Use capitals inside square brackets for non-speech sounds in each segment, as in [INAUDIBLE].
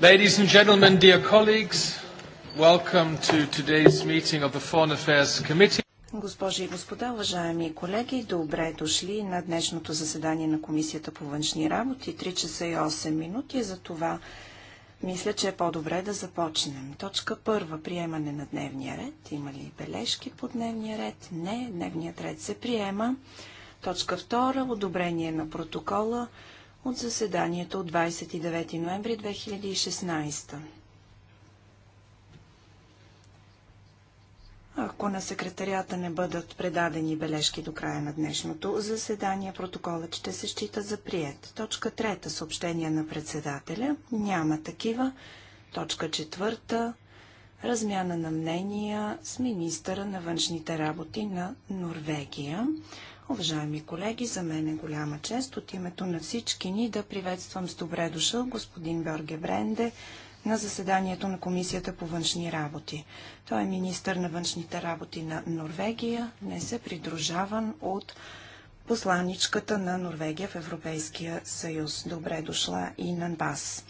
Ladies and gentlemen, dear colleagues, welcome to today's meeting of the Foreign Affairs Committee. Госпожи и господа, уважаеми колеги, добре дошли на днешното заседание на Комисията по външни работи. 3 часа и 8 минути, за това мисля, че е по-добре да започнем. Точка първа, приемане на дневния ред. Има ли бележки по дневния ред? Не, дневният ред се приема. Точка втора, одобрение на протокола от заседанието от 29 ноември 2016. Ако на секретарията не бъдат предадени бележки до края на днешното заседание, протоколът ще се счита за прият. Точка трета съобщение на председателя. Няма такива. Точка четвърта размяна на мнения с министъра на външните работи на Норвегия. Уважаеми колеги, за мен е голяма чест от името на всички ни да приветствам с добре дошъл господин Бьорге Бренде на заседанието на Комисията по външни работи. Той е министър на външните работи на Норвегия, днес е придружаван от посланичката на Норвегия в Европейския съюз. Добре дошла и на вас.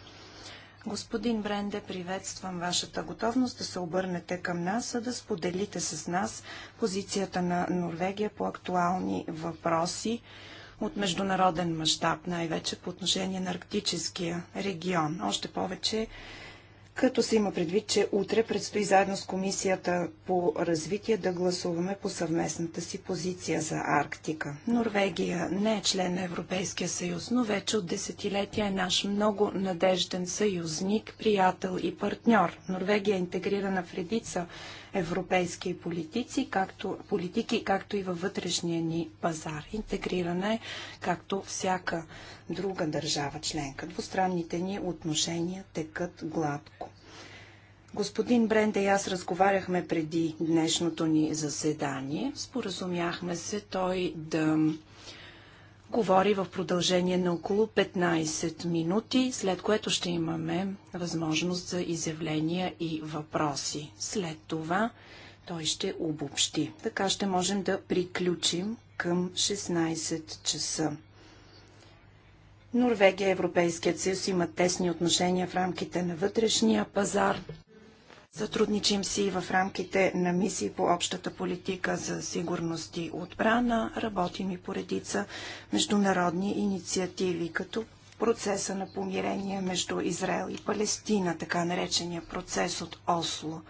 Господин Бренде, приветствам вашата готовност да се обърнете към нас, да споделите с нас позицията на Норвегия по актуални въпроси от международен мащаб, най-вече по отношение на арктическия регион. Още повече, като се има предвид, че утре предстои заедно с Комисията по развитие да гласуваме по съвместната си позиция за Арктика. Норвегия не е член на Европейския съюз, но вече от десетилетия е наш много надежден съюзник, приятел и партньор. Норвегия е интегрирана в редица европейски политици, както, политики, както и във вътрешния ни пазар. Интегрирана е както всяка друга държава членка. Двустранните ни отношения текат гладко. Господин Бренде и аз разговаряхме преди днешното ни заседание. Споразумяхме се той да говори в продължение на около 15 минути, след което ще имаме възможност за изявления и въпроси. След това той ще обобщи. Така ще можем да приключим към 16 часа. Норвегия и Европейският съюз имат тесни отношения в рамките на вътрешния пазар. Сътрудничим си в рамките на мисии по общата политика за сигурност и отбрана. Работим и по редица международни инициативи, като процеса на помирение между Израел и Палестина, така наречения процес от Осло.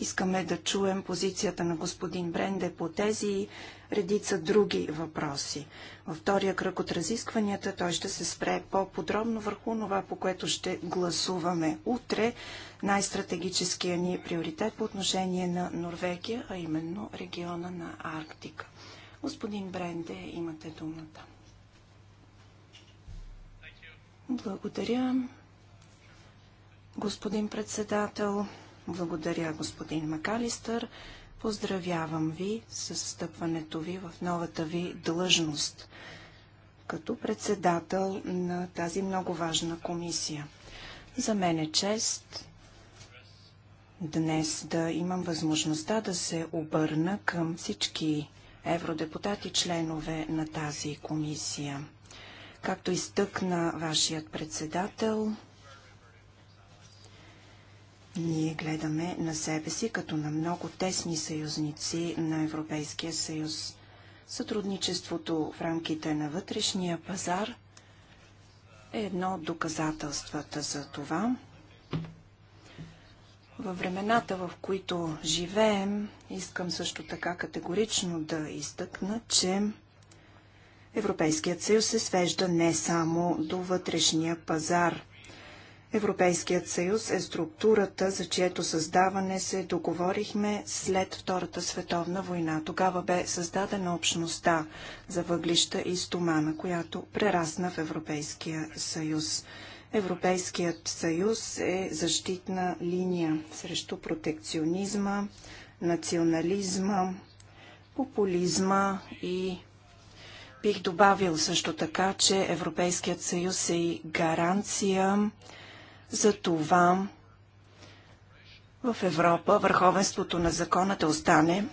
Искаме да чуем позицията на господин Бренде по тези редица други въпроси. Във втория кръг от разискванията той ще се спре по-подробно върху това, по което ще гласуваме утре. Най-стратегическия ни приоритет по отношение на Норвегия, а именно региона на Арктика. Господин Бренде, имате думата. Благодаря. Господин председател, благодаря господин Макалистър. Поздравявам ви с стъпването ви в новата ви длъжност като председател на тази много важна комисия. За мен е чест днес да имам възможността да се обърна към всички евродепутати, членове на тази комисия. Както изтъкна вашият председател, ние гледаме на себе си като на много тесни съюзници на Европейския съюз. Сътрудничеството в рамките на вътрешния пазар е едно от доказателствата за това. Във времената, в които живеем, искам също така категорично да изтъкна, че Европейският съюз се свежда не само до вътрешния пазар. Европейският съюз е структурата, за чието създаване се договорихме след Втората световна война. Тогава бе създадена общността за въглища и стомана, която прерасна в Европейския съюз. Европейският съюз е защитна линия срещу протекционизма, национализма, популизма и бих добавил също така, че Европейският съюз е и гаранция за това в Европа върховенството на закона да остане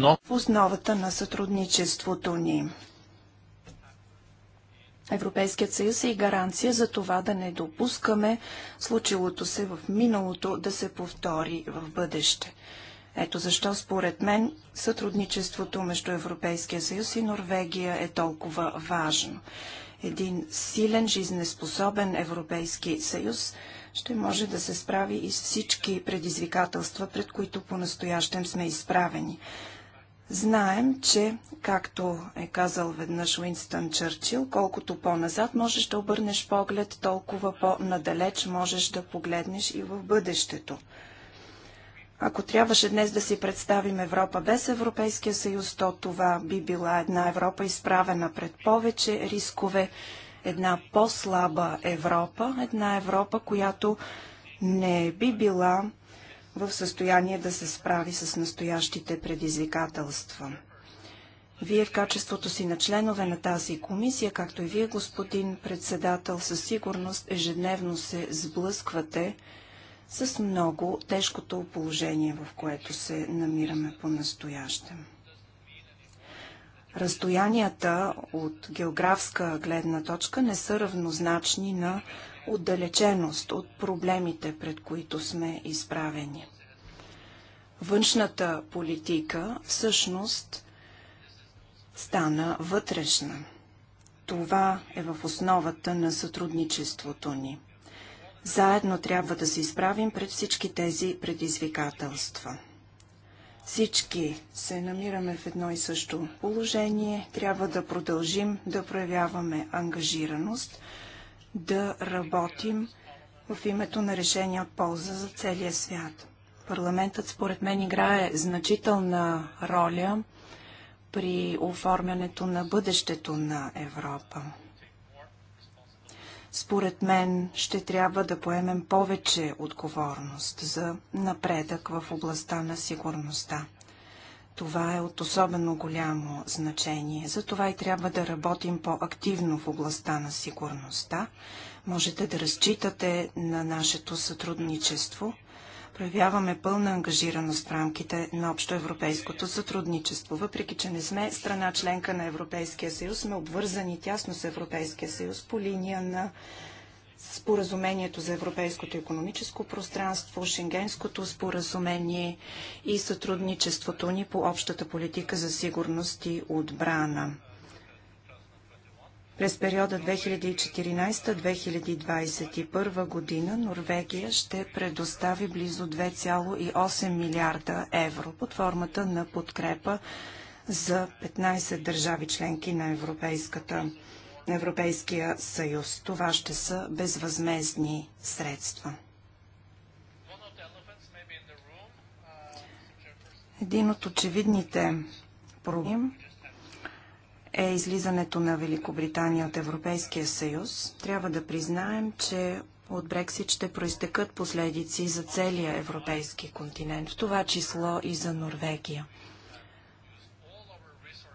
в основата на сътрудничеството ни. Европейският съюз е и гаранция за това да не допускаме случилото се в миналото да се повтори в бъдеще. Ето защо според мен сътрудничеството между Европейския съюз и Норвегия е толкова важно един силен, жизнеспособен Европейски съюз ще може да се справи и с всички предизвикателства, пред които по-настоящем сме изправени. Знаем, че, както е казал веднъж Уинстън Чърчил, колкото по-назад можеш да обърнеш поглед, толкова по-надалеч можеш да погледнеш и в бъдещето. Ако трябваше днес да си представим Европа без Европейския съюз, то това би била една Европа изправена пред повече рискове, една по-слаба Европа, една Европа, която не би била в състояние да се справи с настоящите предизвикателства. Вие в качеството си на членове на тази комисия, както и вие, господин председател, със сигурност ежедневно се сблъсквате с много тежкото положение, в което се намираме по-настоящем. Разстоянията от географска гледна точка не са равнозначни на отдалеченост от проблемите, пред които сме изправени. Външната политика всъщност стана вътрешна. Това е в основата на сътрудничеството ни – заедно трябва да се изправим пред всички тези предизвикателства. Всички се намираме в едно и също положение. Трябва да продължим да проявяваме ангажираност, да работим в името на решения от полза за целия свят. Парламентът според мен играе значителна роля при оформянето на бъдещето на Европа според мен ще трябва да поемем повече отговорност за напредък в областта на сигурността. Това е от особено голямо значение. Затова и трябва да работим по-активно в областта на сигурността. Можете да разчитате на нашето сътрудничество – проявяваме пълна ангажираност в рамките на общоевропейското сътрудничество. Въпреки, че не сме страна членка на Европейския съюз, сме обвързани тясно с Европейския съюз по линия на споразумението за Европейското економическо пространство, Шенгенското споразумение и сътрудничеството ни по общата политика за сигурност и отбрана. През периода 2014-2021 година Норвегия ще предостави близо 2,8 милиарда евро под формата на подкрепа за 15 държави членки на Европейската на Европейския съюз. Това ще са безвъзмезни средства. Един от очевидните проблеми е излизането на Великобритания от Европейския съюз, трябва да признаем, че от Брексит ще проистекат последици за целия европейски континент, в това число и за Норвегия.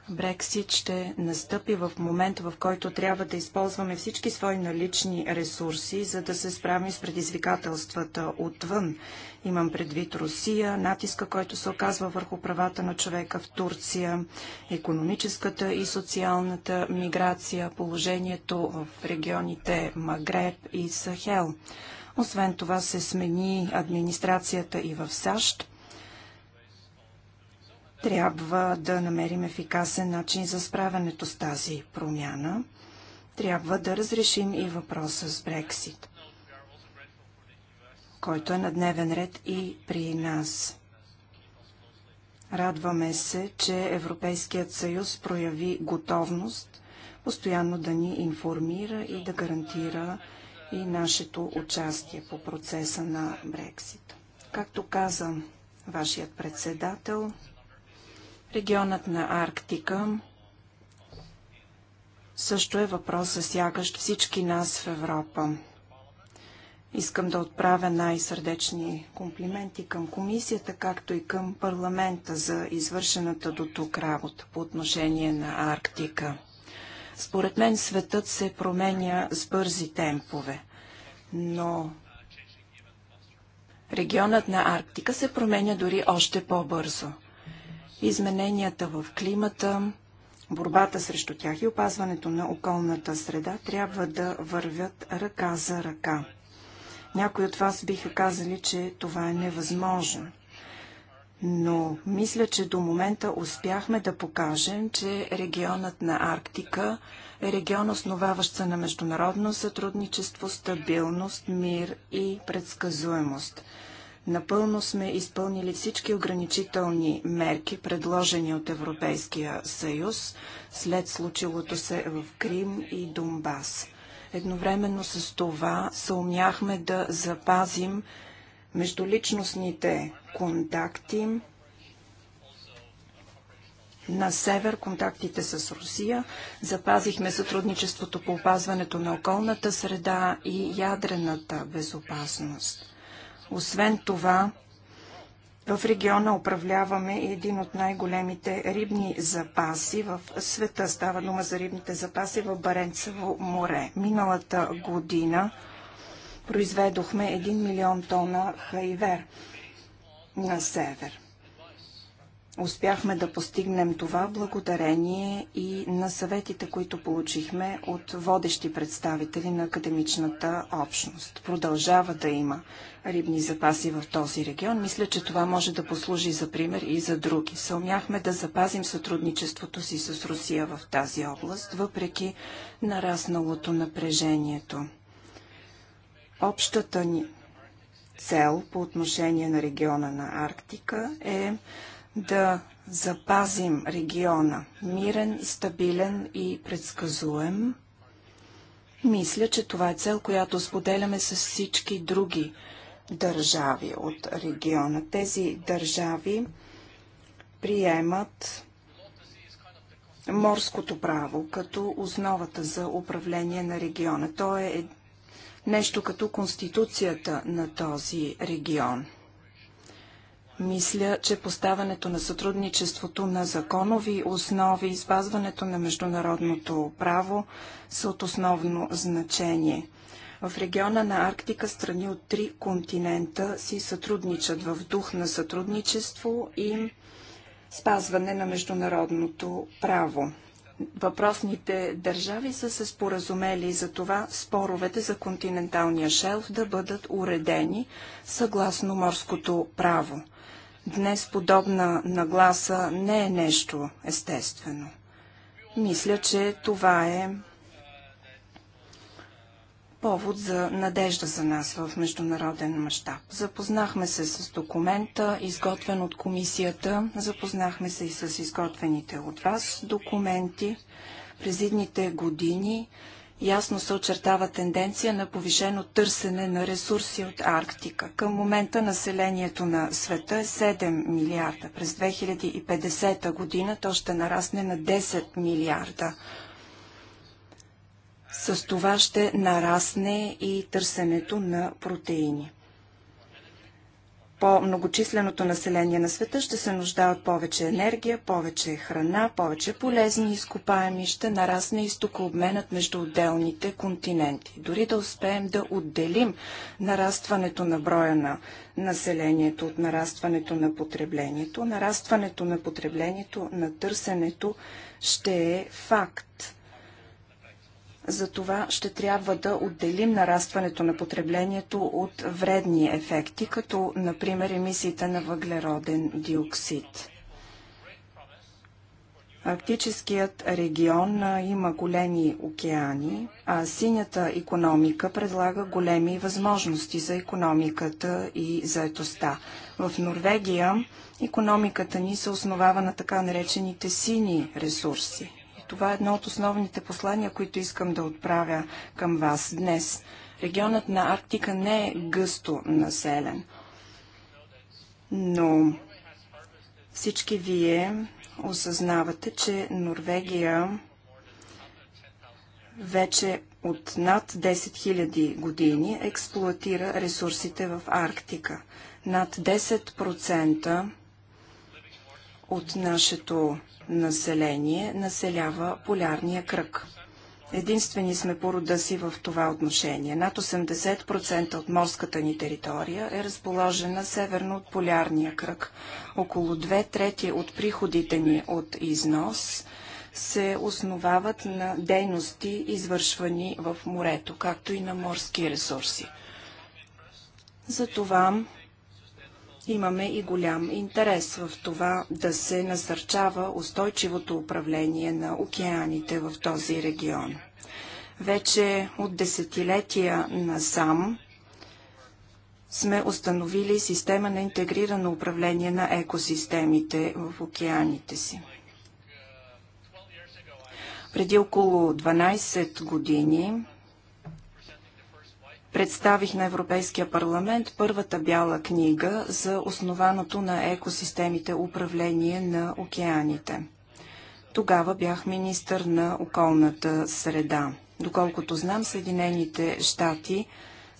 Брексит ще настъпи в момента, в който трябва да използваме всички свои налични ресурси, за да се справим с предизвикателствата отвън. Имам предвид Русия, натиска, който се оказва върху правата на човека в Турция, економическата и социалната миграция, положението в регионите Магреб и Сахел. Освен това се смени администрацията и в САЩ трябва да намерим ефикасен начин за справянето с тази промяна. Трябва да разрешим и въпроса с Брексит, който е на дневен ред и при нас. Радваме се, че Европейският съюз прояви готовност постоянно да ни информира и да гарантира и нашето участие по процеса на Брексит. Както каза вашият председател, Регионът на Арктика също е въпрос, засягащ всички нас в Европа. Искам да отправя най-сърдечни комплименти към комисията, както и към парламента за извършената до тук работа по отношение на Арктика. Според мен светът се променя с бързи темпове, но регионът на Арктика се променя дори още по-бързо – Измененията в климата, борбата срещу тях и опазването на околната среда трябва да вървят ръка за ръка. Някои от вас биха казали, че това е невъзможно. Но мисля, че до момента успяхме да покажем, че регионът на Арктика е регион, основаващ се на международно сътрудничество, стабилност, мир и предсказуемост. Напълно сме изпълнили всички ограничителни мерки, предложени от Европейския съюз след случилото се в Крим и Донбас. Едновременно с това съумяхме да запазим междуличностните контакти на север, контактите с Русия. Запазихме сътрудничеството по опазването на околната среда и ядрената безопасност. Освен това, в региона управляваме един от най-големите рибни запаси в света. Става дума за рибните запаси в Баренцево море. Миналата година произведохме 1 милион тона хайвер на север. Успяхме да постигнем това благодарение и на съветите, които получихме от водещи представители на академичната общност. Продължава да има рибни запаси в този регион. Мисля, че това може да послужи за пример и за други. Съумяхме да запазим сътрудничеството си с Русия в тази област, въпреки нарасналото напрежението. Общата ни цел по отношение на региона на Арктика е да запазим региона мирен, стабилен и предсказуем. Мисля, че това е цел, която споделяме с всички други държави от региона. Тези държави приемат морското право като основата за управление на региона. То е, е- нещо като конституцията на този регион. Мисля, че поставането на сътрудничеството на законови основи и спазването на международното право са от основно значение. В региона на Арктика страни от три континента си сътрудничат в дух на сътрудничество и спазване на международното право. Въпросните държави са се споразумели за това споровете за континенталния шелф да бъдат уредени съгласно морското право. Днес подобна нагласа не е нещо естествено. Мисля, че това е повод за надежда за нас в международен мащаб. Запознахме се с документа, изготвен от комисията, запознахме се и с изготвените от вас документи. През идните години ясно се очертава тенденция на повишено търсене на ресурси от Арктика. Към момента населението на света е 7 милиарда. През 2050 година то ще нарасне на 10 милиарда. С това ще нарасне и търсенето на протеини по-многочисленото население на света ще се нуждае от повече енергия, повече храна, повече полезни изкопаеми, ще нарасне изтокообменът между отделните континенти. Дори да успеем да отделим нарастването на броя на населението от нарастването на потреблението, нарастването на потреблението на търсенето ще е факт. Затова ще трябва да отделим нарастването на потреблението от вредни ефекти, като например емисиите на въглероден диоксид. Арктическият регион има големи океани, а синята економика предлага големи възможности за економиката и заетостта. В Норвегия економиката ни се основава на така наречените сини ресурси това е едно от основните послания, които искам да отправя към вас днес. Регионът на Арктика не е гъсто населен, но всички вие осъзнавате, че Норвегия вече от над 10 000 години експлуатира ресурсите в Арктика. Над 10% от нашето население населява полярния кръг. Единствени сме по рода си в това отношение. Над 80% от морската ни територия е разположена северно от полярния кръг. Около две трети от приходите ни от износ се основават на дейности, извършвани в морето, както и на морски ресурси. Затова Имаме и голям интерес в това да се насърчава устойчивото управление на океаните в този регион. Вече от десетилетия насам сме установили система на интегрирано управление на екосистемите в океаните си. Преди около 12 години представих на Европейския парламент първата бяла книга за основаното на екосистемите управление на океаните. Тогава бях министър на околната среда. Доколкото знам, Съединените щати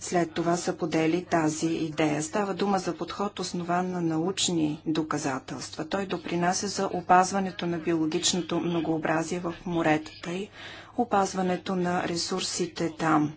след това са подели тази идея. Става дума за подход основан на научни доказателства. Той допринася за опазването на биологичното многообразие в моретата и опазването на ресурсите там.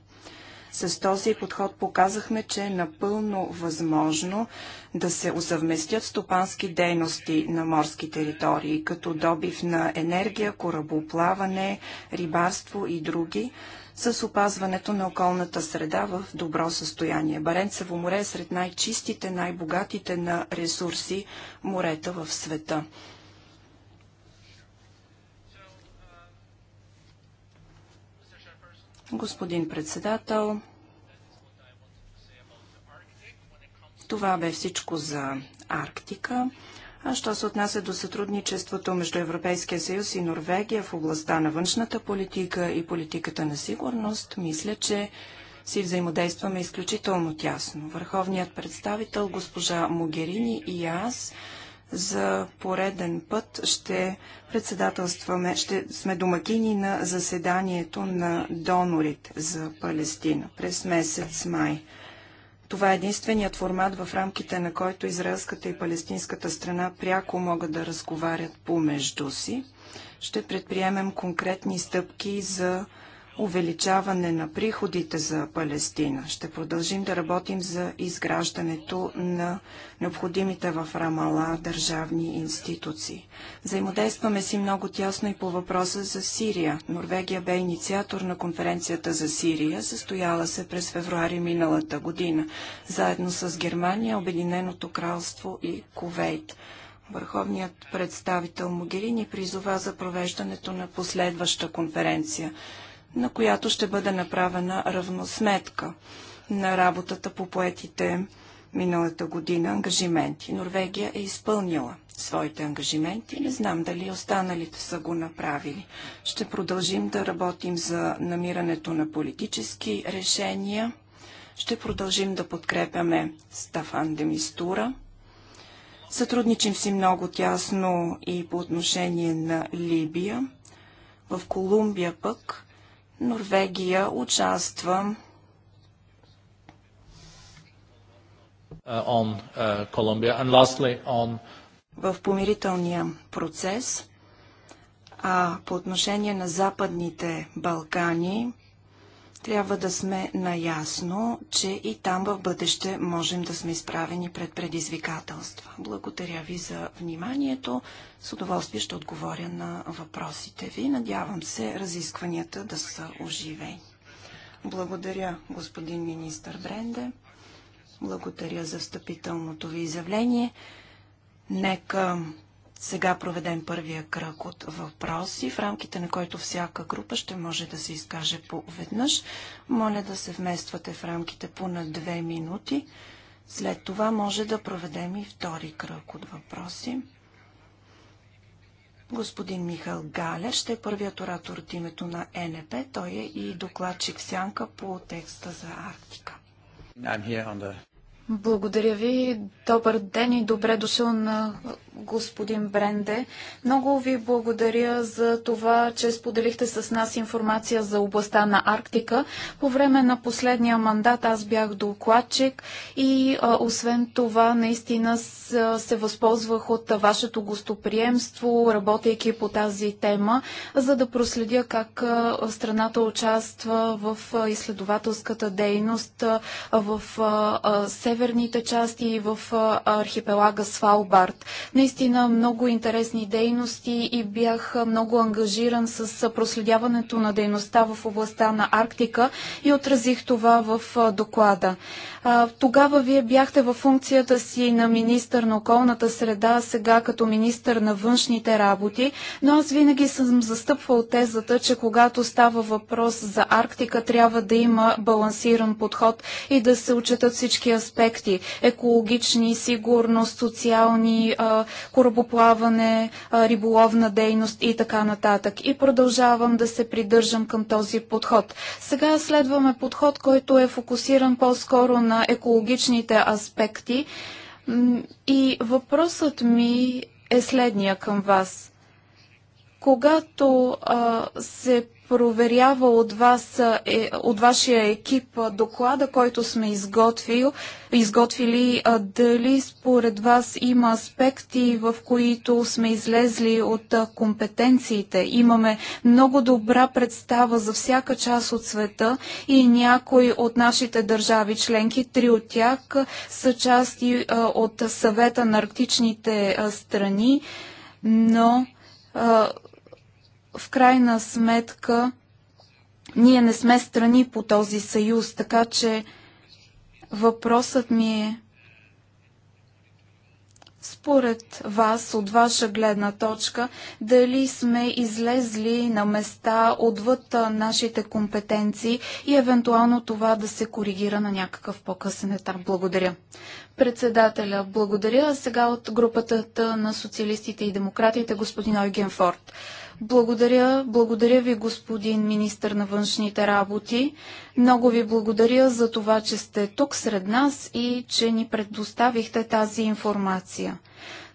С този подход показахме, че е напълно възможно да се усъвместят стопански дейности на морски територии, като добив на енергия, корабоплаване, рибарство и други, с опазването на околната среда в добро състояние. Баренцево море е сред най-чистите, най-богатите на ресурси морета в света. Господин председател, това бе всичко за Арктика. А що се отнася до сътрудничеството между Европейския съюз и Норвегия в областта на външната политика и политиката на сигурност, мисля, че си взаимодействаме изключително тясно. Върховният представител госпожа Могерини и аз – за пореден път ще председателстваме, ще сме домакини на заседанието на донорите за Палестина през месец май. Това е единственият формат, в рамките на който израелската и палестинската страна пряко могат да разговарят помежду си. Ще предприемем конкретни стъпки за увеличаване на приходите за Палестина. Ще продължим да работим за изграждането на необходимите в Рамала държавни институции. Взаимодействаме си много тясно и по въпроса за Сирия. Норвегия бе инициатор на конференцията за Сирия, състояла се през февруари миналата година, заедно с Германия, Обединеното кралство и Кувейт. Върховният представител Могерини призова за провеждането на последваща конференция на която ще бъде направена равносметка на работата по поетите миналата година ангажименти. Норвегия е изпълнила своите ангажименти. Не знам дали останалите са го направили. Ще продължим да работим за намирането на политически решения. Ще продължим да подкрепяме Стафан Демистура. Сътрудничим си много тясно и по отношение на Либия. В Колумбия пък Норвегия участва uh, on uh, Colombia. And lastly, on в помирителния процес, а по отношение на Западните Балкани, трябва да сме наясно, че и там в бъдеще можем да сме изправени пред предизвикателства. Благодаря ви за вниманието. С удоволствие ще отговоря на въпросите ви. Надявам се разискванията да са оживени. Благодаря, господин министър Бренде. Благодаря за встъпителното ви изявление. Нека сега проведем първия кръг от въпроси, в рамките на който всяка група ще може да се изкаже по веднъж. Моля да се вмествате в рамките по на две минути. След това може да проведем и втори кръг от въпроси. Господин Михал Галер ще е първият оратор от името на НП. Той е и докладчик сянка по текста за Арктика. The... Благодаря ви. Добър ден и добре дошъл на господин Бренде. Много ви благодаря за това, че споделихте с нас информация за областта на Арктика. По време на последния мандат аз бях докладчик и а, освен това наистина с, се възползвах от вашето гостоприемство, работейки по тази тема, за да проследя как а, страната участва в а, изследователската дейност в а, северните части и в архипелага Свалбард. Наистина много интересни дейности и бях много ангажиран с проследяването на дейността в областта на Арктика и отразих това в доклада. Тогава вие бяхте във функцията си на министър на околната среда, сега като министър на външните работи, но аз винаги съм застъпвал тезата, че когато става въпрос за Арктика, трябва да има балансиран подход и да се учетат всички аспекти аспекти – екологични, сигурност, социални, корабоплаване, риболовна дейност и така нататък. И продължавам да се придържам към този подход. Сега следваме подход, който е фокусиран по-скоро на екологичните аспекти. И въпросът ми е следния към вас. Когато а, се проверява от, вас, е, от вашия екип доклада, който сме изготвил, изготвили, а, дали според вас има аспекти, в които сме излезли от а, компетенциите. Имаме много добра представа за всяка част от света и някои от нашите държави членки, три от тях са части а, от съвета на арктичните страни, но в крайна сметка ние не сме страни по този съюз, така че въпросът ми е според вас, от ваша гледна точка, дали сме излезли на места отвъд нашите компетенции и евентуално това да се коригира на някакъв по-късен етап? Благодаря. Председателя, благодаря. Сега от групата на социалистите и демократите, господин Ойген Форд. Благодаря, благодаря ви, господин министр на външните работи. Много ви благодаря за това, че сте тук сред нас и че ни предоставихте тази информация.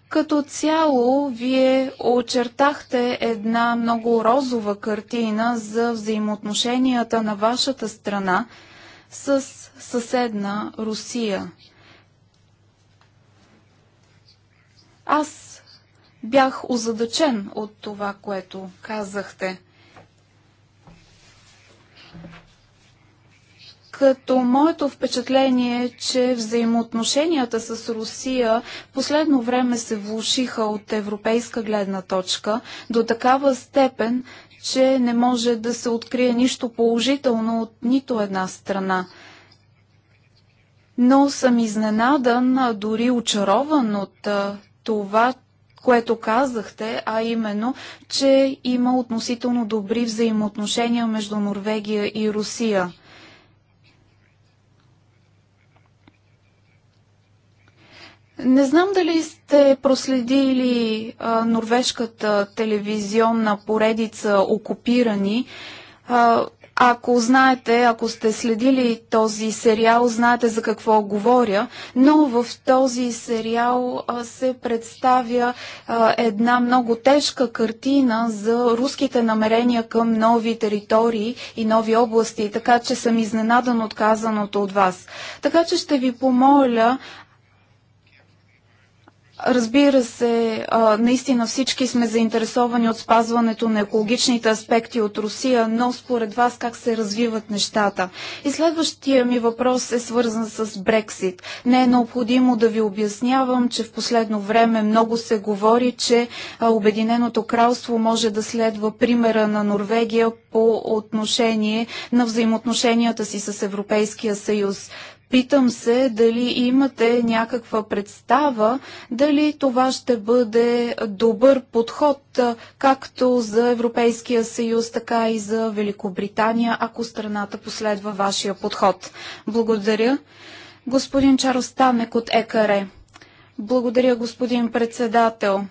Като цяло, вие очертахте една много розова картина за взаимоотношенията на вашата страна с съседна Русия. Аз Бях озадачен от това, което казахте. като моето впечатление е, че взаимоотношенията с Русия последно време се влушиха от европейска гледна точка до такава степен, че не може да се открие нищо положително от нито една страна. Но съм изненадан, дори очарован от това, което казахте, а именно, че има относително добри взаимоотношения между Норвегия и Русия. Не знам дали сте проследили а, норвежката телевизионна поредица Окупирани. А, ако знаете, ако сте следили този сериал, знаете за какво говоря, но в този сериал а, се представя а, една много тежка картина за руските намерения към нови територии и нови области, така че съм изненадан от казаното от вас. Така че ще ви помоля Разбира се, наистина всички сме заинтересовани от спазването на екологичните аспекти от Русия, но според вас как се развиват нещата? И следващия ми въпрос е свързан с Брексит. Не е необходимо да ви обяснявам, че в последно време много се говори, че Обединеното кралство може да следва примера на Норвегия по отношение на взаимоотношенията си с Европейския съюз. Питам се дали имате някаква представа дали това ще бъде добър подход както за Европейския съюз, така и за Великобритания, ако страната последва вашия подход. Благодаря. Господин Танек от ЕКАРЕ. Благодаря, господин председател.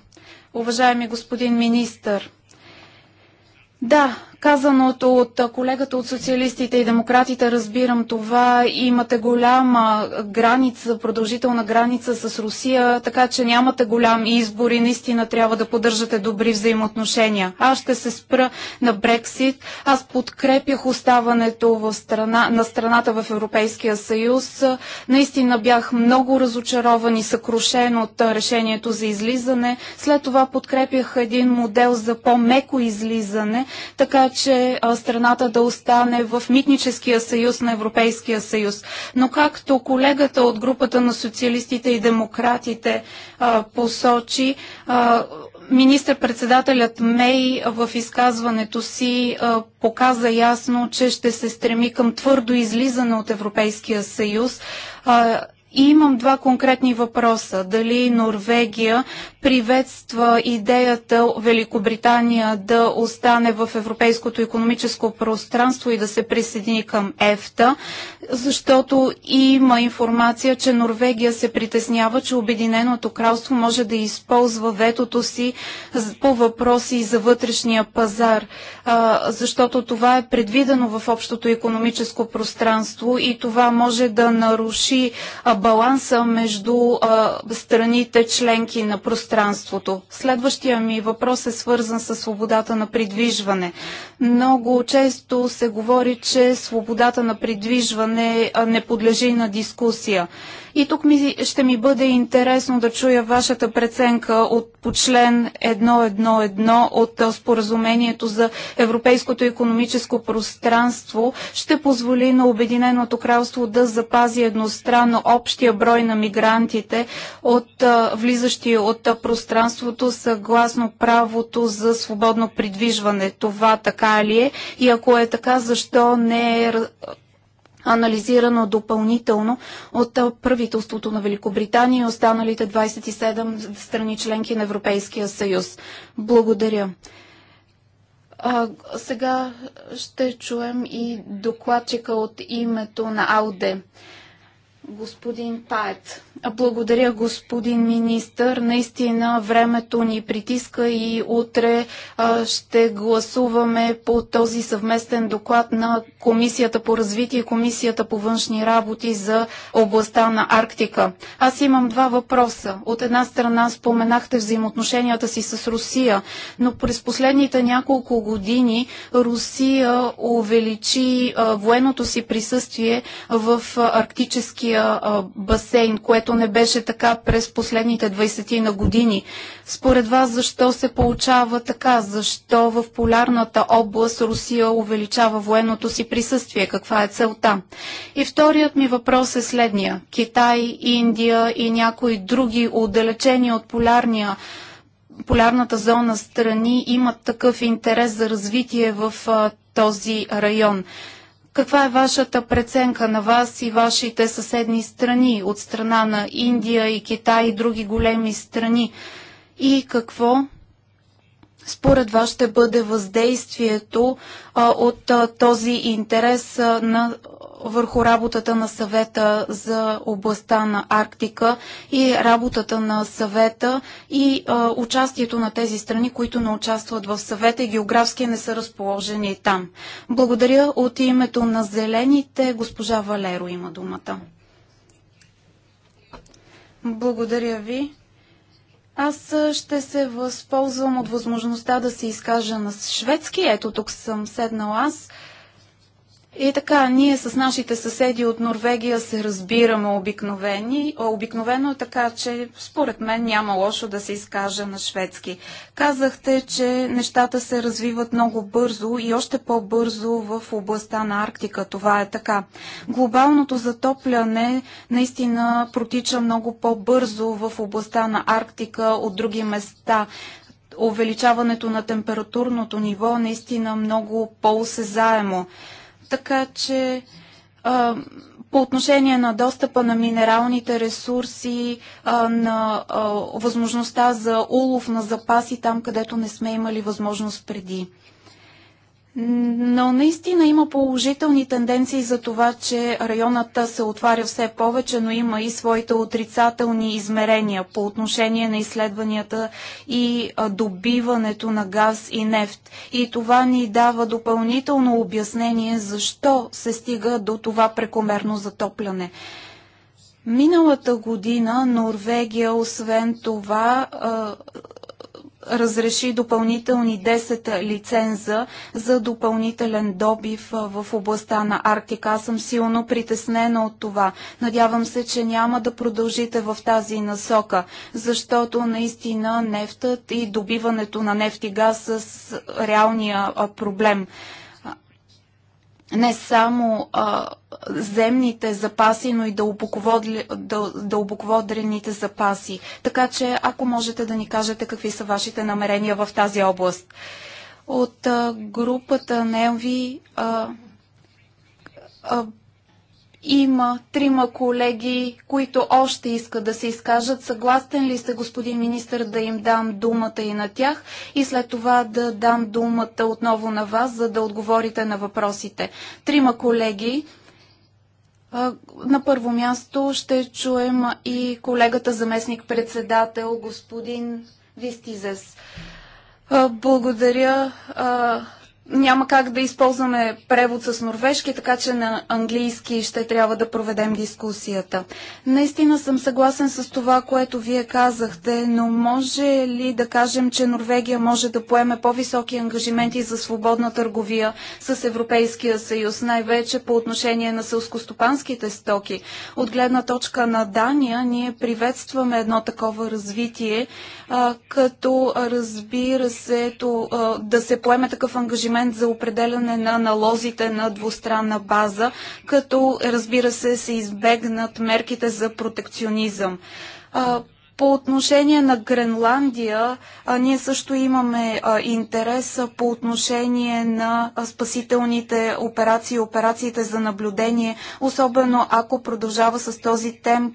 Уважаеми господин министър, да, казаното от колегата от социалистите и демократите, разбирам това, имате голяма граница, продължителна граница с Русия, така че нямате голям избор и наистина трябва да поддържате добри взаимоотношения. Аз ще се спра на Брексит. Аз подкрепях оставането в страна, на страната в Европейския съюз. Наистина бях много разочарован и съкрушен от решението за излизане. След това подкрепях един модел за по-меко излизане, така че страната да остане в митническия съюз на Европейския съюз. Но както колегата от групата на социалистите и демократите посочи, Министър-председателят Мей в изказването си показа ясно, че ще се стреми към твърдо излизане от Европейския съюз и имам два конкретни въпроса. Дали Норвегия приветства идеята Великобритания да остане в европейското економическо пространство и да се присъедини към ЕФТА, защото има информация, че Норвегия се притеснява, че Обединеното кралство може да използва ветото си по въпроси за вътрешния пазар, защото това е предвидено в общото економическо пространство и това може да наруши баланса между а, страните членки на пространството. Следващия ми въпрос е свързан с свободата на придвижване. Много често се говори, че свободата на придвижване не подлежи на дискусия. И тук ми, ще ми бъде интересно да чуя вашата преценка от по член 1.1.1 от споразумението за Европейското економическо пространство. Ще позволи на Обединеното кралство да запази едностранно общия брой на мигрантите от влизащи от пространството съгласно правото за свободно придвижване. Това така ли е? И ако е така, защо не е анализирано допълнително от правителството на Великобритания и останалите 27 страни членки на Европейския съюз. Благодаря. А, сега ще чуем и докладчика от името на АУДЕ, господин Пает. Благодаря, господин министър. Наистина времето ни притиска и утре а, ще гласуваме по този съвместен доклад на Комисията по развитие и Комисията по външни работи за областта на Арктика. Аз имам два въпроса. От една страна споменахте взаимоотношенията си с Русия, но през последните няколко години Русия увеличи а, военното си присъствие в а, арктическия басейн, което не беше така през последните 20 на години. Според вас защо се получава така? Защо в полярната област Русия увеличава военното си присъствие? Каква е целта? И вторият ми въпрос е следния. Китай, Индия и някои други отдалечени от полярния полярната зона страни имат такъв интерес за развитие в този район. Каква е вашата преценка на вас и вашите съседни страни от страна на Индия и Китай и други големи страни? И какво според вас ще бъде въздействието а, от а, този интерес а, на върху работата на съвета за областта на Арктика и работата на съвета и а, участието на тези страни, които не участват в съвета и географски не са разположени там. Благодаря от името на зелените. Госпожа Валеро има думата. Благодаря ви. Аз ще се възползвам от възможността да се изкажа на шведски. Ето тук съм седнал аз. И така, ние с нашите съседи от Норвегия се разбираме обикновени, обикновено е така, че според мен няма лошо да се изкажа на шведски. Казахте, че нещата се развиват много бързо и още по-бързо в областта на Арктика. Това е така. Глобалното затопляне наистина протича много по-бързо в областта на Арктика от други места увеличаването на температурното ниво е наистина много по-осезаемо. Така че а, по отношение на достъпа на минералните ресурси, а, на а, възможността за улов на запаси там, където не сме имали възможност преди. Но наистина има положителни тенденции за това, че районата се отваря все повече, но има и своите отрицателни измерения по отношение на изследванията и добиването на газ и нефт. И това ни дава допълнително обяснение защо се стига до това прекомерно затопляне. Миналата година Норвегия, освен това, разреши допълнителни 10 лиценза за допълнителен добив в областта на Арктика. Аз съм силно притеснена от това. Надявам се, че няма да продължите в тази насока, защото наистина нефтът и добиването на нефт и газ с реалния проблем не само а, земните запаси, но и дълбоководрените запаси. Така че, ако можете да ни кажете какви са вашите намерения в тази област. От а, групата НЕЛВИ а, а, има трима колеги, които още искат да се изкажат. Съгласен ли сте, господин министр, да им дам думата и на тях и след това да дам думата отново на вас, за да отговорите на въпросите? Трима колеги. На първо място ще чуем и колегата заместник-председател, господин Вистизес. Благодаря няма как да използваме превод с норвежки, така че на английски ще трябва да проведем дискусията. Наистина съм съгласен с това, което вие казахте, но може ли да кажем, че Норвегия може да поеме по-високи ангажименти за свободна търговия с Европейския съюз, най-вече по отношение на сълскостопанските стоки? От гледна точка на Дания, ние приветстваме едно такова развитие, като разбира се, то, да се поеме такъв ангажимент ангажимент за определяне на налозите на двустранна база, като разбира се се избегнат мерките за протекционизъм. По отношение на Гренландия, а, ние също имаме а, интерес а, по отношение на а, спасителните операции, операциите за наблюдение, особено ако продължава с този темп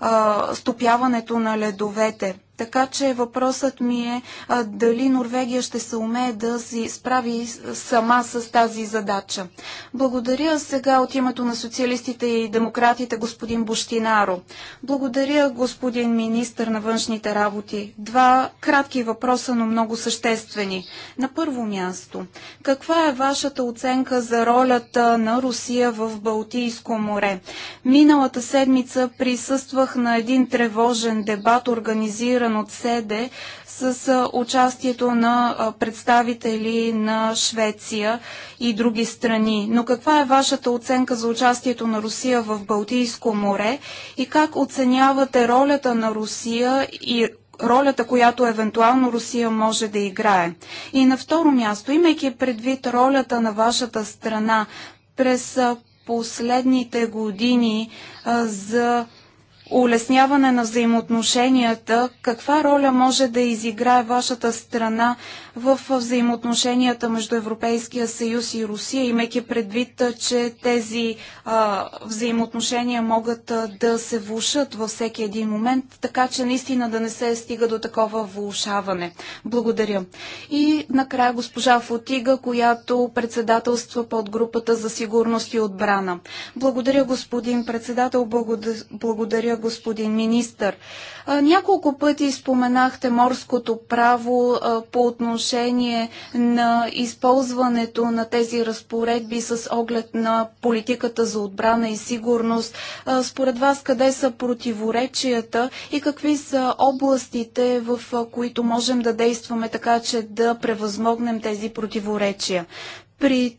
а, стопяването на ледовете. Така че въпросът ми е а, дали Норвегия ще се умее да си справи сама с тази задача. Благодаря сега от името на социалистите и демократите господин Буштинаро. Благодаря господин министр на външните работи. Два кратки въпроса, но много съществени. На първо място, каква е вашата оценка за ролята на Русия в Балтийско море? Миналата седмица присъствах на един тревожен дебат, организиран организиран от СЕДЕ с участието на представители на Швеция и други страни. Но каква е вашата оценка за участието на Русия в Балтийско море и как оценявате ролята на Русия и ролята, която евентуално Русия може да играе. И на второ място, имайки предвид ролята на вашата страна през последните години за улесняване на взаимоотношенията, каква роля може да изиграе вашата страна в взаимоотношенията между Европейския съюз и Русия, имайки предвид, че тези а, взаимоотношения могат а, да се влушат във всеки един момент, така че наистина да не се стига до такова влушаване. Благодаря. И накрая госпожа Фотига, която председателства под групата за сигурност и отбрана. Благодаря господин председател, благодаря господин министър. А, няколко пъти споменахте морското право по отношение отношение на използването на тези разпоредби с оглед на политиката за отбрана и сигурност? Според вас къде са противоречията и какви са областите, в които можем да действаме така, че да превъзмогнем тези противоречия? При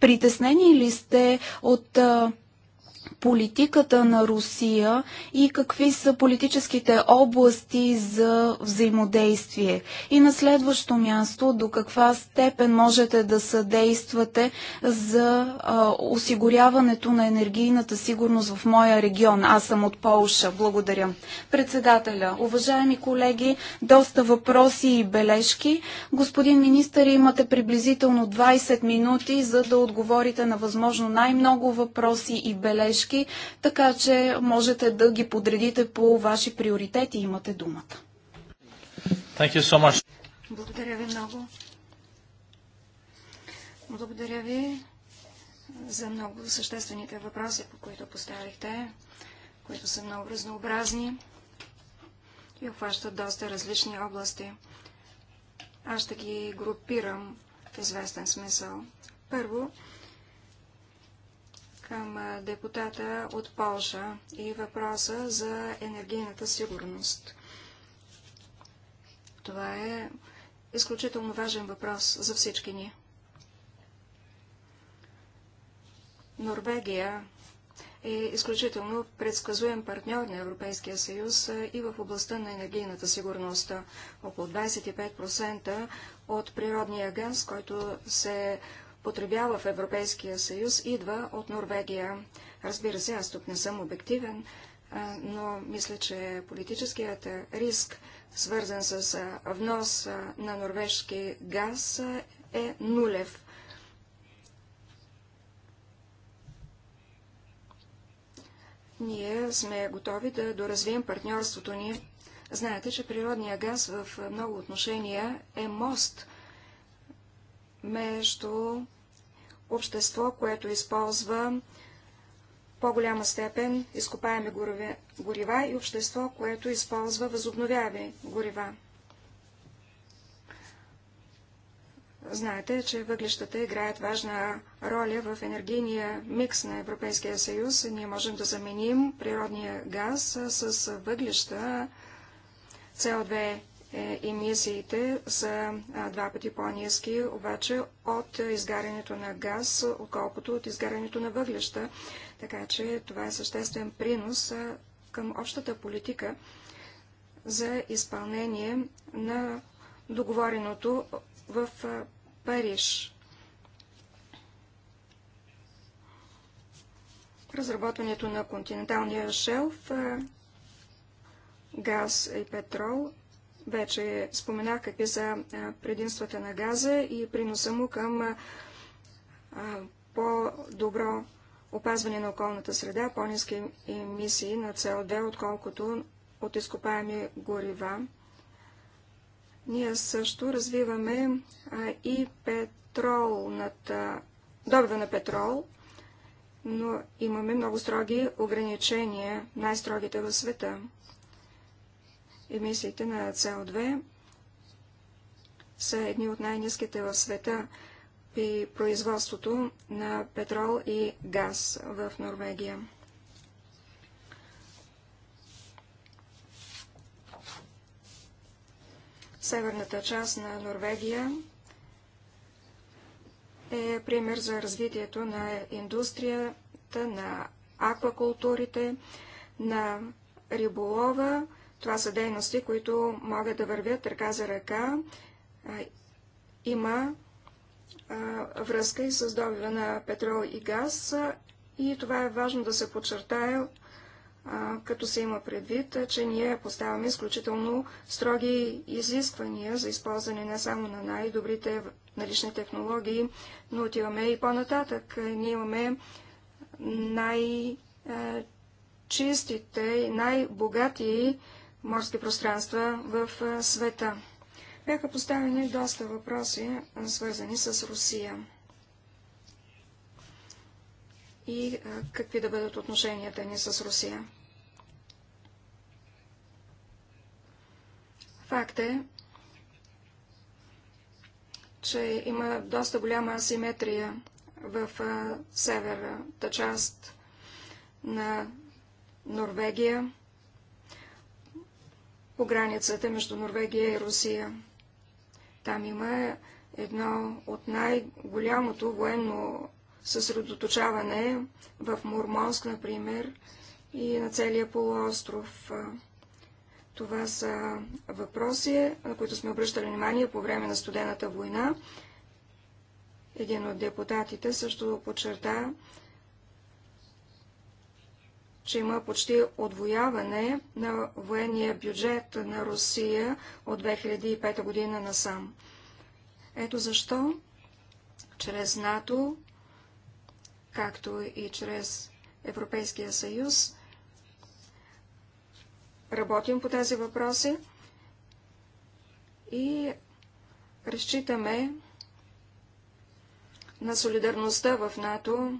притеснени ли сте от политиката на Русия и какви са политическите области за взаимодействие. И на следващо място, до каква степен можете да съдействате за а, осигуряването на енергийната сигурност в моя регион. Аз съм от Полша. Благодаря. Председателя, уважаеми колеги, доста въпроси и бележки. Господин министър, имате приблизително 20 минути, за да отговорите на възможно най-много въпроси и бележки поръчки, така че можете да ги подредите по ваши приоритети. Имате думата. So Благодаря ви много. Благодаря ви за много съществените въпроси, по които поставихте, които са много разнообразни и обхващат доста различни области. Аз ще ги групирам в известен смисъл. Първо, към депутата от Полша и въпроса за енергийната сигурност. Това е изключително важен въпрос за всички ни. Норвегия е изключително предсказуем партньор на Европейския съюз и в областта на енергийната сигурност. Около 25% от природния газ, който се потребява в Европейския съюз, идва от Норвегия. Разбира се, аз тук не съм обективен, но мисля, че политическият риск, свързан с внос на норвежки газ, е нулев. Ние сме готови да доразвием партньорството ни. Знаете, че природния газ в много отношения е мост между общество, което използва по-голяма степен изкопаеми горива и общество, което използва възобновяеми горива. Знаете, че въглищата играят важна роля в енергийния микс на Европейския съюз. Ние можем да заменим природния газ с въглища, CO2 е, емисиите са два пъти по-низки, обаче от изгарянето на газ, отколкото от изгарянето на въглеща. Така че това е съществен принос към общата политика за изпълнение на договореното в Париж. Разработването на континенталния шелф, газ и петрол вече споменах какви са предимствата на газа и приноса му към по-добро опазване на околната среда, по-низки емисии на CO2, отколкото от изкопаеми горива. Ние също развиваме и петролната, добива на петрол, но имаме много строги ограничения, най-строгите в света емисиите на со 2 са едни от най-низките в света при производството на петрол и газ в Норвегия. Северната част на Норвегия е пример за развитието на индустрията, на аквакултурите, на риболова, това са дейности, които могат да вървят ръка за ръка. Има връзка и с добива на петрол и газ. И това е важно да се подчертае, като се има предвид, че ние поставяме изключително строги изисквания за използване не само на най-добрите налични технологии, но отиваме и по-нататък. Ние имаме най- чистите и най-богати морски пространства в света. Бяха поставени доста въпроси, свързани с Русия. И какви да бъдат отношенията ни с Русия. Факт е, че има доста голяма асиметрия в северната част на Норвегия по границата между Норвегия и Русия. Там има едно от най-голямото военно съсредоточаване в Мурмонск, например, и на целия полуостров. Това са въпроси, на които сме обръщали внимание по време на студената война. Един от депутатите също подчерта, че има почти отвояване на военния бюджет на Русия от 2005 година насам. Ето защо чрез НАТО, както и чрез Европейския съюз, работим по тези въпроси и разчитаме на солидарността в НАТО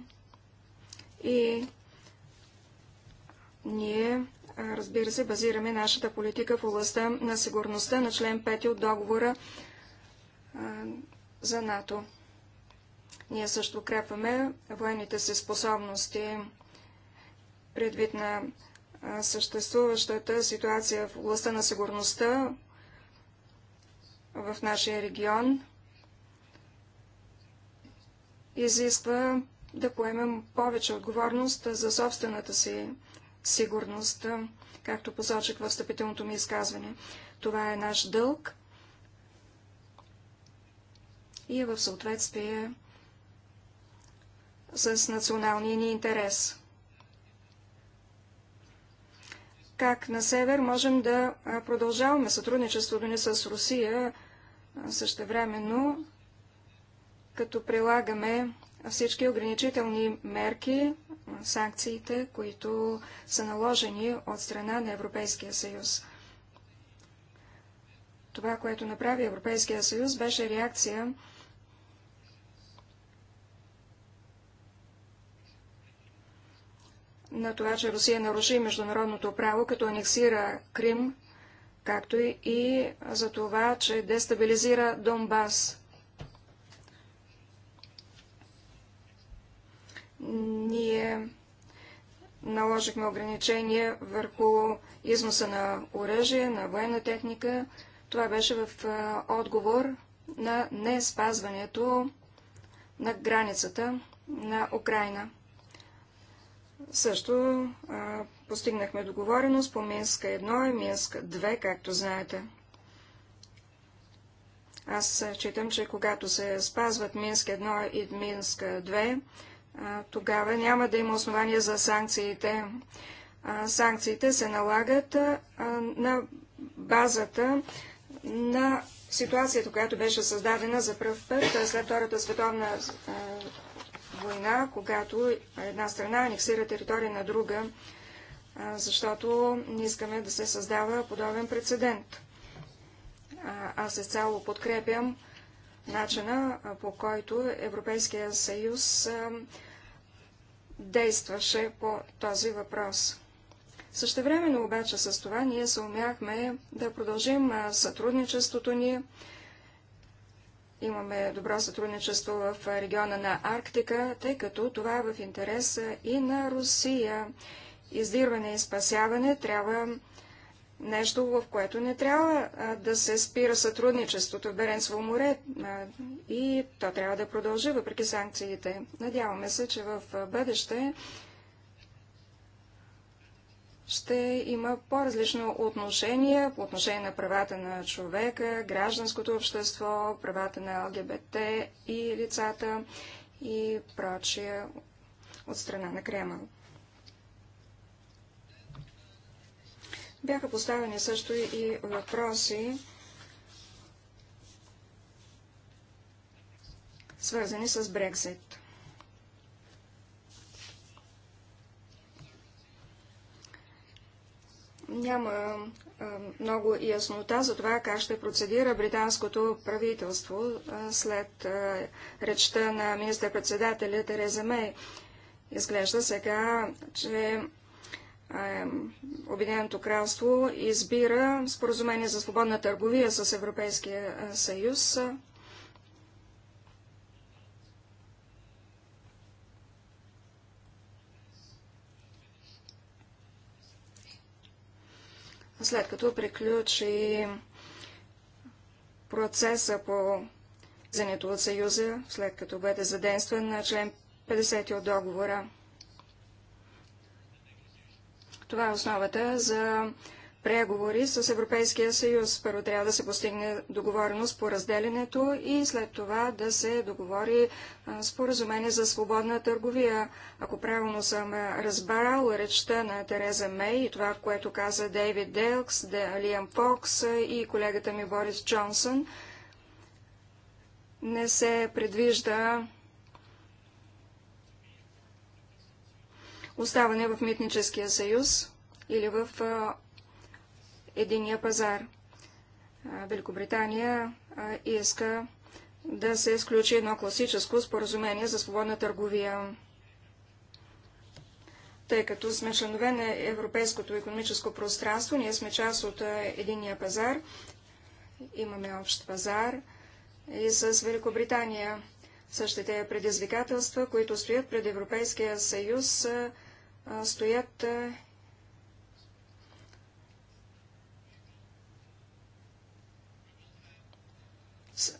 и ние, разбира се, базираме нашата политика в областта на сигурността на член 5 от договора за НАТО. Ние също укрепваме военните си способности предвид на съществуващата ситуация в областта на сигурността в нашия регион изисква да поемем повече отговорност за собствената си сигурност, както посочих в встъпителното ми изказване. Това е наш дълг и е в съответствие с националния ни интерес. Как на север можем да продължаваме сътрудничеството ни с Русия същевременно, като прилагаме всички ограничителни мерки, санкциите, които са наложени от страна на Европейския съюз. Това, което направи Европейския съюз, беше реакция на това, че Русия наруши международното право, като анексира Крим, както и за това, че дестабилизира Донбас. Ние наложихме ограничения върху износа на оръжие, на военна техника. Това беше в отговор на не спазването на границата на Украина. Също а, постигнахме договореност по Минска 1 и Минска 2, както знаете. Аз читам, че когато се спазват Минск 1 и минска 2, тогава няма да има основания за санкциите. Санкциите се налагат на базата на ситуацията, която беше създадена за пръв път след Втората световна война, когато една страна анексира територия на друга, защото не искаме да се създава подобен прецедент. Аз изцяло подкрепям начина, по който Европейския съюз действаше по този въпрос. Същевременно обаче с това ние се умяхме да продължим сътрудничеството ни. Имаме добро сътрудничество в региона на Арктика, тъй като това е в интереса и на Русия. Издирване и спасяване трябва нещо, в което не трябва да се спира сътрудничеството в Беренцево море и то трябва да продължи въпреки санкциите. Надяваме се, че в бъдеще ще има по-различно отношение по отношение на правата на човека, гражданското общество, правата на ЛГБТ и лицата и прочие от страна на Кремъл. Бяха поставени също и въпроси, свързани с Брекзит. Няма а, много яснота за това как ще процедира британското правителство а, след а, речта на министър-председателя Тереза Мей. Изглежда сега, че Обединеното кралство избира споразумение за свободна търговия с Европейския съюз. След като приключи процеса по зането от Съюза, след като бъде задействан на член 50 от договора. Това е основата за преговори с Европейския съюз. Първо трябва да се постигне договореност по разделенето и след това да се договори споразумение за свободна търговия. Ако правилно съм разбрал речта на Тереза Мей и това, което каза Дейвид Делкс, Лиам Фокс и колегата ми Борис Джонсън, не се предвижда оставане в митническия съюз или в единия пазар. Великобритания иска да се изключи едно класическо споразумение за свободна търговия. Тъй като сме членове на Европейското економическо пространство, ние сме част от единия пазар, имаме общ пазар и с Великобритания. Същите предизвикателства, които стоят пред Европейския съюз, стоят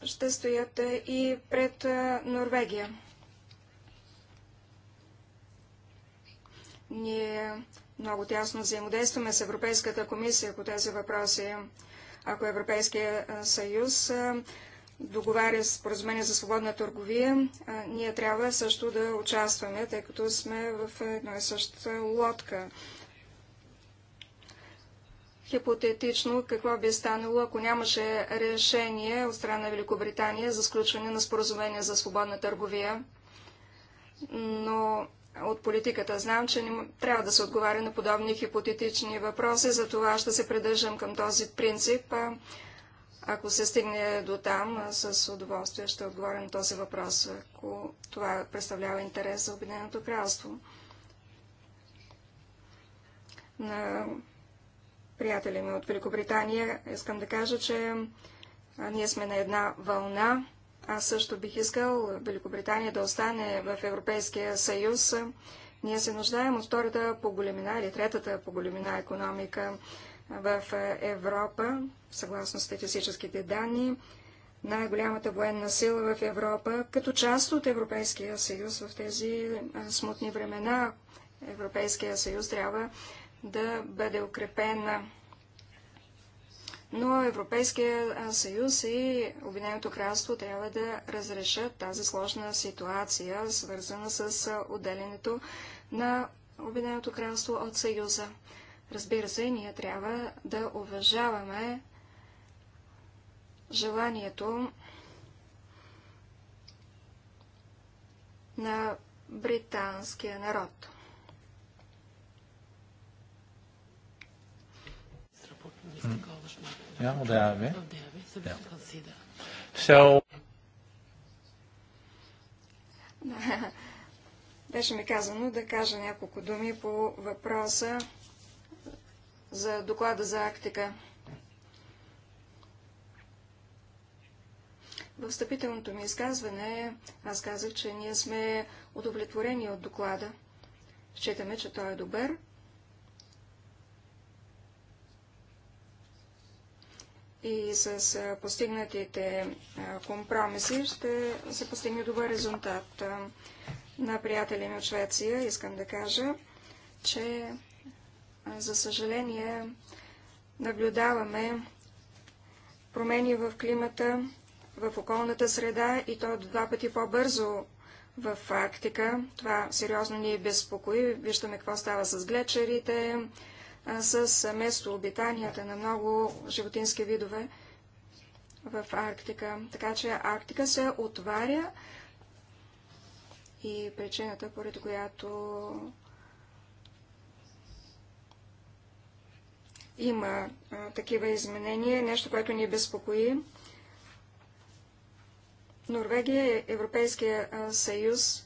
ще стоят и пред Норвегия. Ние много тясно взаимодействаме с Европейската комисия по тези въпроси. Ако Европейския съюз договаря споразумение за свободна търговия, ние трябва също да участваме, тъй като сме в една и съща лодка. Хипотетично, какво би станало, ако нямаше решение от страна на Великобритания за сключване на споразумение за свободна търговия? Но от политиката знам, че не трябва да се отговаря на подобни хипотетични въпроси, затова ще се придържам към този принцип. Ако се стигне до там, с удоволствие ще отговоря на този въпрос, ако това представлява интерес за Обединеното кралство. На приятели ми от Великобритания искам да кажа, че ние сме на една вълна. Аз също бих искал Великобритания да остане в Европейския съюз. Ние се нуждаем от втората по големина или третата по големина економика в Европа, съгласно статистическите данни, най-голямата военна сила в Европа, като част от Европейския съюз в тези смутни времена. Европейския съюз трябва да бъде укрепена. Но Европейския съюз и Обединеното кралство трябва да разрешат тази сложна ситуация, свързана с отделянето на Обединеното кралство от Съюза. Разбира се, ние трябва да уважаваме желанието на британския народ. [LAUGHS] Беше ми казано да кажа няколко думи по въпроса за доклада за Арктика. В встъпителното ми изказване аз казах, че ние сме удовлетворени от доклада. Считаме, че той е добър. И с постигнатите компромиси ще се постигне добър резултат. На приятели ми от Швеция искам да кажа, че за съжаление, наблюдаваме промени в климата, в околната среда и то два пъти по-бързо в Арктика. Това сериозно ни безпокои. Виждаме какво става с глечерите, с местообитанията на много животински видове в Арктика. Така че Арктика се отваря и причината, поред която има а, такива изменения, е нещо, което ни безпокои. Норвегия и Европейския съюз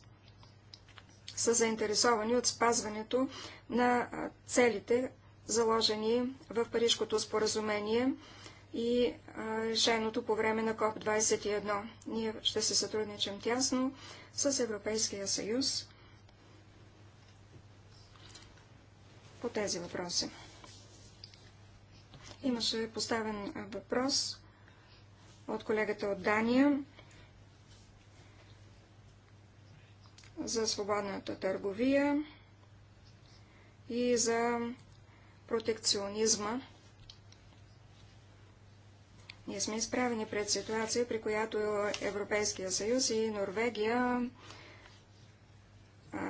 са заинтересовани от спазването на целите, заложени в Парижкото споразумение и решеното по време на КОП-21. Ние ще се сътрудничим тясно с Европейския съюз по тези въпроси. Имаше поставен въпрос от колегата от Дания за свободната търговия и за протекционизма. Ние сме изправени пред ситуация, при която Европейския съюз и Норвегия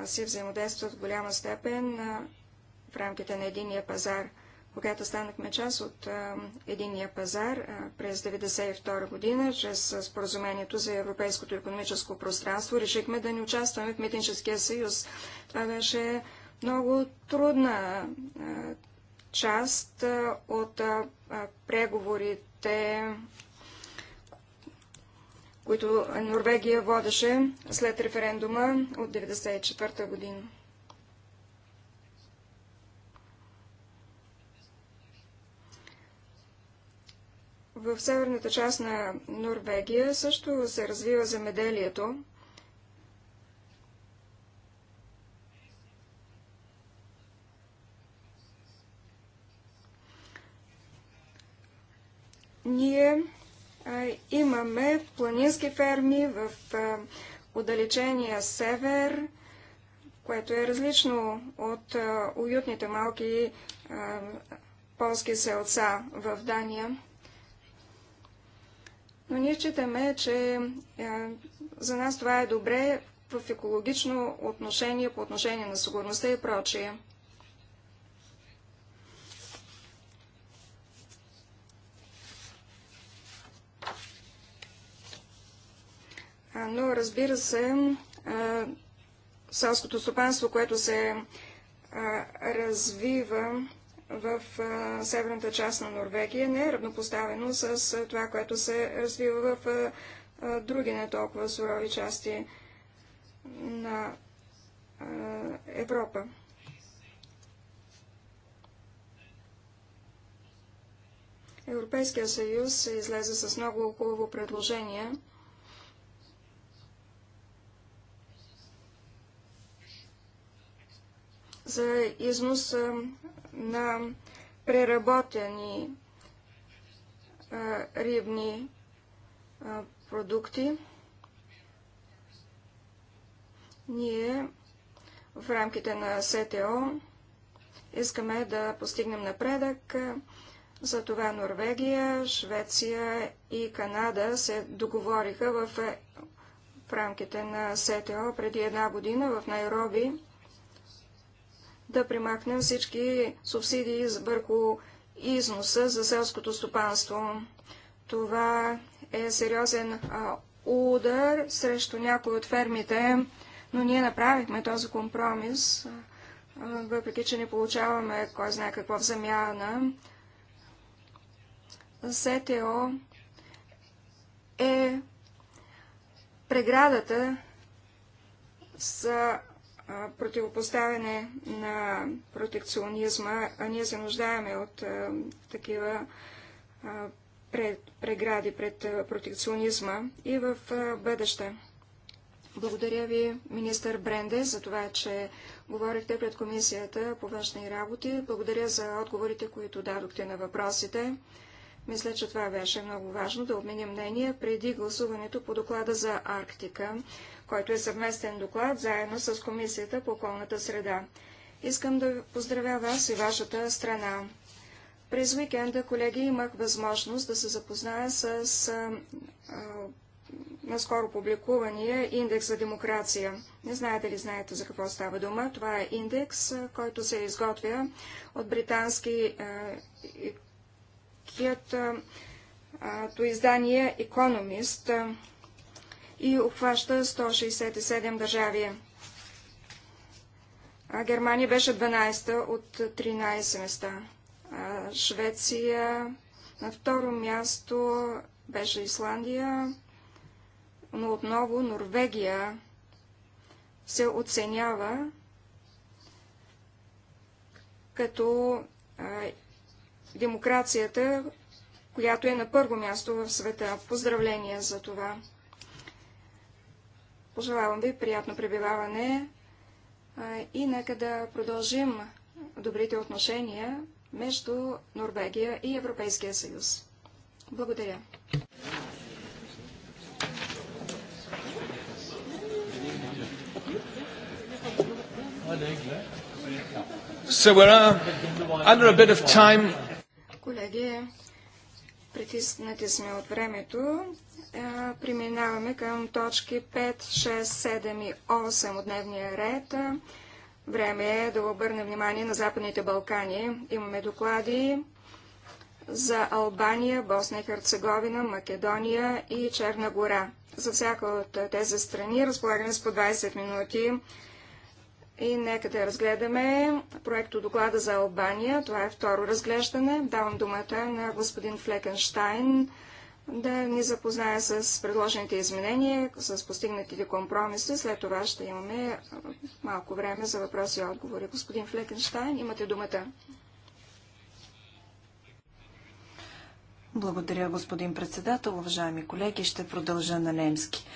си взаимодействат в голяма степен в рамките на единия пазар – когато станахме част от единия единния пазар през 1992 година, чрез споразумението за Европейското економическо пространство, решихме да не участваме в Митническия съюз. Това беше много трудна част от преговорите, които Норвегия водеше след референдума от 1994 година. В северната част на Норвегия също се развива земеделието. Ние а, имаме планински ферми в а, отдалечения север, което е различно от а, уютните малки полски селца в Дания. Но ние считаме, че е, за нас това е добре в екологично отношение, по отношение на сигурността и прочие. Но разбира се, е, селското стопанство, което се развива в северната част на Норвегия не е равнопоставено с това, което се развива в други не толкова сурови части на Европа. Европейския съюз излезе с много хубаво предложение. за износ на преработени рибни продукти. Ние в рамките на СТО искаме да постигнем напредък. За това Норвегия, Швеция и Канада се договориха в, в рамките на СТО преди една година в Найроби да примахнем всички субсидии върху износа за селското стопанство. Това е сериозен удар срещу някои от фермите, но ние направихме този компромис, въпреки че не получаваме кой знае какво в замяна. СТО е преградата за противопоставяне на протекционизма, а ние се нуждаеме от такива прегради пред протекционизма и в бъдеще. Благодаря ви, министър Бренде, за това, че говорихте пред Комисията по външни работи. Благодаря за отговорите, които дадохте на въпросите. Мисля, че това беше много важно да обменим мнение преди гласуването по доклада за Арктика, който е съвместен доклад заедно с Комисията по околната среда. Искам да поздравя вас и вашата страна. През уикенда, колеги, имах възможност да се запозная с а, а, наскоро публикувания индекс за демокрация. Не знаете ли знаете за какво става дума? Това е индекс, който се изготвя от британски а, немският то издание Economist и обхваща 167 държави. Германия беше 12-та от 13 места. Швеция на второ място беше Исландия, но отново Норвегия се оценява като демокрацията, която е на първо място в света. Поздравления за това! Пожелавам ви приятно пребиваване и нека да продължим добрите отношения между Норвегия и Европейския съюз. Благодаря. So we're uh, under a bit of time Колеги, притиснати сме от времето. Е, преминаваме към точки 5, 6, 7 и 8 от дневния ред. Време е да обърнем внимание на Западните Балкани. Имаме доклади за Албания, Босна и Херцеговина, Македония и Черна гора. За всяка от тези страни разполагаме с по 20 минути. И нека да разгледаме проекто доклада за Албания. Това е второ разглеждане. Давам думата на господин Флекенштайн да ни запознае с предложените изменения, с постигнатите компромиси. След това ще имаме малко време за въпроси и отговори. Господин Флекенштайн, имате думата. Благодаря, господин председател. Уважаеми колеги, ще продължа на немски.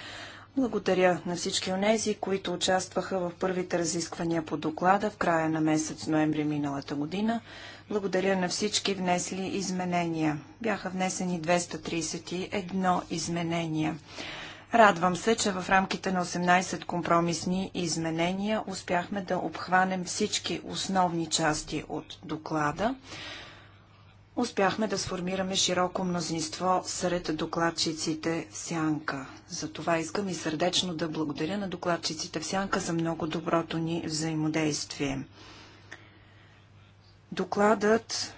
Благодаря на всички онези, които участваха в първите разисквания по доклада в края на месец ноември миналата година. Благодаря на всички внесли изменения. Бяха внесени 231 изменения. Радвам се, че в рамките на 18 компромисни изменения успяхме да обхванем всички основни части от доклада успяхме да сформираме широко мнозинство сред докладчиците в Сянка. За това искам и сърдечно да благодаря на докладчиците в Сянка за много доброто ни взаимодействие. Докладът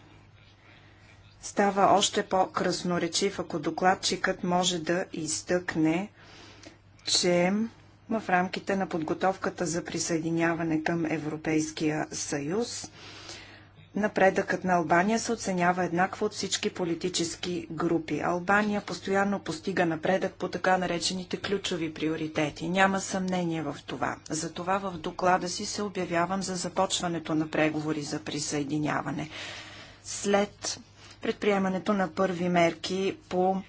става още по-красноречив, ако докладчикът може да изтъкне, че в рамките на подготовката за присъединяване към Европейския съюз – Напредъкът на Албания се оценява еднакво от всички политически групи. Албания постоянно постига напредък по така наречените ключови приоритети. Няма съмнение в това. Затова в доклада си се обявявам за започването на преговори за присъединяване. След предприемането на първи мерки по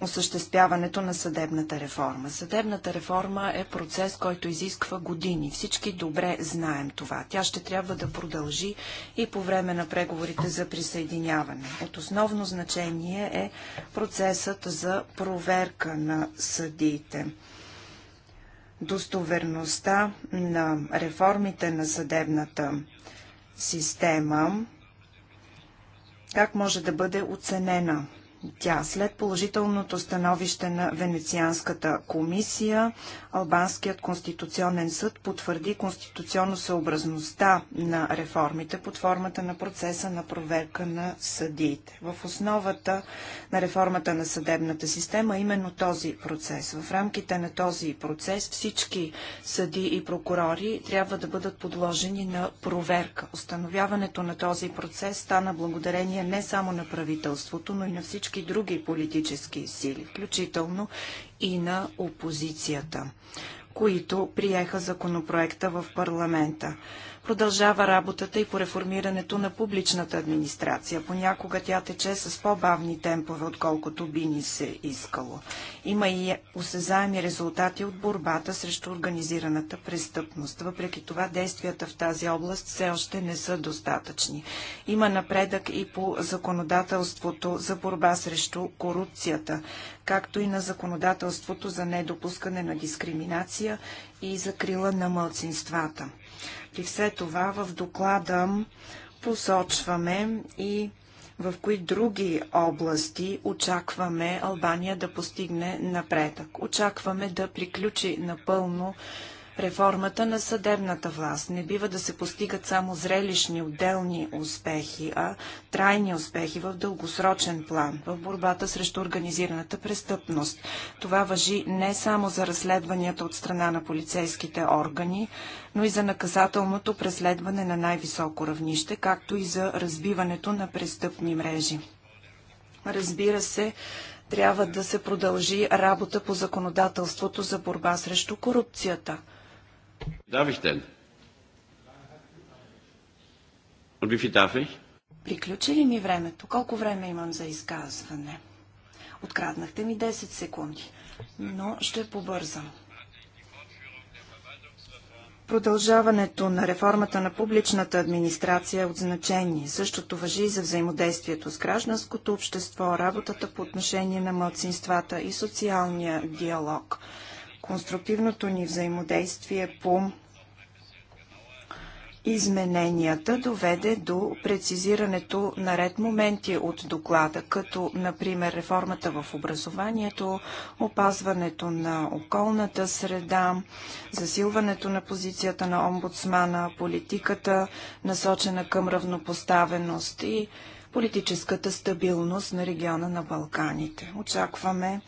осъществяването на съдебната реформа. Съдебната реформа е процес, който изисква години. Всички добре знаем това. Тя ще трябва да продължи и по време на преговорите за присъединяване. От основно значение е процесът за проверка на съдиите. Достоверността на реформите на съдебната система как може да бъде оценена тя. След положителното становище на Венецианската комисия, Албанският конституционен съд потвърди конституционно съобразността на реформите под формата на процеса на проверка на съдиите. В основата на реформата на съдебната система именно този процес. В рамките на този процес всички съди и прокурори трябва да бъдат подложени на проверка. Установяването на този процес стана благодарение не само на правителството, но и на всички всички други политически сили, включително и на опозицията, които приеха законопроекта в парламента. Продължава работата и по реформирането на публичната администрация. Понякога тя тече с по-бавни темпове, отколкото би ни се искало. Има и осезаеми резултати от борбата срещу организираната престъпност. Въпреки това, действията в тази област все още не са достатъчни. Има напредък и по законодателството за борба срещу корупцията, както и на законодателството за недопускане на дискриминация и закрила на мълцинствата. При все това в доклада посочваме и в кои други области очакваме Албания да постигне напредък. Очакваме да приключи напълно реформата на съдебната власт. Не бива да се постигат само зрелищни, отделни успехи, а трайни успехи в дългосрочен план, в борбата срещу организираната престъпност. Това въжи не само за разследванията от страна на полицейските органи, но и за наказателното преследване на най-високо равнище, както и за разбиването на престъпни мрежи. Разбира се, трябва да се продължи работа по законодателството за борба срещу корупцията – Darf ich denn? Und wie viel darf ich? Приключи ли ми времето? Колко време имам за изказване? Откраднахте ми 10 секунди, но ще побързам. Продължаването на реформата на публичната администрация е от значение. Същото въжи и за взаимодействието с гражданското общество, работата по отношение на младсинствата и социалния диалог конструктивното ни взаимодействие по измененията доведе до прецизирането на ред моменти от доклада, като например реформата в образованието, опазването на околната среда, засилването на позицията на омбудсмана, политиката насочена към равнопоставеност и политическата стабилност на региона на Балканите. Очакваме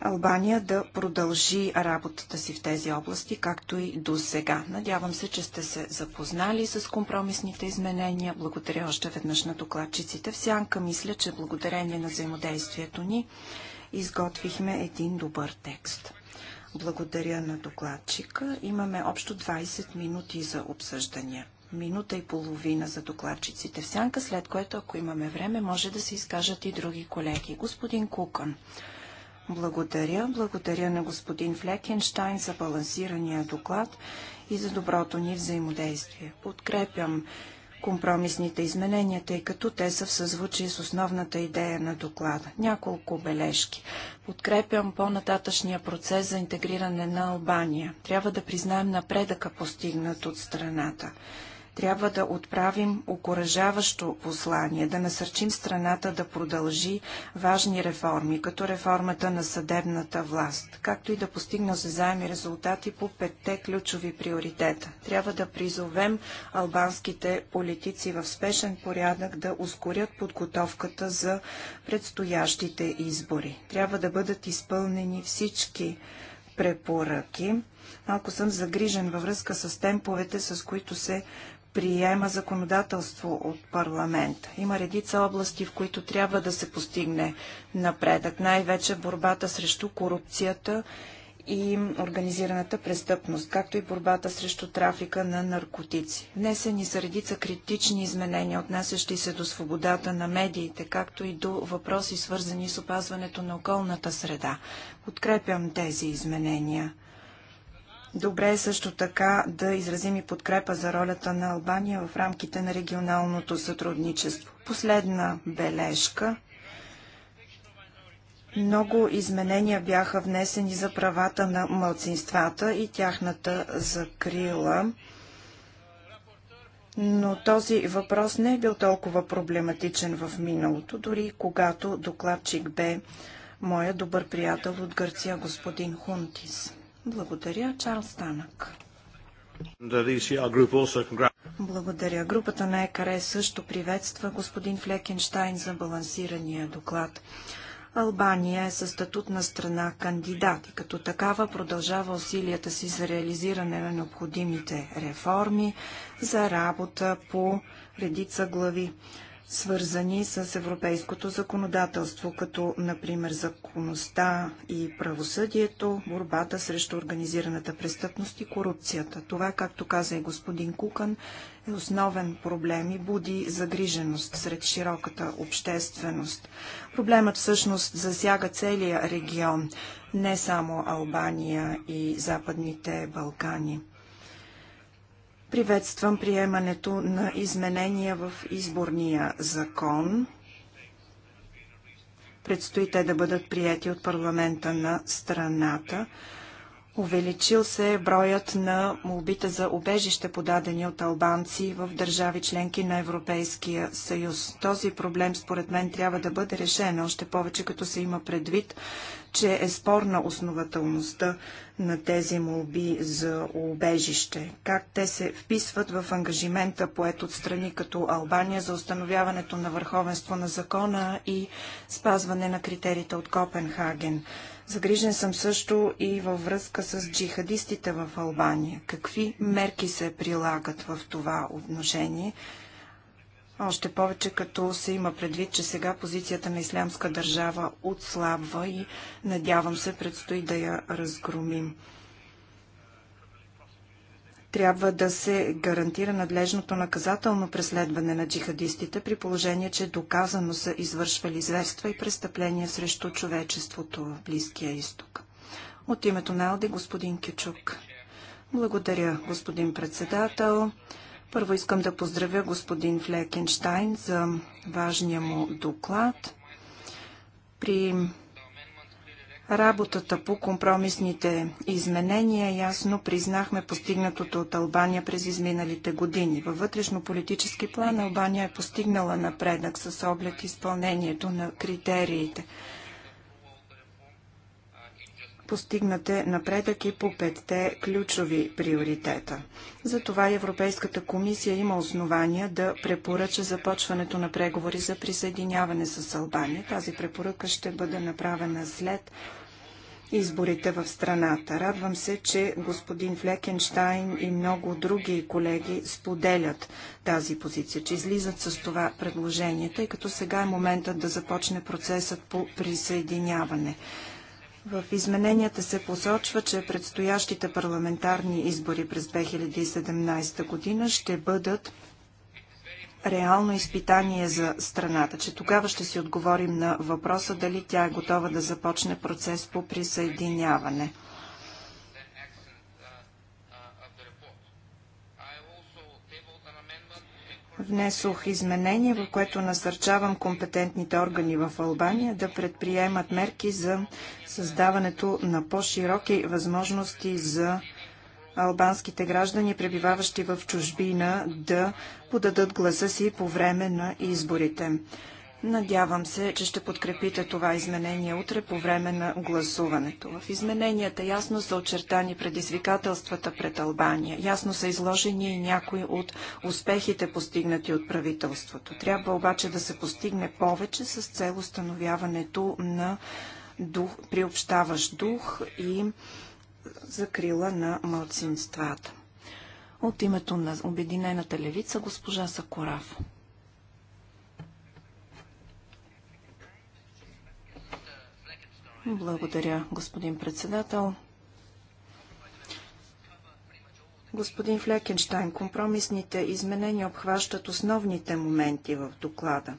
Албания да продължи работата си в тези области, както и до сега. Надявам се, че сте се запознали с компромисните изменения. Благодаря още веднъж на докладчиците. В сянка мисля, че благодарение на взаимодействието ни изготвихме един добър текст. Благодаря на докладчика. Имаме общо 20 минути за обсъждания. Минута и половина за докладчиците в сянка, след което, ако имаме време, може да се изкажат и други колеги. Господин Кукан. Благодаря. Благодаря на господин Флекенштайн за балансирания доклад и за доброто ни взаимодействие. Подкрепям компромисните изменения, тъй като те са в съзвучие с основната идея на доклада. Няколко бележки. Подкрепям по-нататъчния процес за интегриране на Албания. Трябва да признаем напредъка постигнат от страната. Трябва да отправим окоръжаващо послание, да насърчим страната да продължи важни реформи, като реформата на съдебната власт, както и да постигна заеми резултати по петте ключови приоритета. Трябва да призовем албанските политици в спешен порядък да ускорят подготовката за предстоящите избори. Трябва да бъдат изпълнени всички препоръки. Малко съм загрижен във връзка с темповете, с които се приема законодателство от парламента. Има редица области, в които трябва да се постигне напредък. Най-вече борбата срещу корупцията и организираната престъпност, както и борбата срещу трафика на наркотици. Внесени са редица критични изменения, отнасящи се до свободата на медиите, както и до въпроси, свързани с опазването на околната среда. Подкрепям тези изменения. Добре е също така да изразим и подкрепа за ролята на Албания в рамките на регионалното сътрудничество. Последна бележка. Много изменения бяха внесени за правата на мълцинствата и тяхната закрила. Но този въпрос не е бил толкова проблематичен в миналото, дори когато докладчик бе моя добър приятел от Гърция, господин Хунтис. Благодаря, Чарлз Танък. Благодаря. Групата на ЕКАРЕ също приветства господин Флекенштайн за балансирания доклад. Албания е със статут на страна кандидат и като такава продължава усилията си за реализиране на необходимите реформи, за работа по редица глави свързани с европейското законодателство, като например законността и правосъдието, борбата срещу организираната престъпност и корупцията. Това, както каза и господин Кукан, е основен проблем и буди загриженост сред широката общественост. Проблемът всъщност засяга целия регион, не само Албания и Западните Балкани. Приветствам приемането на изменения в изборния закон. Предстои те да бъдат прияти от парламента на страната. Увеличил се е броят на молбите за обежище, подадени от албанци в държави членки на Европейския съюз. Този проблем, според мен, трябва да бъде решен, още повече като се има предвид, че е спорна основателността на тези молби за обежище. Как те се вписват в ангажимента, поет от страни като Албания за установяването на върховенство на закона и спазване на критериите от Копенхаген. Загрижен съм също и във връзка с джихадистите в Албания. Какви мерки се прилагат в това отношение? Още повече като се има предвид, че сега позицията на Ислямска държава отслабва и надявам се предстои да я разгромим трябва да се гарантира надлежното наказателно преследване на джихадистите при положение, че доказано са извършвали зверства и престъпления срещу човечеството в Близкия изток. От името на Алди, господин Кичук. Благодаря, господин председател. Първо искам да поздравя господин Флекенштайн за важния му доклад. При работата по компромисните изменения ясно признахме постигнатото от Албания през изминалите години. Във вътрешно-политически план Албания е постигнала напредък с оглед изпълнението на критериите – постигнате напредък и по петте ключови приоритета. Затова Европейската комисия има основания да препоръча започването на преговори за присъединяване с Албания. Тази препоръка ще бъде направена след изборите в страната. Радвам се, че господин Флекенштайн и много други колеги споделят тази позиция, че излизат с това предложение, тъй като сега е моментът да започне процесът по присъединяване. В измененията се посочва, че предстоящите парламентарни избори през 2017 година ще бъдат реално изпитание за страната, че тогава ще си отговорим на въпроса дали тя е готова да започне процес по присъединяване. внесох изменение, в което насърчавам компетентните органи в Албания да предприемат мерки за създаването на по-широки възможности за албанските граждани, пребиваващи в чужбина, да подадат гласа си по време на изборите. Надявам се, че ще подкрепите това изменение утре по време на гласуването. В измененията ясно са очертани предизвикателствата пред Албания. Ясно са изложени и някои от успехите постигнати от правителството. Трябва обаче да се постигне повече с цел установяването на дух, приобщаващ дух и закрила на младсинствата. От името на Обединената левица госпожа Сакорафа. Благодаря, господин председател. Господин Флекенштайн, компромисните изменения обхващат основните моменти в доклада.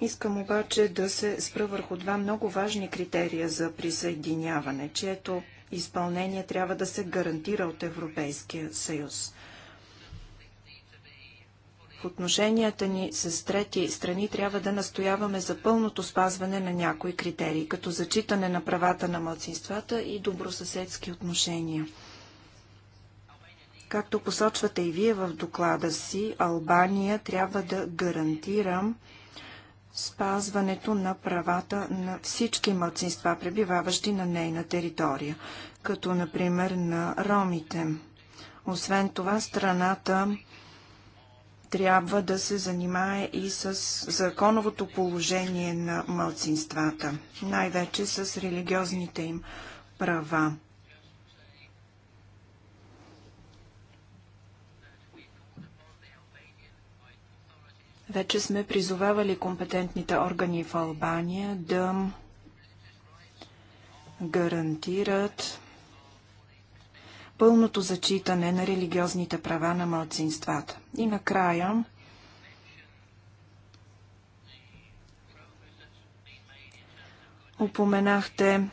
Искам обаче да се спра върху два много важни критерия за присъединяване, чието изпълнение трябва да се гарантира от Европейския съюз. В отношенията ни с трети страни трябва да настояваме за пълното спазване на някои критерии, като зачитане на правата на младсинствата и добросъседски отношения. Както посочвате и вие в доклада си, Албания трябва да гарантира спазването на правата на всички младсинства, пребиваващи на нейна територия, като например на ромите. Освен това, страната трябва да се занимае и с законовото положение на мълцинствата, най-вече с религиозните им права. Вече сме призовавали компетентните органи в Албания да гарантират пълното зачитане на религиозните права на младсинствата. И накрая упоменахте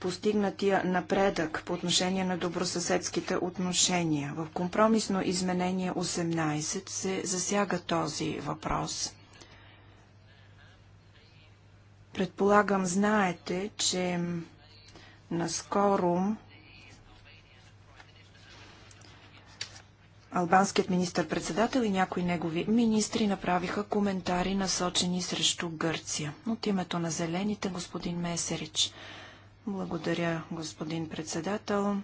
постигнатия напредък по отношение на добросъседските отношения. В компромисно изменение 18 се засяга този въпрос. Предполагам, знаете, че наскоро Албанският министр-председател и някои негови министри направиха коментари насочени срещу Гърция. От името на зелените господин Месерич. Благодаря, господин председател.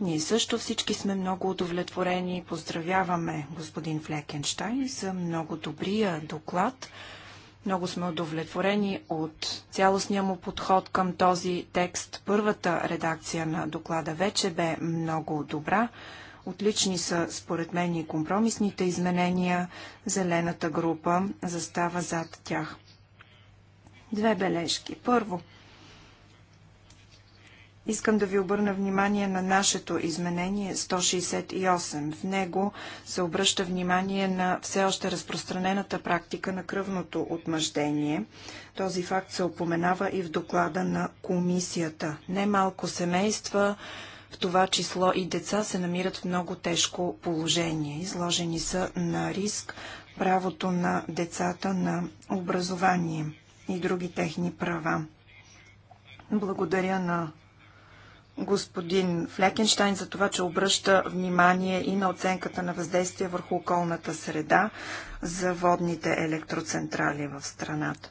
Ние също всички сме много удовлетворени. Поздравяваме господин Флекенштайн за много добрия доклад. Много сме удовлетворени от цялостния му подход към този текст. Първата редакция на доклада вече бе много добра. Отлични са, според мен, и компромисните изменения. Зелената група застава зад тях. Две бележки. Първо, Искам да ви обърна внимание на нашето изменение 168. В него се обръща внимание на все още разпространената практика на кръвното отмъждение. Този факт се опоменава и в доклада на комисията. Немалко семейства в това число и деца, се намират в много тежко положение. Изложени са на риск правото на децата на образование и други техни права. Благодаря на господин Флекенштайн за това, че обръща внимание и на оценката на въздействие върху околната среда за водните електроцентрали в страната.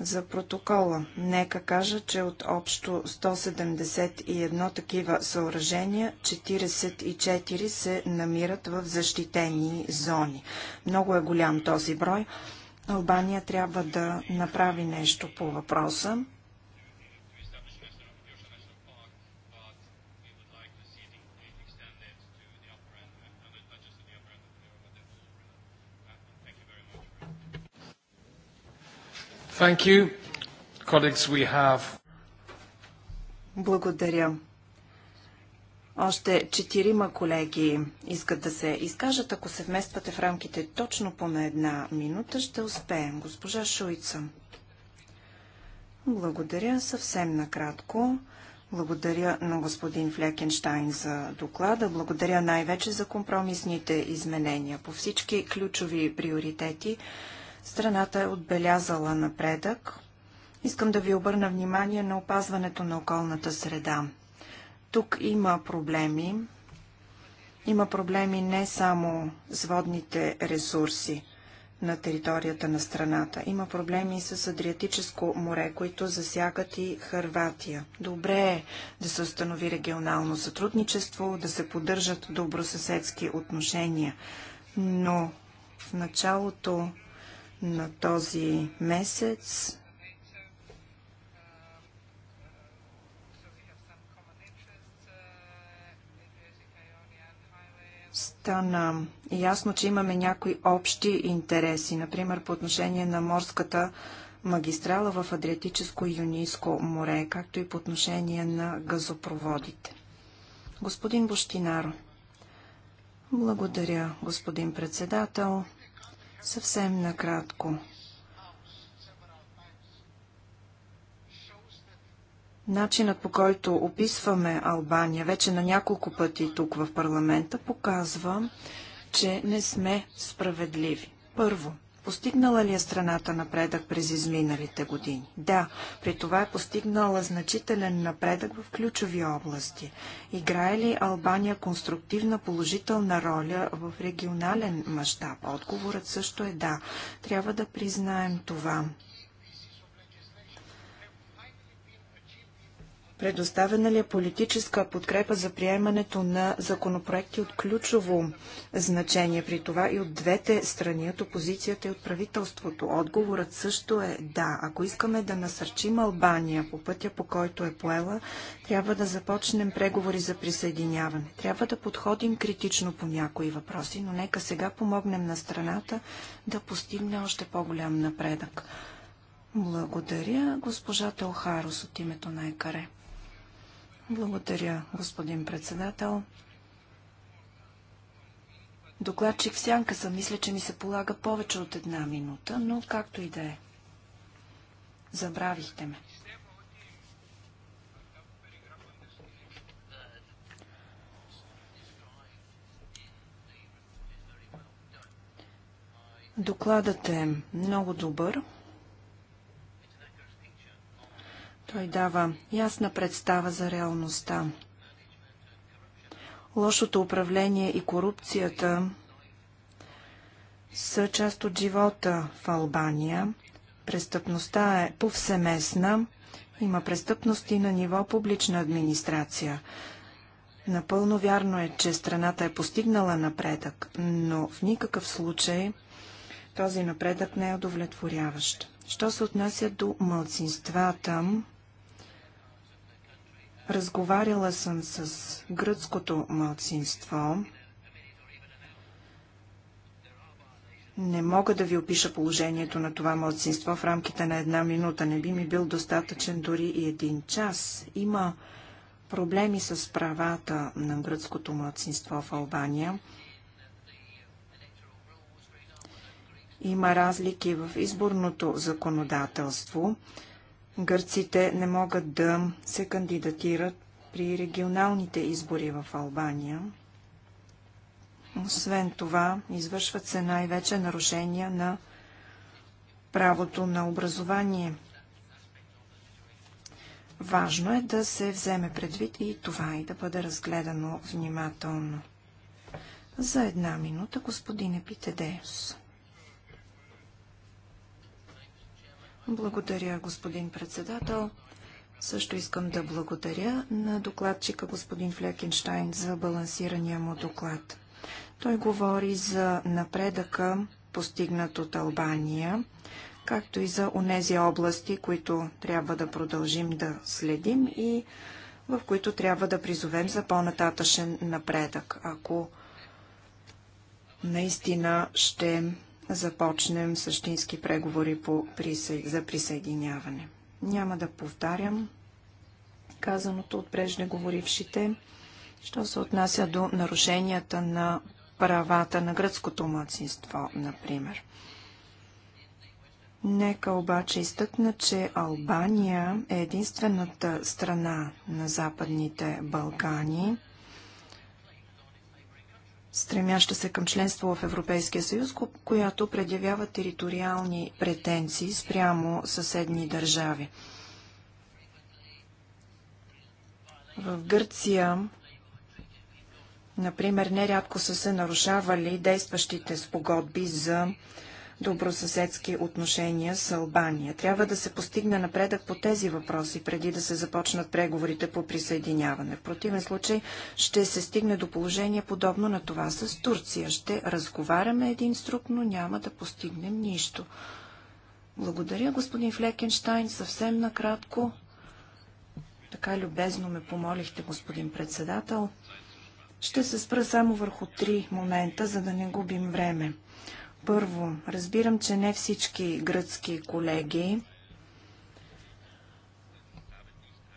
За протокола, нека кажа, че от общо 171 такива съоръжения, 44 се намират в защитени зони. Много е голям този брой. Албания трябва да направи нещо по въпроса. Thank you. Colleagues, we have... Благодаря. Още четирима колеги искат да се изкажат. Ако се вмествате в рамките точно по на една минута, ще успеем. Госпожа Шуица. Благодаря съвсем накратко. Благодаря на господин Флекенштайн за доклада. Благодаря най-вече за компромисните изменения по всички ключови приоритети Страната е отбелязала напредък. Искам да ви обърна внимание на опазването на околната среда. Тук има проблеми. Има проблеми не само с водните ресурси на територията на страната. Има проблеми и с Адриатическо море, които засягат и Харватия. Добре е да се установи регионално сътрудничество, да се поддържат добросъседски отношения. Но в началото на този месец. Стана ясно, че имаме някои общи интереси, например по отношение на морската магистрала в Адриатическо и Юнийско море, както и по отношение на газопроводите. Господин Бощинаро. Благодаря, господин председател. Съвсем накратко. Начинът по който описваме Албания вече на няколко пъти тук в парламента показва, че не сме справедливи. Първо, Постигнала ли е страната напредък през изминалите години? Да, при това е постигнала значителен напредък в ключови области. Играе ли Албания конструктивна положителна роля в регионален мащаб? Отговорът също е да. Трябва да признаем това. Предоставена ли е политическа подкрепа за приемането на законопроекти от ключово значение при това и от двете страни, от опозицията и от правителството? Отговорът също е да. Ако искаме да насърчим Албания по пътя, по който е поела, трябва да започнем преговори за присъединяване. Трябва да подходим критично по някои въпроси, но нека сега помогнем на страната да постигне още по-голям напредък. Благодаря, госпожа Телхарос от името на ЕКАРЕ. Благодаря, господин председател. Докладчик в сянка съм. Мисля, че ми се полага повече от една минута, но както и да е. Забравихте ме. Докладът е много добър. Той дава ясна представа за реалността. Лошото управление и корупцията са част от живота в Албания. Престъпността е повсеместна. Има престъпности на ниво публична администрация. Напълно вярно е, че страната е постигнала напредък, но в никакъв случай този напредък не е удовлетворяващ. Що се отнася до мълцинствата, Разговаряла съм с гръцкото малцинство. Не мога да ви опиша положението на това младсинство в рамките на една минута. Не би ми бил достатъчен дори и един час. Има проблеми с правата на гръцкото младсинство в Албания. Има разлики в изборното законодателство гърците не могат да се кандидатират при регионалните избори в Албания. Освен това, извършват се най-вече нарушения на правото на образование. Важно е да се вземе предвид и това и да бъде разгледано внимателно. За една минута господин Епитедеус. Благодаря, господин председател. Също искам да благодаря на докладчика господин Флекенштайн за балансирания му доклад. Той говори за напредъка, постигнат от Албания, както и за онези области, които трябва да продължим да следим и в които трябва да призовем за по-нататъчен напредък, ако наистина ще започнем същински преговори по, присъ... за присъединяване. Няма да повтарям казаното от преждеговорившите, що се отнася до нарушенията на правата на гръцкото младсинство, например. Нека обаче изтъкна, че Албания е единствената страна на Западните Балкани – стремяща се към членство в Европейския съюз, която предявява териториални претенции спрямо съседни държави. В Гърция, например, нерядко са се нарушавали действащите спогодби за добросъседски отношения с Албания. Трябва да се постигне напредък по тези въпроси, преди да се започнат преговорите по присъединяване. В противен случай ще се стигне до положение подобно на това с Турция. Ще разговаряме един с друг, но няма да постигнем нищо. Благодаря, господин Флекенштайн. Съвсем накратко. Така любезно ме помолихте, господин председател. Ще се спра само върху три момента, за да не губим време. Първо, разбирам, че не всички гръцки колеги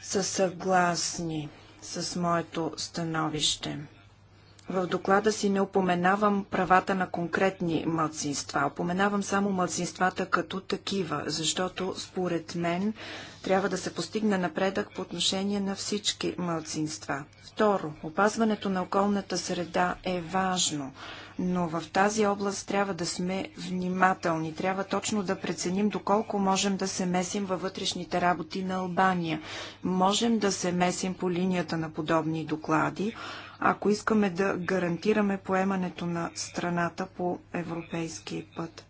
са съгласни с моето становище. В доклада си не упоменавам правата на конкретни мълцинства. Упоменавам само мълцинствата като такива, защото според мен трябва да се постигне напредък по отношение на всички мълцинства. Второ, опазването на околната среда е важно но в тази област трябва да сме внимателни. Трябва точно да преценим доколко можем да се месим във вътрешните работи на Албания. Можем да се месим по линията на подобни доклади, ако искаме да гарантираме поемането на страната по европейски път.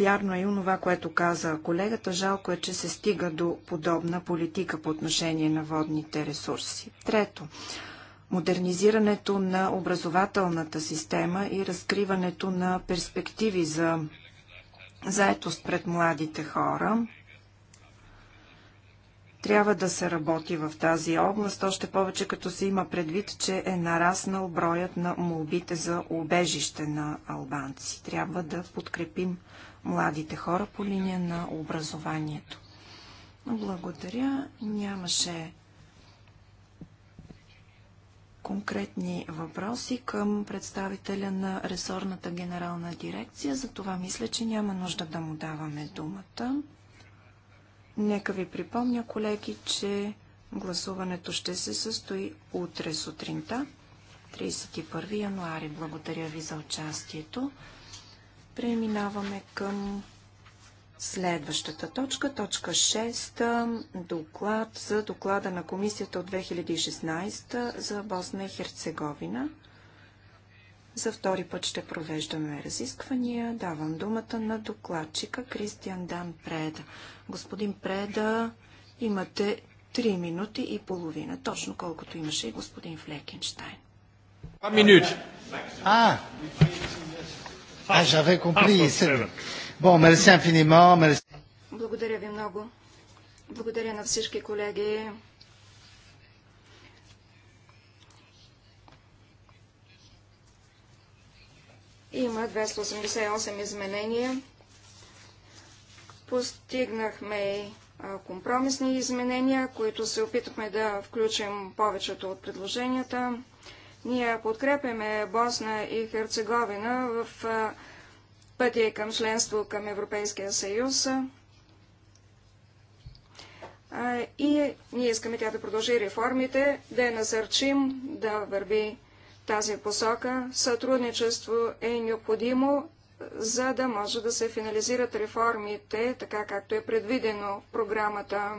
Вярно е и онова, което каза колегата. Жалко е, че се стига до подобна политика по отношение на водните ресурси. Трето, модернизирането на образователната система и разкриването на перспективи за заетост пред младите хора. Трябва да се работи в тази област, още повече като се има предвид, че е нараснал броят на молбите за убежище на албанци. Трябва да подкрепим младите хора по линия на образованието. Благодаря. Нямаше конкретни въпроси към представителя на ресорната генерална дирекция, За това мисля, че няма нужда да му даваме думата. Нека ви припомня, колеги, че гласуването ще се състои утре сутринта, 31 януари. Благодаря ви за участието. Преминаваме към Следващата точка, точка 6, доклад за доклада на комисията от 2016 за Босна и Херцеговина. За втори път ще провеждаме разисквания. Давам думата на докладчика Кристиан Дан Преда. Господин Преда, имате 3 минути и половина, точно колкото имаше и господин Флекенштайн. 2 минути. А, Ah, ah, j'avais compris. Ah, bon, merci infiniment. Merci. Благодаря ви много. Благодаря на всички колеги. Има 288 изменения. Постигнахме компромисни изменения, които се опитахме да включим повечето от предложенията. Ние подкрепяме Босна и Херцеговина в пътя към членство към Европейския съюз. И ние искаме тя да продължи реформите, да я насърчим да върви тази посока. Сътрудничество е необходимо, за да може да се финализират реформите, така както е предвидено в програмата.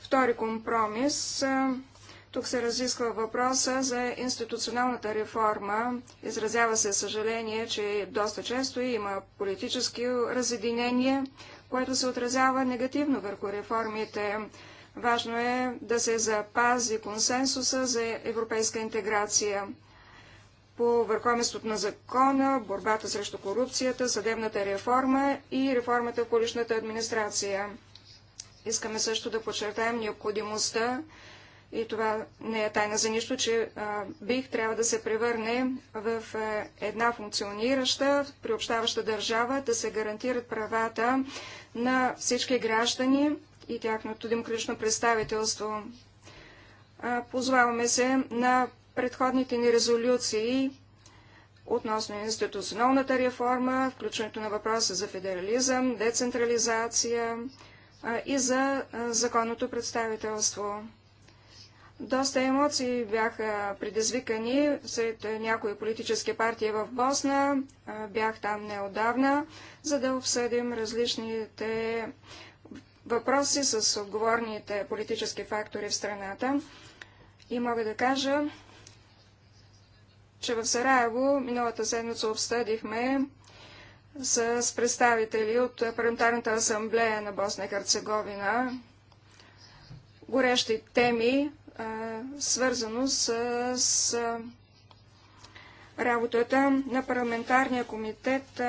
Втори компромис тук се разисква въпроса за институционалната реформа. Изразява се съжаление, че доста често има политически разединения, което се отразява негативно върху реформите. Важно е да се запази консенсуса за европейска интеграция по върховенството на закона, борбата срещу корупцията, съдебната реформа и реформата в колишната администрация. Искаме също да подчертаем необходимостта и това не е тайна за нищо, че БИХ трябва да се превърне в една функционираща, приобщаваща държава, да се гарантират правата на всички граждани и тяхното демократично представителство. позваваме се на предходните ни резолюции относно институционалната реформа, включването на въпроса за федерализъм, децентрализация и за законното представителство. Доста емоции бяха предизвикани сред някои политически партии в Босна. Бях там неодавна, за да обсъдим различните въпроси с отговорните политически фактори в страната. И мога да кажа, че в Сараево миналата седмица обсъдихме с представители от Парламентарната асамблея на Босна и Херцеговина горещи теми, свързано с, с работата на парламентарния комитет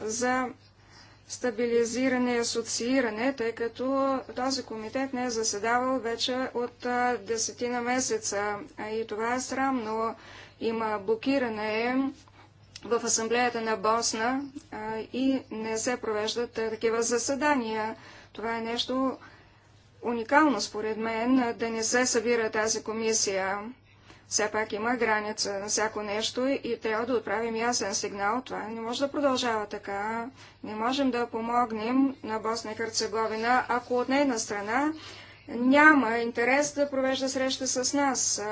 за стабилизиране и асоцииране, тъй като този комитет не е заседавал вече от десетина месеца. И това е срамно. Има блокиране в Асамблеята на Босна и не се провеждат такива заседания. Това е нещо, уникално, според мен, да не се събира тази комисия. Все пак има граница на всяко нещо и трябва да отправим ясен сигнал. Това не може да продължава така. Не можем да помогнем на Босна и Херцеговина, ако от нейна страна няма интерес да провежда среща с нас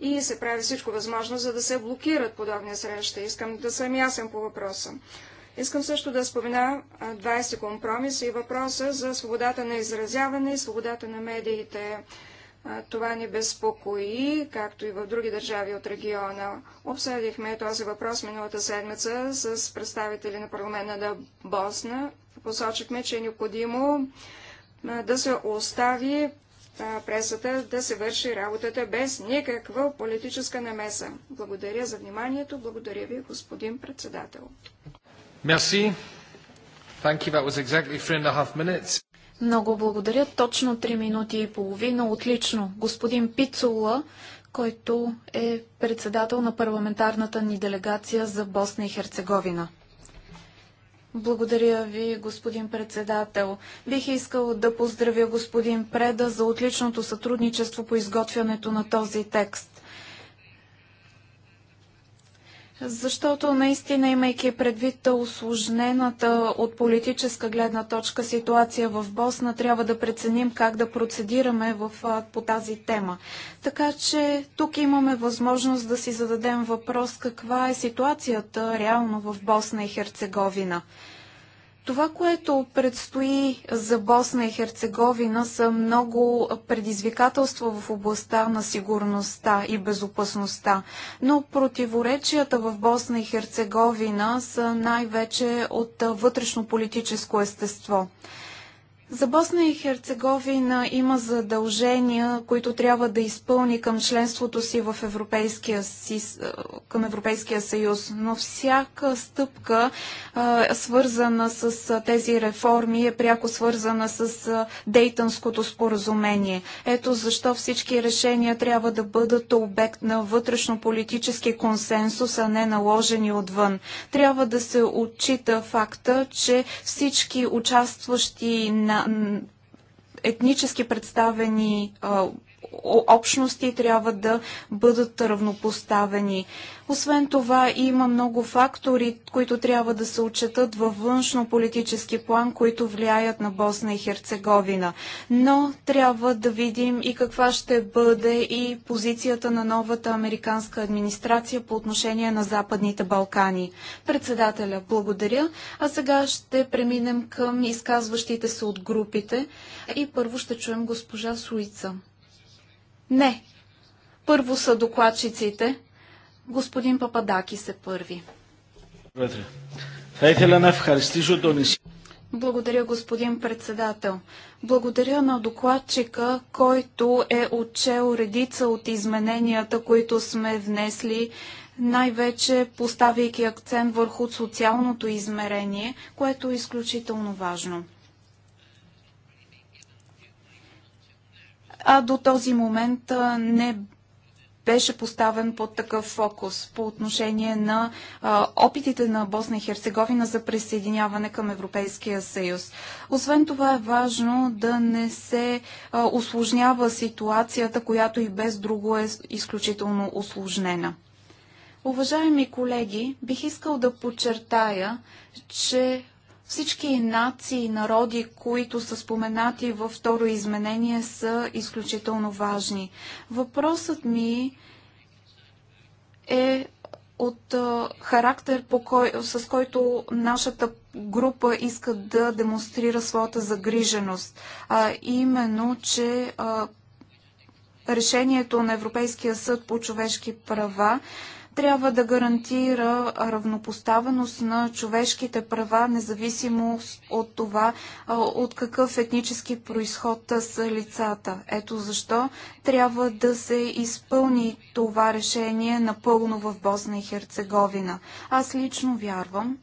и се прави всичко възможно, за да се блокират подобни срещи. Искам да съм ясен по въпроса. Искам също да спомена 20 компромиса и въпроса за свободата на изразяване и свободата на медиите. Това ни безпокои, както и в други държави от региона. Обсъдихме този въпрос миналата седмица с представители на парламента на Босна. Посочихме, че е необходимо да се остави пресата да се върши работата без никаква политическа намеса. Благодаря за вниманието. Благодаря ви, господин председател. Merci. Thank you. That was exactly three and a half minutes. Много благодаря. Точно 3 минути и половина. Отлично. Господин Пицула, който е председател на парламентарната ни делегация за Босна и Херцеговина. Благодаря ви, господин председател. Бих искал да поздравя господин Преда за отличното сътрудничество по изготвянето на този текст. Защото наистина, имайки предвид осложнената от политическа гледна точка ситуация в Босна, трябва да преценим как да процедираме в, по тази тема. Така че тук имаме възможност да си зададем въпрос каква е ситуацията реално в Босна и Херцеговина. Това, което предстои за Босна и Херцеговина са много предизвикателства в областта на сигурността и безопасността, но противоречията в Босна и Херцеговина са най-вече от вътрешно-политическо естество. За Босна и Херцеговина има задължения, които трябва да изпълни към членството си в Европейския, към Европейския съюз, но всяка стъпка, свързана с тези реформи, е пряко свързана с Дейтънското споразумение. Ето защо всички решения трябва да бъдат обект на вътрешно-политически консенсус, а не наложени отвън. Трябва да се отчита факта, че всички участващи на на етнически представени общности трябва да бъдат равнопоставени. Освен това има много фактори, които трябва да се отчетат във външно-политически план, които влияят на Босна и Херцеговина. Но трябва да видим и каква ще бъде и позицията на новата американска администрация по отношение на Западните Балкани. Председателя, благодаря. А сега ще преминем към изказващите се от групите. И първо ще чуем госпожа Суица. Не. Първо са докладчиците. Господин Пападаки се първи. Благодаря, господин председател. Благодаря на докладчика, който е отчел редица от измененията, които сме внесли най-вече поставяйки акцент върху социалното измерение, което е изключително важно. а до този момент не беше поставен под такъв фокус по отношение на а, опитите на Босна и Херцеговина за присъединяване към Европейския съюз. Освен това е важно да не се а, осложнява ситуацията, която и без друго е изключително осложнена. Уважаеми колеги, бих искал да подчертая, че всички нации и народи, които са споменати във второ изменение, са изключително важни. Въпросът ми е от характер, по кой, с който нашата група иска да демонстрира своята загриженост. А, именно, че а, решението на Европейския съд по човешки права трябва да гарантира равнопоставеност на човешките права, независимо от това от какъв етнически происход са лицата. Ето защо трябва да се изпълни това решение напълно в Босна и Херцеговина. Аз лично вярвам,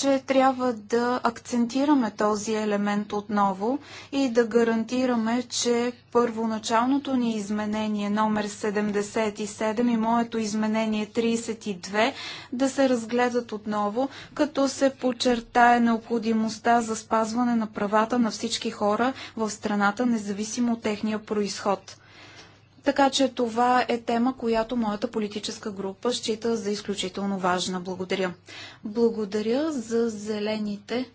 че трябва да акцентираме този елемент отново и да гарантираме, че първоначалното ни изменение номер 77 и моето изменение 32 да се разгледат отново, като се подчертае необходимостта за спазване на правата на всички хора в страната, независимо от техния происход. Така че това е тема, която моята политическа група счита за изключително важна. Благодаря. Благодаря за зелените.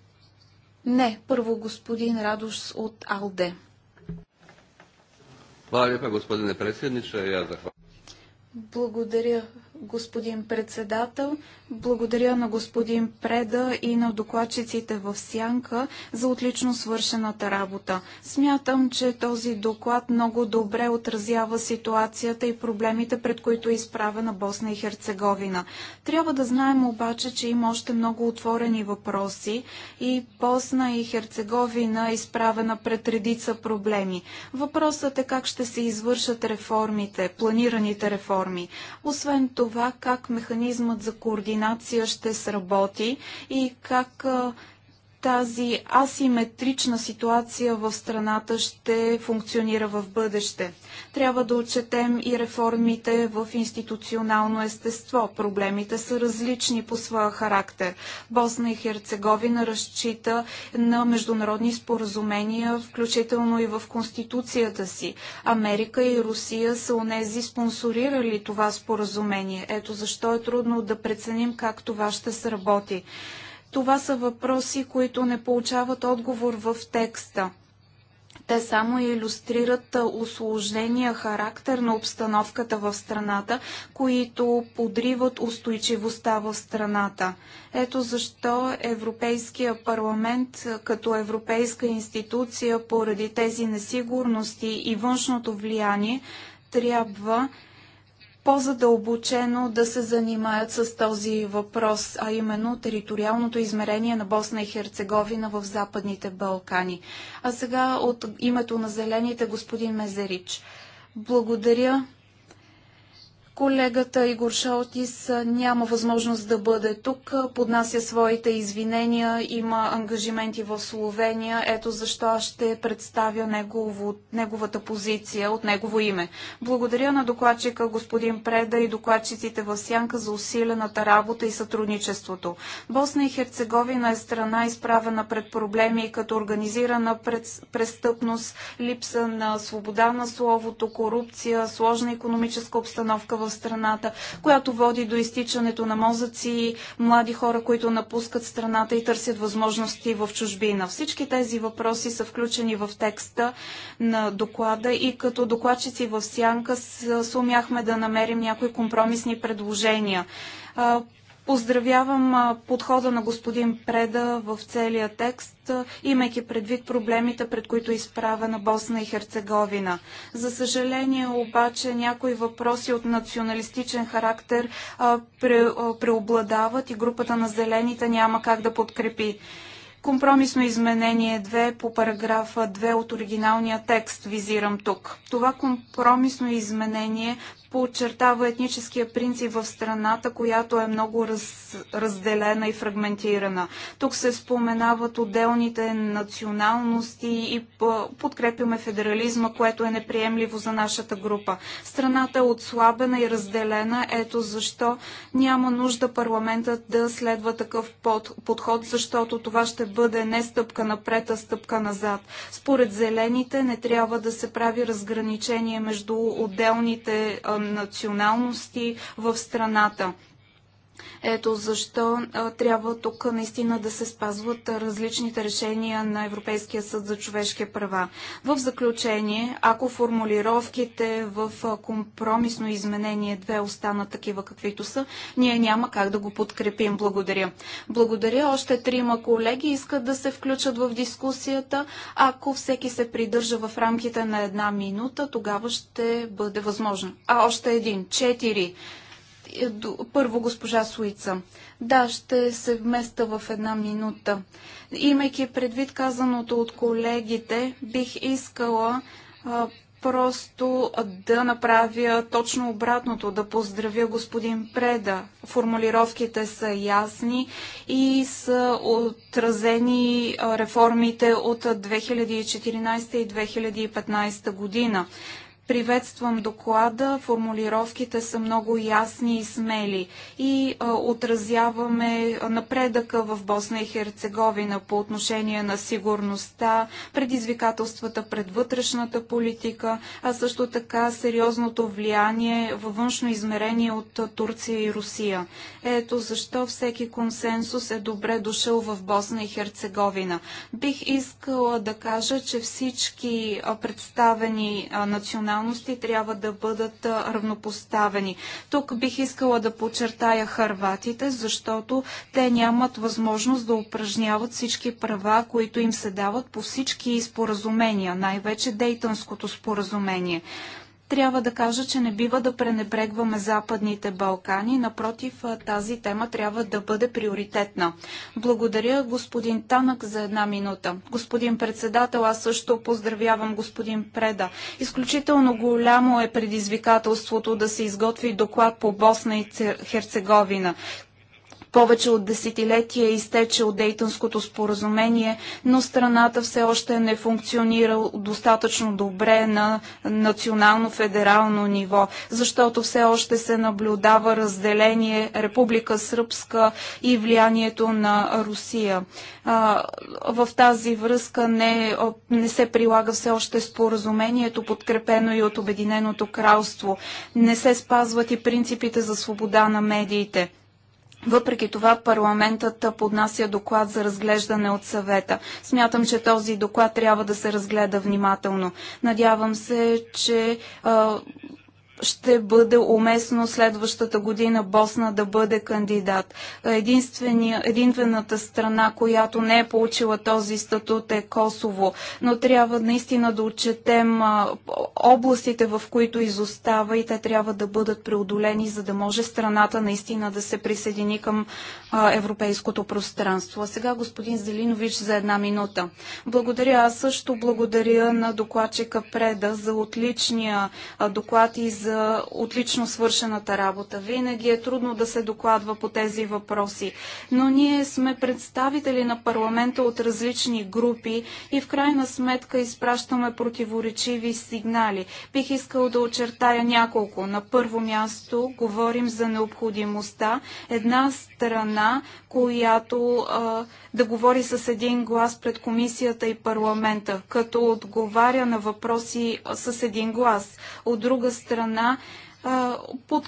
Не, първо господин Радош от Алде. Благодаря, lijepa председниче. predsjedniče. Ja Благодаря господин председател. Благодаря на господин Преда и на докладчиците в Сянка за отлично свършената работа. Смятам, че този доклад много добре отразява ситуацията и проблемите, пред които е изправена Босна и Херцеговина. Трябва да знаем обаче, че има още много отворени въпроси и Босна и Херцеговина е изправена пред редица проблеми. Въпросът е как ще се извършат реформите, планираните реформи. Освен това, това как механизмът за координация ще сработи и как тази асиметрична ситуация в страната ще функционира в бъдеще. Трябва да отчетем и реформите в институционално естество. Проблемите са различни по своя характер. Босна и Херцеговина разчита на международни споразумения, включително и в Конституцията си. Америка и Русия са онези спонсорирали това споразумение. Ето защо е трудно да преценим как това ще сработи. Това са въпроси, които не получават отговор в текста. Те само иллюстрират осложнения характер на обстановката в страната, които подриват устойчивостта в страната. Ето защо Европейския парламент като европейска институция поради тези несигурности и външното влияние трябва по-задълбочено да се занимаят с този въпрос, а именно териториалното измерение на Босна и Херцеговина в Западните Балкани. А сега от името на Зелените господин Мезерич. Благодаря Колегата Игор Шалтис няма възможност да бъде тук, поднася своите извинения, има ангажименти в Словения, ето защо аз ще представя негово, неговата позиция от негово име. Благодаря на докладчика господин Преда и докладчиците в Сянка за усилената работа и сътрудничеството. Босна и Херцеговина е страна изправена пред проблеми като организирана престъпност, липса на свобода на словото, корупция, сложна економическа обстановка в страната, която води до изтичането на мозъци, млади хора, които напускат страната и търсят възможности в чужбина. Всички тези въпроси са включени в текста на доклада и като докладчици в Сянка сумяхме да намерим някои компромисни предложения Поздравявам подхода на господин Преда в целия текст, имайки предвид проблемите, пред които е изправена Босна и Херцеговина. За съжаление обаче някои въпроси от националистичен характер преобладават и групата на зелените няма как да подкрепи. Компромисно изменение 2 по параграфа 2 от оригиналния текст визирам тук. Това компромисно изменение подчертава етническия принцип в страната, която е много раз, разделена и фрагментирана. Тук се споменават отделните националности и подкрепяме федерализма, което е неприемливо за нашата група. Страната е отслабена и разделена, ето защо няма нужда парламентът да следва такъв под, подход, защото това ще бъде не стъпка напред, а стъпка назад. Според зелените не трябва да се прави разграничение между отделните а, националности в страната. Ето защо а, трябва тук наистина да се спазват различните решения на Европейския съд за човешки права. В заключение, ако формулировките в компромисно изменение две останат такива каквито са, ние няма как да го подкрепим. Благодаря. Благодаря. Още трима колеги искат да се включат в дискусията. Ако всеки се придържа в рамките на една минута, тогава ще бъде възможно. А още един. Четири е първо госпожа Суица. Да, ще се вместа в една минута. Имайки предвид казаното от колегите, бих искала а, просто да направя точно обратното, да поздравя господин Преда. Формулировките са ясни и са отразени реформите от 2014 и 2015 година. Приветствам доклада, формулировките са много ясни и смели и а, отразяваме напредъка в Босна и Херцеговина по отношение на сигурността, предизвикателствата пред вътрешната политика, а също така сериозното влияние във външно измерение от Турция и Русия. Ето защо всеки консенсус е добре дошъл в Босна и Херцеговина. Бих искала да кажа, че всички представени национални националности трябва да бъдат равнопоставени. Тук бих искала да подчертая харватите, защото те нямат възможност да упражняват всички права, които им се дават по всички споразумения, най-вече Дейтънското споразумение трябва да кажа, че не бива да пренебрегваме Западните Балкани. Напротив, тази тема трябва да бъде приоритетна. Благодаря господин Танък за една минута. Господин председател, аз също поздравявам господин Преда. Изключително голямо е предизвикателството да се изготви доклад по Босна и Херцеговина повече от десетилетия е изтече от Дейтонското споразумение, но страната все още не функционира достатъчно добре на национално-федерално ниво, защото все още се наблюдава разделение Република Сръбска и влиянието на Русия. в тази връзка не, не се прилага все още споразумението, подкрепено и от Обединеното кралство. Не се спазват и принципите за свобода на медиите. Въпреки това парламентът поднася доклад за разглеждане от съвета. Смятам, че този доклад трябва да се разгледа внимателно. Надявам се, че а, ще бъде уместно следващата година Босна да бъде кандидат. Единствената страна, която не е получила този статут е Косово, но трябва наистина да отчетем областите, в които изостава и те трябва да бъдат преодолени, за да може страната наистина да се присъедини към европейското пространство. А сега господин Зелинович за една минута. Благодаря. Аз също благодаря на докладчика Преда за отличния доклад и за за отлично свършената работа. Винаги е трудно да се докладва по тези въпроси, но ние сме представители на парламента от различни групи и в крайна сметка изпращаме противоречиви сигнали. Бих искал да очертая няколко. На първо място говорим за необходимостта една страна, която а, да говори с един глас пред комисията и парламента, като отговаря на въпроси с един глас. От друга страна, страна под,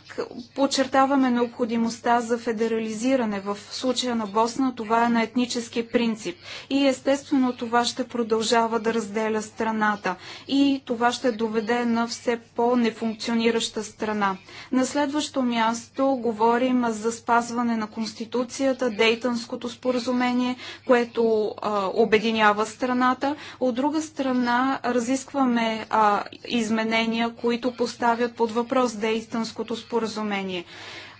подчертаваме необходимостта за федерализиране. В случая на Босна това е на етнически принцип. И естествено това ще продължава да разделя страната. И това ще доведе на все по-нефункционираща страна. На следващо място говорим за спазване на Конституцията, дейтанското споразумение, което а, обединява страната. От друга страна разискваме а, изменения, които поставят под въпрос Дейтънското споразумение.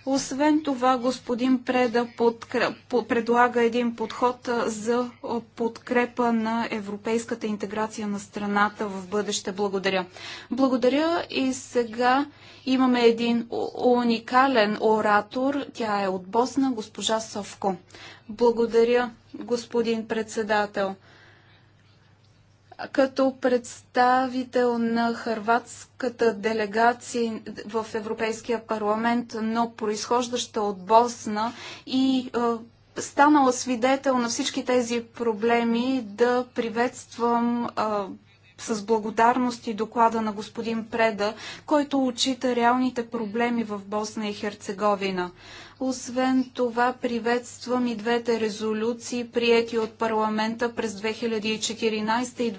Освен това, господин Преда подкреп, предлага един подход за подкрепа на европейската интеграция на страната в бъдеще. Благодаря. Благодаря и сега имаме един уникален оратор. Тя е от Босна, госпожа Совко. Благодаря, господин председател като представител на хърватската делегация в Европейския парламент, но произхождаща от Босна и станала свидетел на всички тези проблеми, да приветствам с благодарност и доклада на господин Преда, който отчита реалните проблеми в Босна и Херцеговина. Освен това, приветствам и двете резолюции, прияти от парламента през 2014 и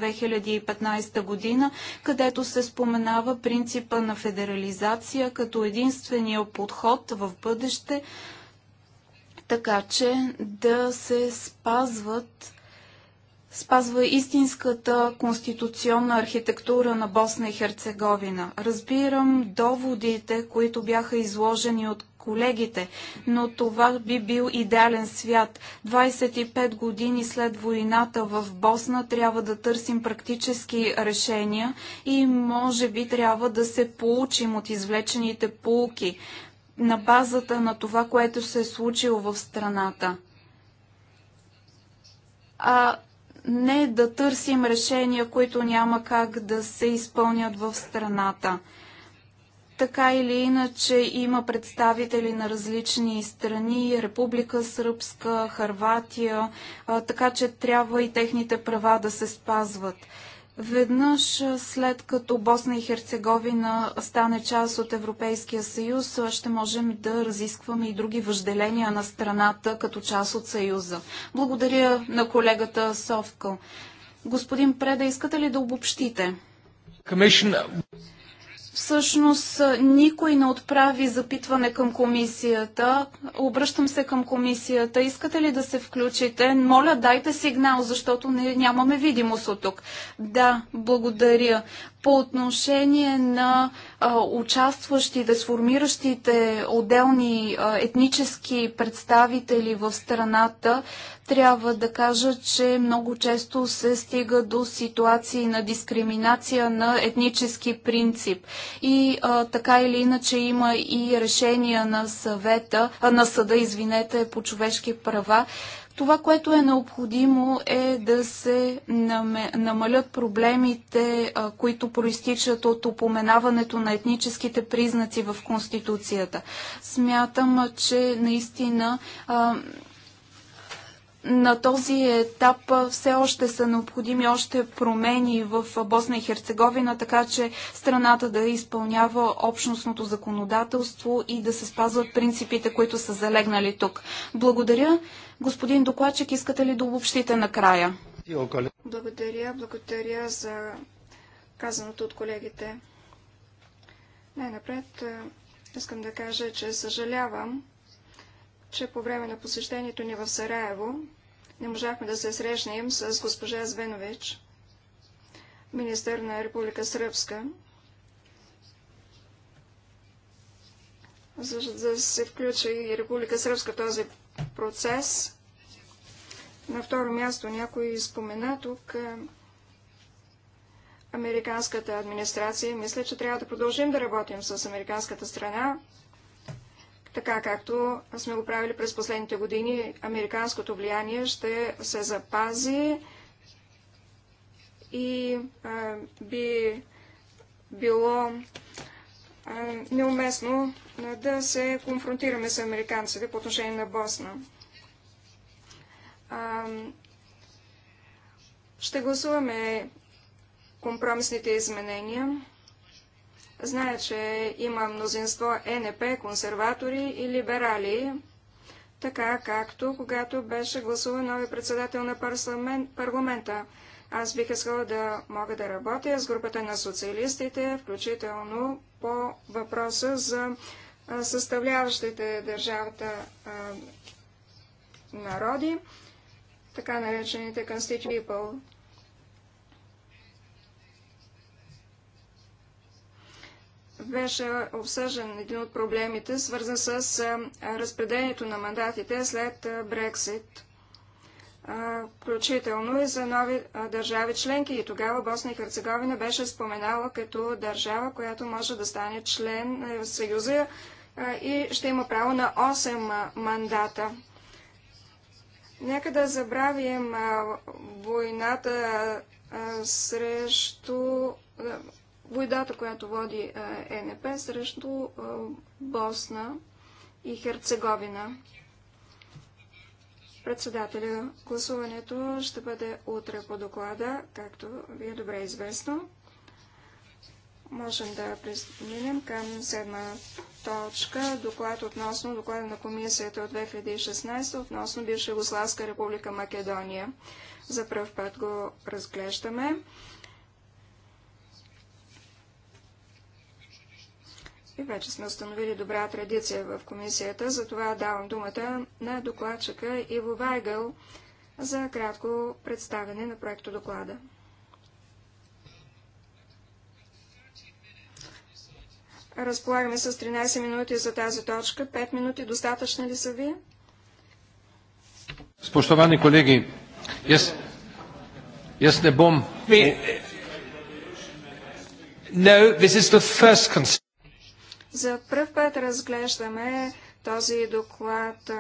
2015 година, където се споменава принципа на федерализация като единствения подход в бъдеще, така че да се спазват спазва истинската конституционна архитектура на Босна и Херцеговина. Разбирам доводите, които бяха изложени от колегите, но това би бил идеален свят. 25 години след войната в Босна трябва да търсим практически решения и може би трябва да се получим от извлечените полки на базата на това, което се е случило в страната. А не да търсим решения, които няма как да се изпълнят в страната. Така или иначе има представители на различни страни, Република Сръбска, Харватия, така че трябва и техните права да се спазват. Веднъж след като Босна и Херцеговина стане част от Европейския съюз, ще можем да разискваме и други въжделения на страната като част от съюза. Благодаря на колегата Совко. Господин Преда, искате ли да обобщите? Commission... Всъщност никой не отправи запитване към комисията. Обръщам се към комисията. Искате ли да се включите? Моля, дайте сигнал, защото не, нямаме видимост от тук. Да, благодаря по отношение на а, участващите, сформиращите отделни а, етнически представители в страната, трябва да кажа, че много често се стига до ситуации на дискриминация на етнически принцип. И а, така или иначе има и решения на съвета, а, на съда, извинете, по човешки права, това, което е необходимо е да се намалят проблемите, които проистичат от упоменаването на етническите признаци в Конституцията. Смятам, че наистина на този етап все още са необходими още промени в Босна и Херцеговина, така че страната да изпълнява общностното законодателство и да се спазват принципите, които са залегнали тук. Благодаря. Господин докладчик, искате ли да обобщите накрая? Благодаря, благодаря за казаното от колегите. Най-напред искам да кажа, че съжалявам, че по време на посещението ни в Сараево не можахме да се срещнем с госпожа Звенович, министър на Република Сръбска, за да се включи и Република Сръбска този процес. На второ място някой спомена тук е, американската администрация. Мисля, че трябва да продължим да работим с американската страна, така както сме го правили през последните години, американското влияние ще се запази и а, би било а, неуместно да се конфронтираме с американците по отношение на Босна. А, ще гласуваме компромисните изменения. Знае, че има мнозинство НП, консерватори и либерали, така както когато беше гласуван нови председател на парламента. Аз бих искала да мога да работя с групата на социалистите, включително по въпроса за съставляващите държавата народи, така наречените Constitutive People. беше обсъжен, един от проблемите, свързан с разпределението на мандатите след Брексит, включително и за нови държави членки. И тогава Босна и Херцеговина беше споменала като държава, която може да стане член на Съюза и ще има право на 8 мандата. Нека да забравим войната срещу войдата, която води ЕНП е срещу е, Босна и Херцеговина. Председателя, гласуването ще бъде утре по доклада, както ви е добре известно. Можем да преминем към седма точка. Доклад относно доклада на комисията от 2016 относно бивша Югославска република Македония. За първ път го разглеждаме. И вече сме установили добра традиция в комисията, затова давам думата на докладчика Иво Вайгъл за кратко представяне на проекто доклада. Разполагаме с 13 минути за тази точка. 5 минути достатъчно ли са ви? Спощовани колеги, аз, аз не бом... No, this is the first concern. За първ път разглеждаме този доклад.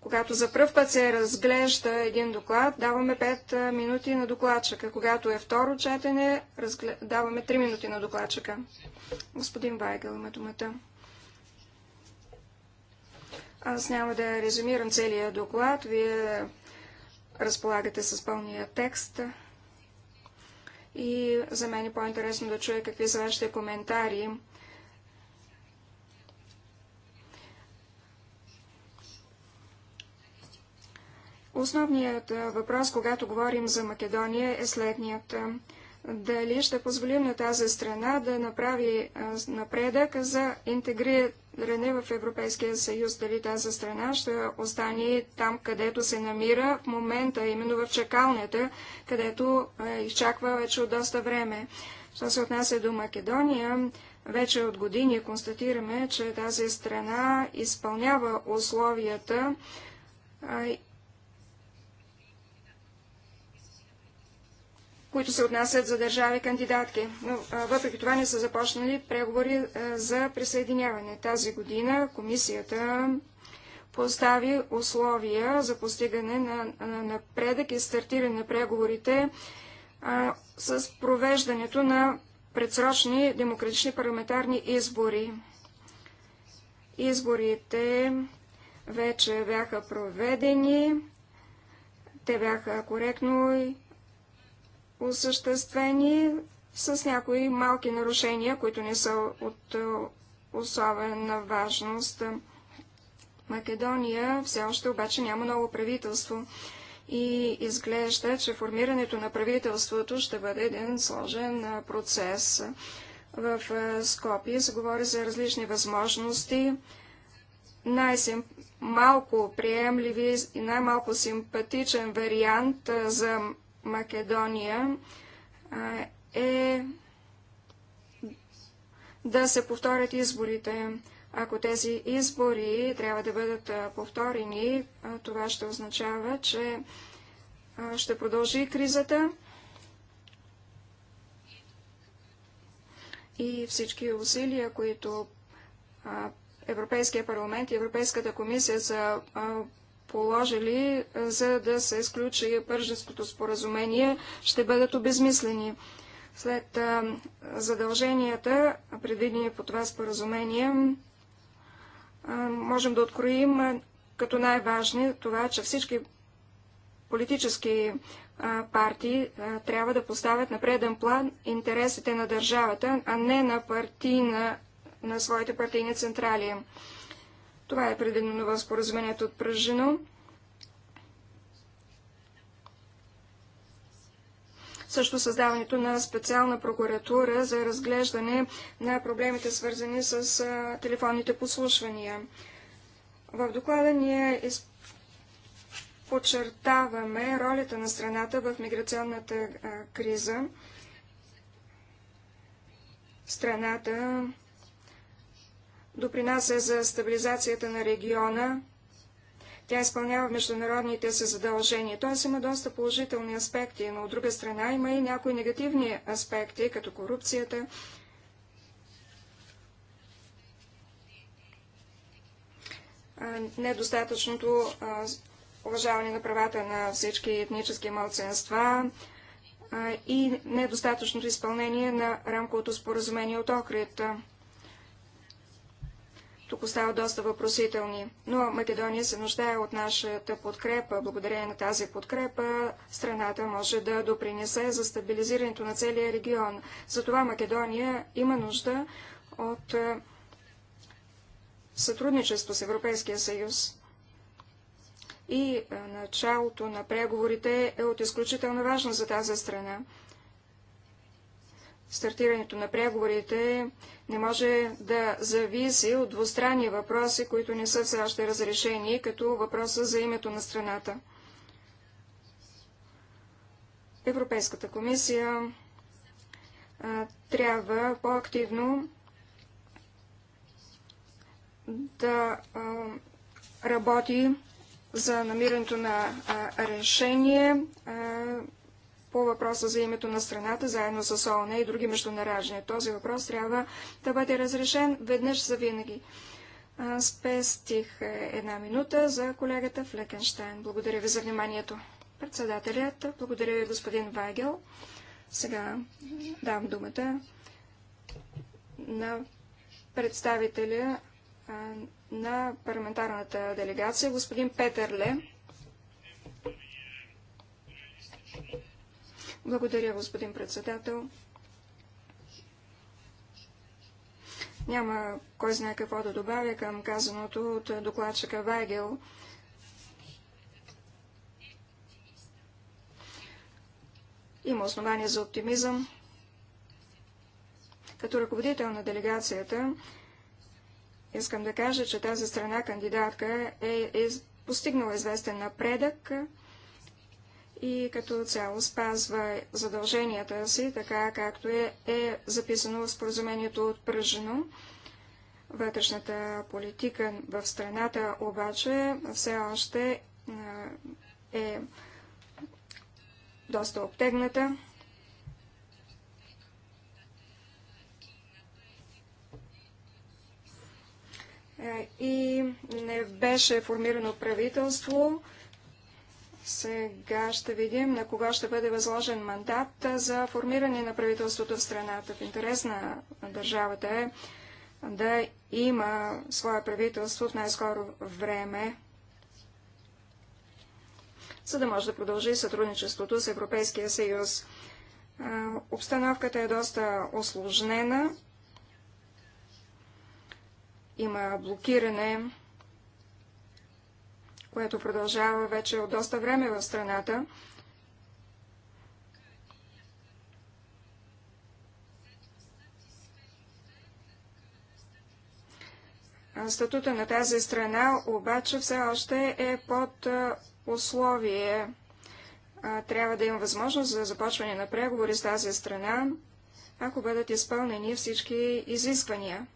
Когато за първ път се разглежда един доклад, даваме 5 минути на докладчика. Когато е второ четене, разгле... даваме 3 минути на докладчика. Господин Вайгъл има думата. Аз няма да резюмирам целият доклад. Вие разполагате с пълния текст и за мен е по-интересно да чуя какви са вашите коментари. Основният въпрос, когато говорим за Македония, е следният дали ще позволим на тази страна да направи напредък за интегриране в Европейския съюз, дали тази страна ще остане там, където се намира в момента, именно в чакалнята, където изчаква вече от доста време. Що се отнася до Македония, вече от години констатираме, че тази страна изпълнява условията които се отнасят за държави кандидатки. Но въпреки това не са започнали преговори за присъединяване. Тази година комисията постави условия за постигане на напредък и стартиране на преговорите а, с провеждането на предсрочни демократични парламентарни избори. Изборите вече бяха проведени, те бяха коректно осъществени с някои малки нарушения, които не са от е, особена важност. Македония все още обаче няма ново правителство и изглежда, че формирането на правителството ще бъде един сложен е, процес. В е, Скопия. се говори за различни възможности, най-малко приемливи и най-малко симпатичен вариант за Македония е да се повторят изборите. Ако тези избори трябва да бъдат повторени, това ще означава, че ще продължи кризата и всички усилия, които Европейския парламент и Европейската комисия са положили, е, за да се изключи пържеското споразумение, ще бъдат обезмислени. След е, задълженията, предвидени по това споразумение, е, можем да откроим като най-важни това, че всички политически партии трябва да поставят на преден план интересите на държавата, а не на партийна на своите партийни централи. Това е предвидено в споразумението от Пръжино. също създаването на специална прокуратура за разглеждане на проблемите, свързани с телефонните послушвания. В доклада ние подчертаваме ролята на страната в миграционната криза. Страната допринася за стабилизацията на региона. Тя изпълнява международните си задължения. Т.е. има доста положителни аспекти, но от друга страна има и някои негативни аспекти, като корупцията. Недостатъчното уважаване на правата на всички етнически малцинства и недостатъчното изпълнение на рамковото споразумение от Охрид. Тук остават доста въпросителни, но Македония се нуждае от нашата подкрепа. Благодарение на тази подкрепа страната може да допринесе за стабилизирането на целия регион. Затова Македония има нужда от е, сътрудничество с Европейския съюз. И е, началото на преговорите е от изключителна важност за тази страна стартирането на преговорите не може да зависи от двустранни въпроси, които не са все още разрешени, като въпроса за името на страната. Европейската комисия трябва по-активно да работи за намирането на решение по въпроса за името на страната, заедно с ООН и други международни. Този въпрос трябва да бъде разрешен веднъж за винаги. Спестих е, една минута за колегата Флекенштайн. Благодаря ви за вниманието. Председателят, благодаря ви господин Вайгел. Сега дам думата на представителя на парламентарната делегация, господин Петър Ле. Благодаря, господин председател. Няма кой знае какво да добавя към казаното от докладчика Вайгел. Има основания за оптимизъм. Като ръководител на делегацията, искам да кажа, че тази страна кандидатка е, е постигнала известен напредък и като цяло спазва задълженията си, така както е, е записано в споразумението от Пръжено. Вътрешната политика в страната обаче все още е доста обтегната. И не беше формирано правителство, сега ще видим на кого ще бъде възложен мандат за формиране на правителството в страната. В интерес на държавата е да има свое правителство в най-скоро време, за да може да продължи сътрудничеството с Европейския съюз. Обстановката е доста осложнена. Има блокиране което продължава вече от доста време в страната. Статута на тази страна обаче все още е под условие. Трябва да има възможност за започване на преговори с тази страна, ако бъдат изпълнени всички изисквания.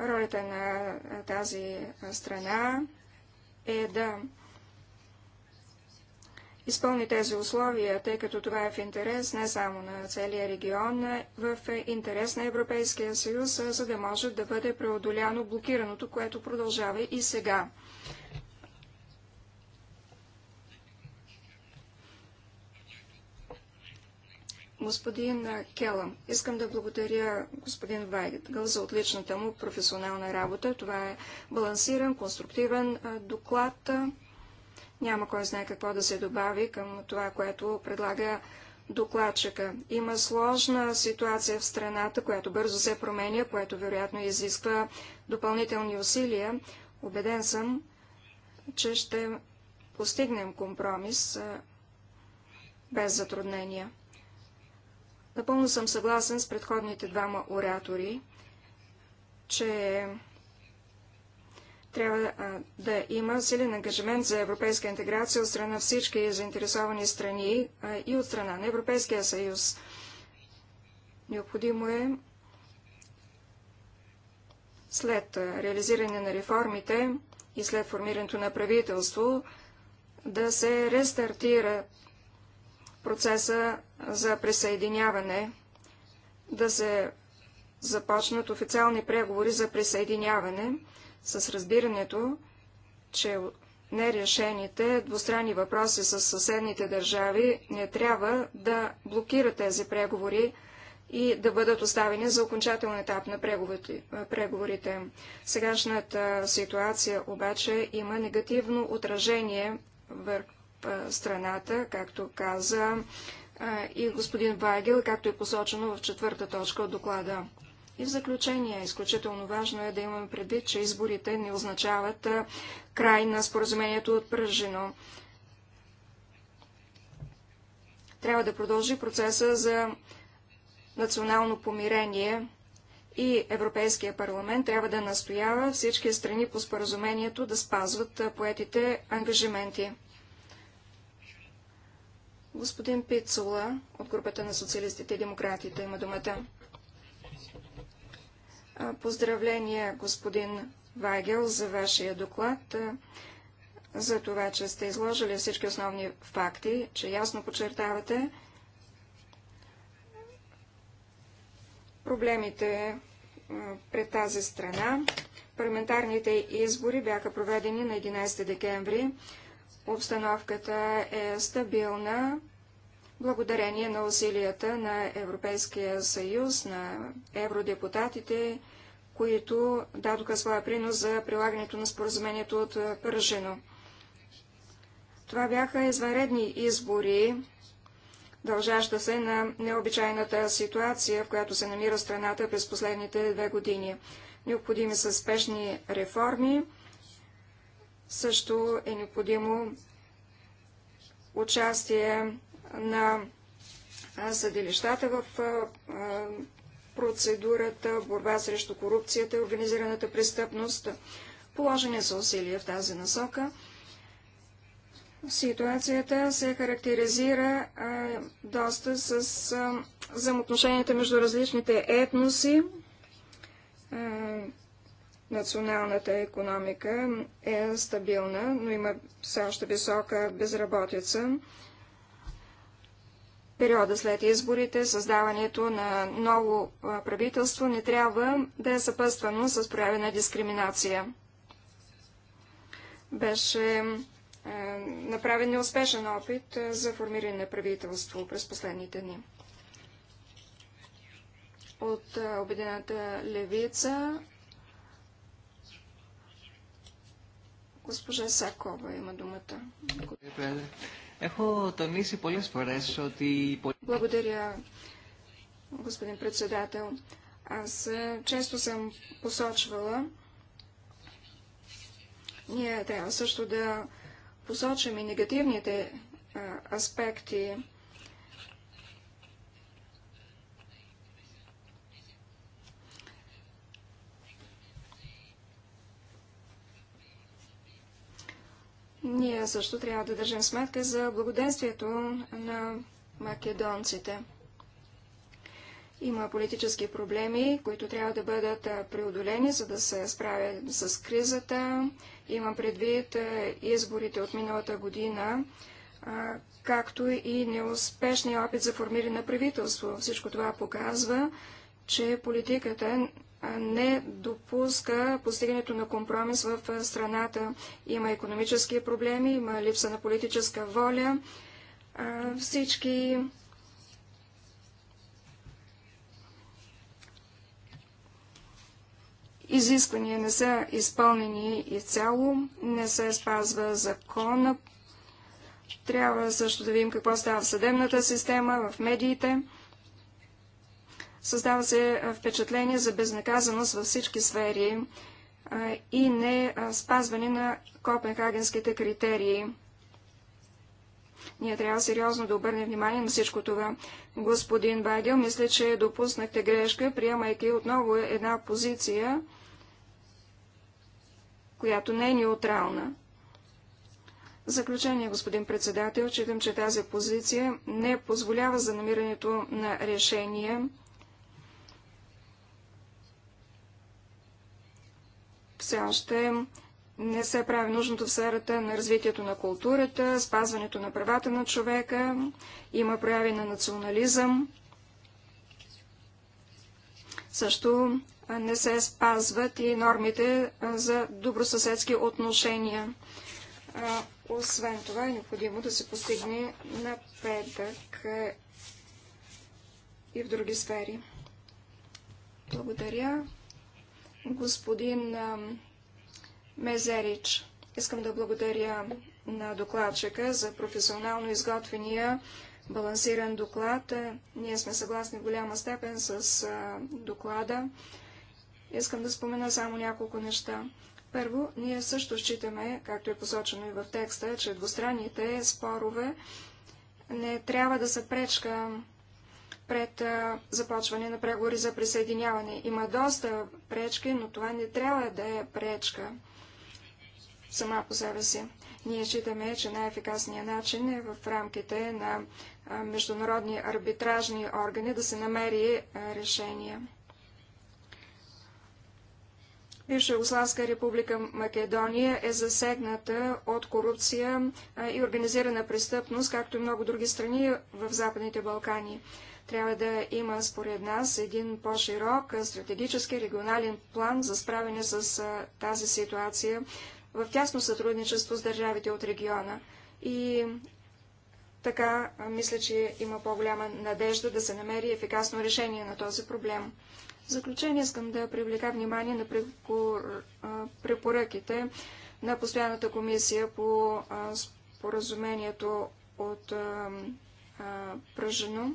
Ролята на тази страна е да изпълни тези условия, тъй като това е в интерес не само на целия регион, а в интерес на Европейския съюз, за да може да бъде преодоляно блокираното, което продължава и сега. Господин Келъм, искам да благодаря господин Вайгъл за отличната му професионална работа. Това е балансиран, конструктивен доклад. Няма кой знае какво да се добави към това, което предлага докладчика. Има сложна ситуация в страната, която бързо се променя, което вероятно изисква допълнителни усилия. Обеден съм, че ще постигнем компромис без затруднения. Напълно съм съгласен с предходните двама оратори, че трябва да има силен ангажимент за европейска интеграция от страна всички заинтересовани страни и от страна на Европейския съюз. Необходимо е след реализиране на реформите и след формирането на правителство да се рестартира процеса за присъединяване, да се започнат официални преговори за присъединяване с разбирането, че нерешените двустранни въпроси с съседните държави не трябва да блокират тези преговори и да бъдат оставени за окончателен етап на преговорите. Сегашната ситуация обаче има негативно отражение върху страната, както каза и господин Вагел, както е посочено в четвърта точка от доклада. И в заключение, изключително важно е да имаме предвид, че изборите не означават край на споразумението от пръжено. Трябва да продължи процеса за национално помирение и Европейския парламент трябва да настоява всички страни по споразумението да спазват поетите ангажименти. Господин Пицула от групата на социалистите и демократите има думата. Поздравления, господин Вагел, за вашия доклад, за това, че сте изложили всички основни факти, че ясно подчертавате проблемите пред тази страна. Парламентарните избори бяха проведени на 11 декември. Обстановката е стабилна благодарение на усилията на Европейския съюз, на евродепутатите, които дадоха своя принос за прилагането на споразумението от Пържено. Това бяха извънредни избори, дължаща се на необичайната ситуация, в която се намира страната през последните две години. Необходими са спешни реформи, също е необходимо участие на съдилищата в процедурата борба срещу корупцията и организираната престъпност. Положени са усилия в тази насока. Ситуацията се характеризира доста с взаимоотношенията между различните етноси националната економика е стабилна, но има все още висока безработица. Периода след изборите, създаването на ново правителство не трябва да е съпъствано с прояви на дискриминация. Беше направен неуспешен опит за формиране на правителство през последните дни. От Обединената левица Госпожа Сакова има думата. Благодаря, господин председател. Аз е, често съм посочвала, ние трябва също да посочим и негативните а, аспекти Ние също трябва да държим сметка за благоденствието на македонците. Има политически проблеми, които трябва да бъдат преодолени, за да се справят с кризата. Имам предвид изборите от миналата година, както и неуспешния опит за формиране на правителство. Всичко това показва, че политиката не допуска постигането на компромис в страната. Има економически проблеми, има липса на политическа воля. Всички изисквания не са изпълнени изцяло, не се спазва закона. Трябва също да видим какво става в съдебната система, в медиите. Създава се впечатление за безнаказаност във всички сфери и не спазване на копенхагенските критерии. Ние трябва сериозно да обърнем внимание на всичко това. Господин Багел, мисля, че допуснахте грешка, приемайки отново една позиция, която не е неутрална. В заключение, господин председател, читам, че тази позиция не позволява за намирането на решение все още не се прави нужното в сферата на развитието на културата, спазването на правата на човека, има прояви на национализъм. Също не се спазват и нормите за добросъседски отношения. Освен това е необходимо да се постигне напредък и в други сфери. Благодаря господин Мезерич. Искам да благодаря на докладчика за професионално изготвения балансиран доклад. Е, ние сме съгласни в голяма степен с доклада. Искам да спомена само няколко неща. Първо, ние също считаме, както е посочено и в текста, че двустранните спорове не трябва да са пречка пред започване на преговори за присъединяване. Има доста пречки, но това не трябва да е пречка сама по себе си. Ние считаме, че най-ефикасният начин е в рамките на международни арбитражни органи да се намери решение. Бивша Югославска република Македония е засегната от корупция и организирана престъпност, както и много други страни в Западните Балкани. Трябва да има, според нас, един по-широк стратегически регионален план за справяне с тази ситуация в тясно сътрудничество с държавите от региона. И така, мисля, че има по-голяма надежда да се намери ефикасно решение на този проблем. В заключение искам да привлека внимание на препоръките на Постоянната комисия по споразумението от Пръжено.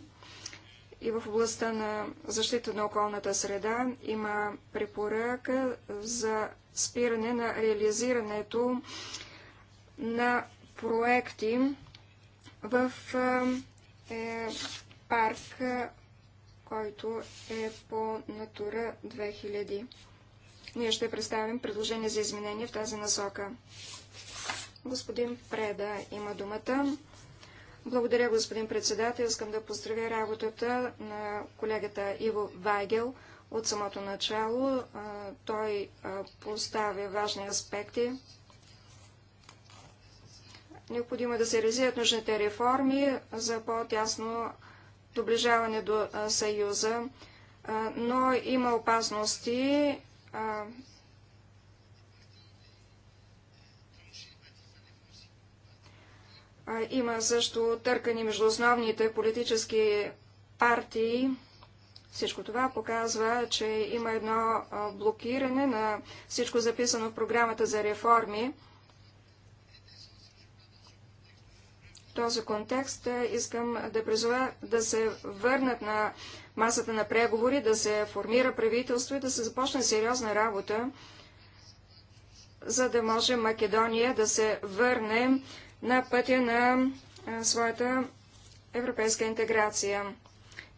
И в областта на защита на околната среда има препоръка за спиране на реализирането на проекти в е, парк, който е по Натура 2000. Ние ще представим предложение за изменение в тази насока. Господин Преда има думата. Благодаря, господин председател. Искам да поздравя работата на колегата Иво Вайгел от самото начало. Той поставя важни аспекти. Необходимо е да се резият нужните реформи за по-тясно доближаване до Съюза, но има опасности Има също търкани между основните политически партии. Всичко това показва, че има едно блокиране на всичко записано в програмата за реформи. В този контекст искам да призова да се върнат на масата на преговори, да се формира правителство и да се започне сериозна работа, за да може Македония да се върне на пътя на своята европейска интеграция.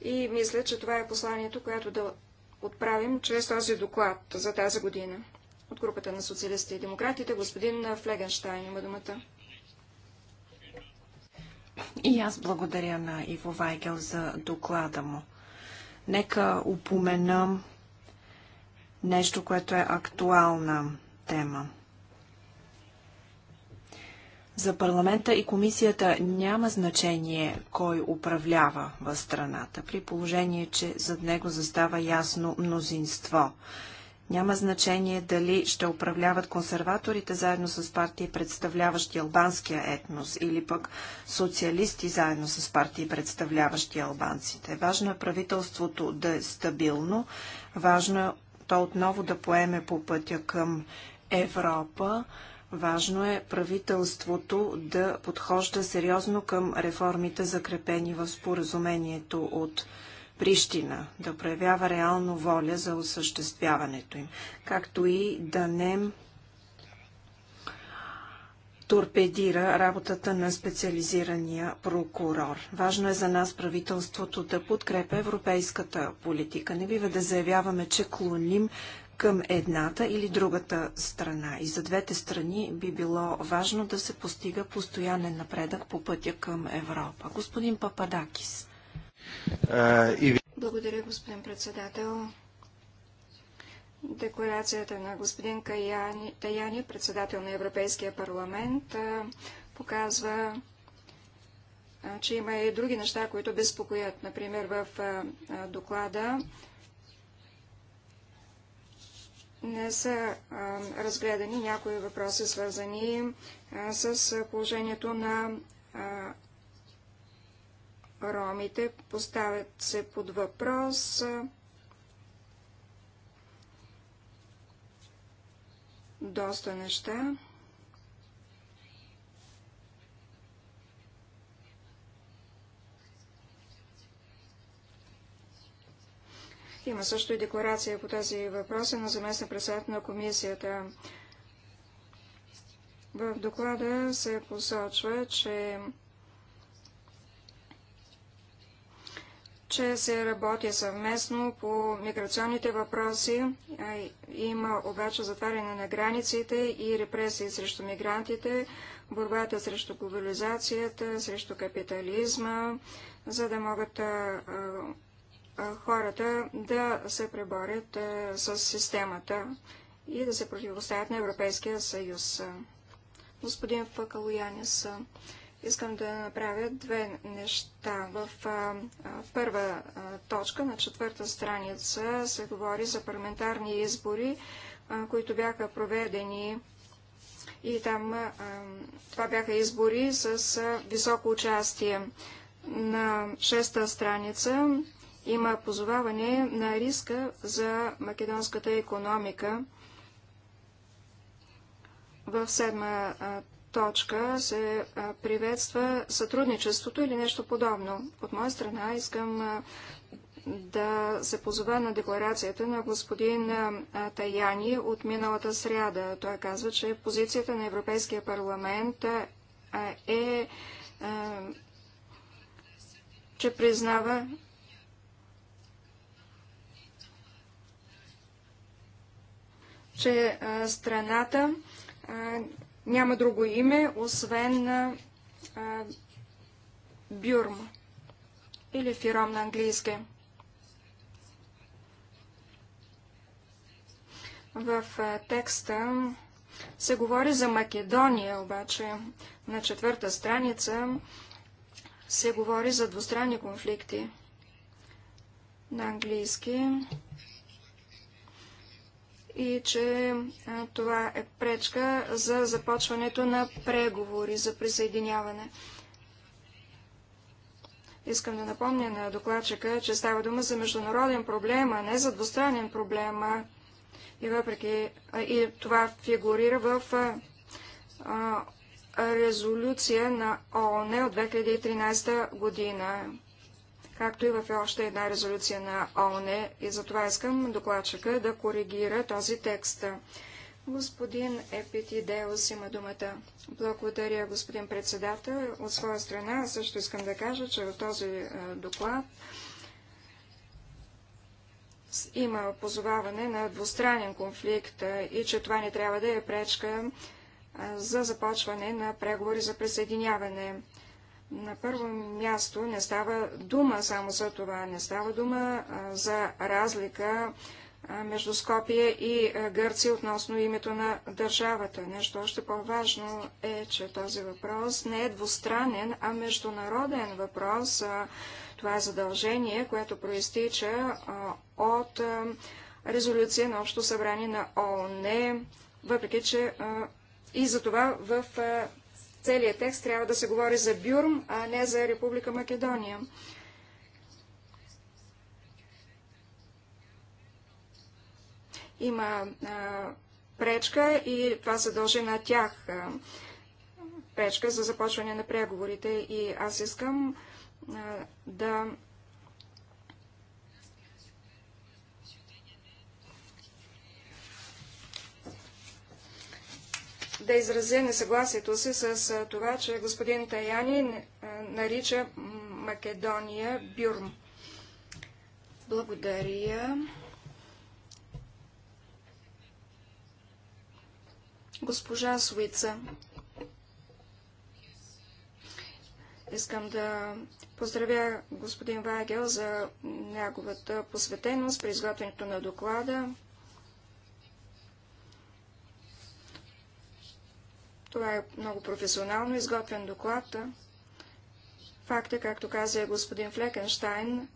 И мисля, че това е посланието, което да отправим чрез този доклад за тази година. От групата на социалистите и демократите, господин Флегенштайн има думата. И аз благодаря на Иво Вайгел за доклада му. Нека упоменам нещо, което е актуална тема. За парламента и комисията няма значение кой управлява в страната, при положение, че зад него застава ясно мнозинство. Няма значение дали ще управляват консерваторите заедно с партии, представляващи албанския етнос, или пък социалисти заедно с партии, представляващи албанците. Важно е правителството да е стабилно, важно е то отново да поеме по пътя към Европа, Важно е правителството да подхожда сериозно към реформите, закрепени в споразумението от Прищина, да проявява реално воля за осъществяването им, както и да не торпедира работата на специализирания прокурор. Важно е за нас правителството да подкрепя европейската политика. Не бива да заявяваме, че клоним към едната или другата страна. И за двете страни би било важно да се постига постоянен напредък по пътя към Европа. Господин Пападакис. Благодаря, господин председател. Декларацията на господин Каяни, Таяни, председател на Европейския парламент, показва, че има и други неща, които безпокоят. Например, в доклада не са разгледани някои въпроси, свързани с положението на ромите. Поставят се под въпрос доста неща. Има също и декларация по тази въпроси на заместна председател на комисията. В доклада се посочва, че че се работи съвместно по миграционните въпроси. Има обаче затваряне на границите и репресии срещу мигрантите, борбата срещу глобализацията, срещу капитализма, за да могат хората да се преборят е, с системата и да се противоставят на Европейския съюз. Господин Факалуянис, е, искам да направя две неща. В е, първа точка на четвърта страница се говори за парламентарни избори, които бяха проведени и там това бяха избори с високо участие. На шеста страница има позоваване на риска за македонската економика. В седма точка се приветства сътрудничеството или нещо подобно. От моя страна искам да се позова на декларацията на господин Таяни от миналата сряда. Той казва, че позицията на Европейския парламент е, че признава, че страната няма друго име, освен Бюрм или Фиром на английски. В текста се говори за Македония, обаче на четвърта страница се говори за двустранни конфликти на английски и че това е пречка за започването на преговори за присъединяване. Искам да напомня на докладчика, че става дума за международен проблем, а не за двустранен проблем. И въпреки и това фигурира в резолюция на ООН от 2013 година както и в още една резолюция на ООН. И затова искам докладчика да коригира този текст. Господин Епитидеус има думата. Благодаря, господин председател. От своя страна също искам да кажа, че в този е, доклад има позоваване на двустранен конфликт е, и че това не трябва да е пречка е, за започване на преговори за присъединяване. На първо място не става дума само за това, не става дума за разлика между Скопие и Гърция относно името на държавата. Нещо още по-важно е, че този въпрос не е двустранен, а международен въпрос. Това е задължение, което проистича от резолюция на Общо събрание на ООН, въпреки че и за това в целият текст трябва да се говори за Бюрм, а не за Република Македония. Има а, пречка и това се дължи на тях. А, пречка за започване на преговорите и аз искам а, да да изразя несъгласието си с това, че господин Таяни нарича Македония Бюрм. Благодаря. Госпожа Суица. Искам да поздравя господин Вагел за неговата посветеност при изготвянето на доклада. Това е много професионално изготвен доклад. Факта, е, както каза господин Флекенштайн,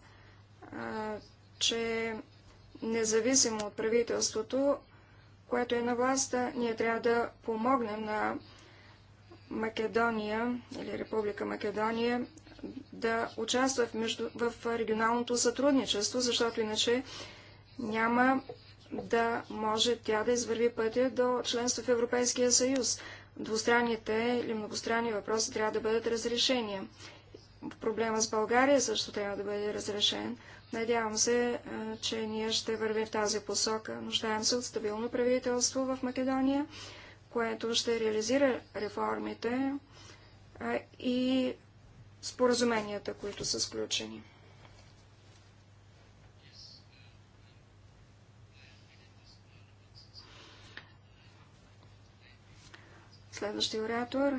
че независимо от правителството, което е на властта, ние трябва да помогнем на Македония или Република Македония да участва в, между... в регионалното сътрудничество, защото иначе няма да може тя да извърви пътя до членство в Европейския съюз двустранните или многостранни въпроси трябва да бъдат разрешени. Проблема с България също трябва да бъде разрешен. Надявам се, че ние ще вървим в тази посока. Нуждаем се от стабилно правителство в Македония, което ще реализира реформите и споразуменията, които са сключени. Следващия оратор.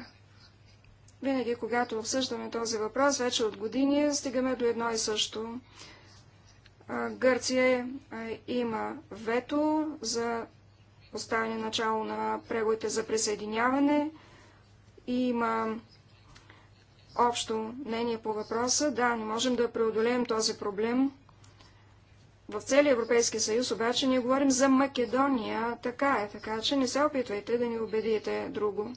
Винаги, когато обсъждаме този въпрос, вече от години стигаме до едно и също. Гърция има вето за поставяне начало на преговорите за присъединяване и има общо мнение по въпроса. Да, не можем да преодолеем този проблем. В целия Европейски съюз обаче ние говорим за Македония, така е, така че не се опитвайте да ни убедите друго.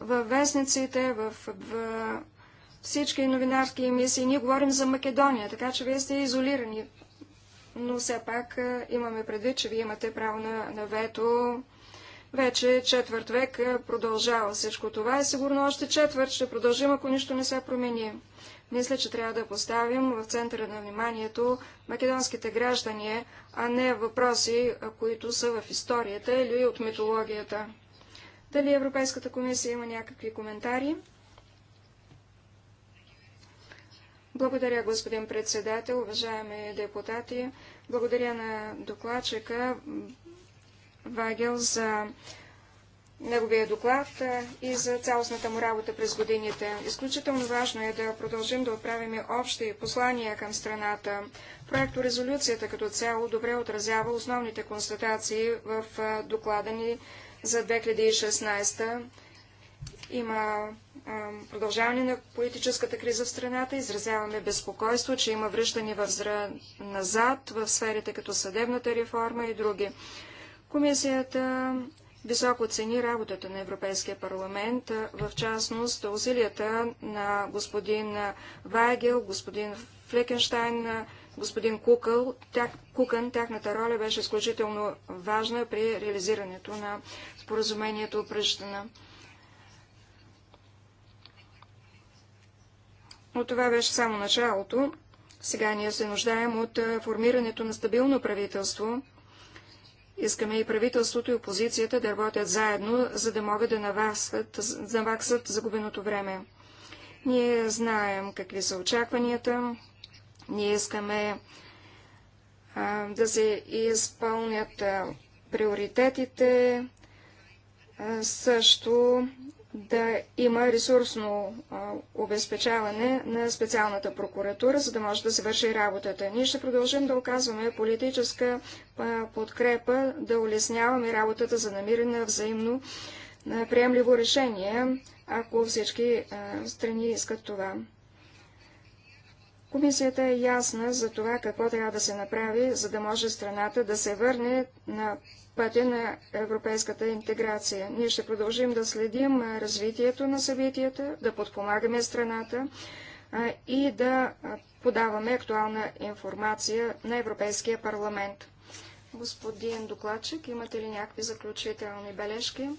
Във вестниците, в, в, в всички новинарски емисии ние говорим за Македония, така че вие сте изолирани. Но все пак е, имаме предвид, че вие имате право на, на вето. Вече четвърт век е, продължава всичко това и сигурно още четвърт ще продължим, ако нищо не се промени. Мисля, че трябва да поставим в центъра на вниманието македонските граждани, а не въпроси, които са в историята или от митологията. Дали Европейската комисия има някакви коментари? Благодаря, господин председател, уважаеми депутати. Благодаря на докладчика Вагел за неговия доклад и за цялостната му работа през годините. Изключително важно е да продължим да отправим общи послания към страната. Проекто резолюцията като цяло добре отразява основните констатации в доклада ни за 2016. Има продължаване на политическата криза в страната, изразяваме безпокойство, че има връщане възра назад в сферите като съдебната реформа и други. Комисията високо цени работата на Европейския парламент, в частност усилията на господин Вайгел, господин Флекенштайн, господин Кукъл, тях, Кукън, тяхната роля беше изключително важна при реализирането на споразумението Пръщана. Но това беше само началото. Сега ние се нуждаем от формирането на стабилно правителство, Искаме и правителството и опозицията да работят заедно, за да могат да наваксат, наваксат загубеното време. Ние знаем какви са очакванията. Ние искаме а, да се изпълнят а, приоритетите, а, също да има ресурсно обезпечаване на специалната прокуратура, за да може да свърши работата. Ние ще продължим да оказваме политическа подкрепа, да улесняваме работата за намиране на взаимно приемливо решение, ако всички страни искат това. Комисията е ясна за това какво трябва да се направи, за да може страната да се върне на пътя на европейската интеграция. Ние ще продължим да следим развитието на събитията, да подпомагаме страната и да подаваме актуална информация на Европейския парламент. Господин докладчик, имате ли някакви заключителни бележки?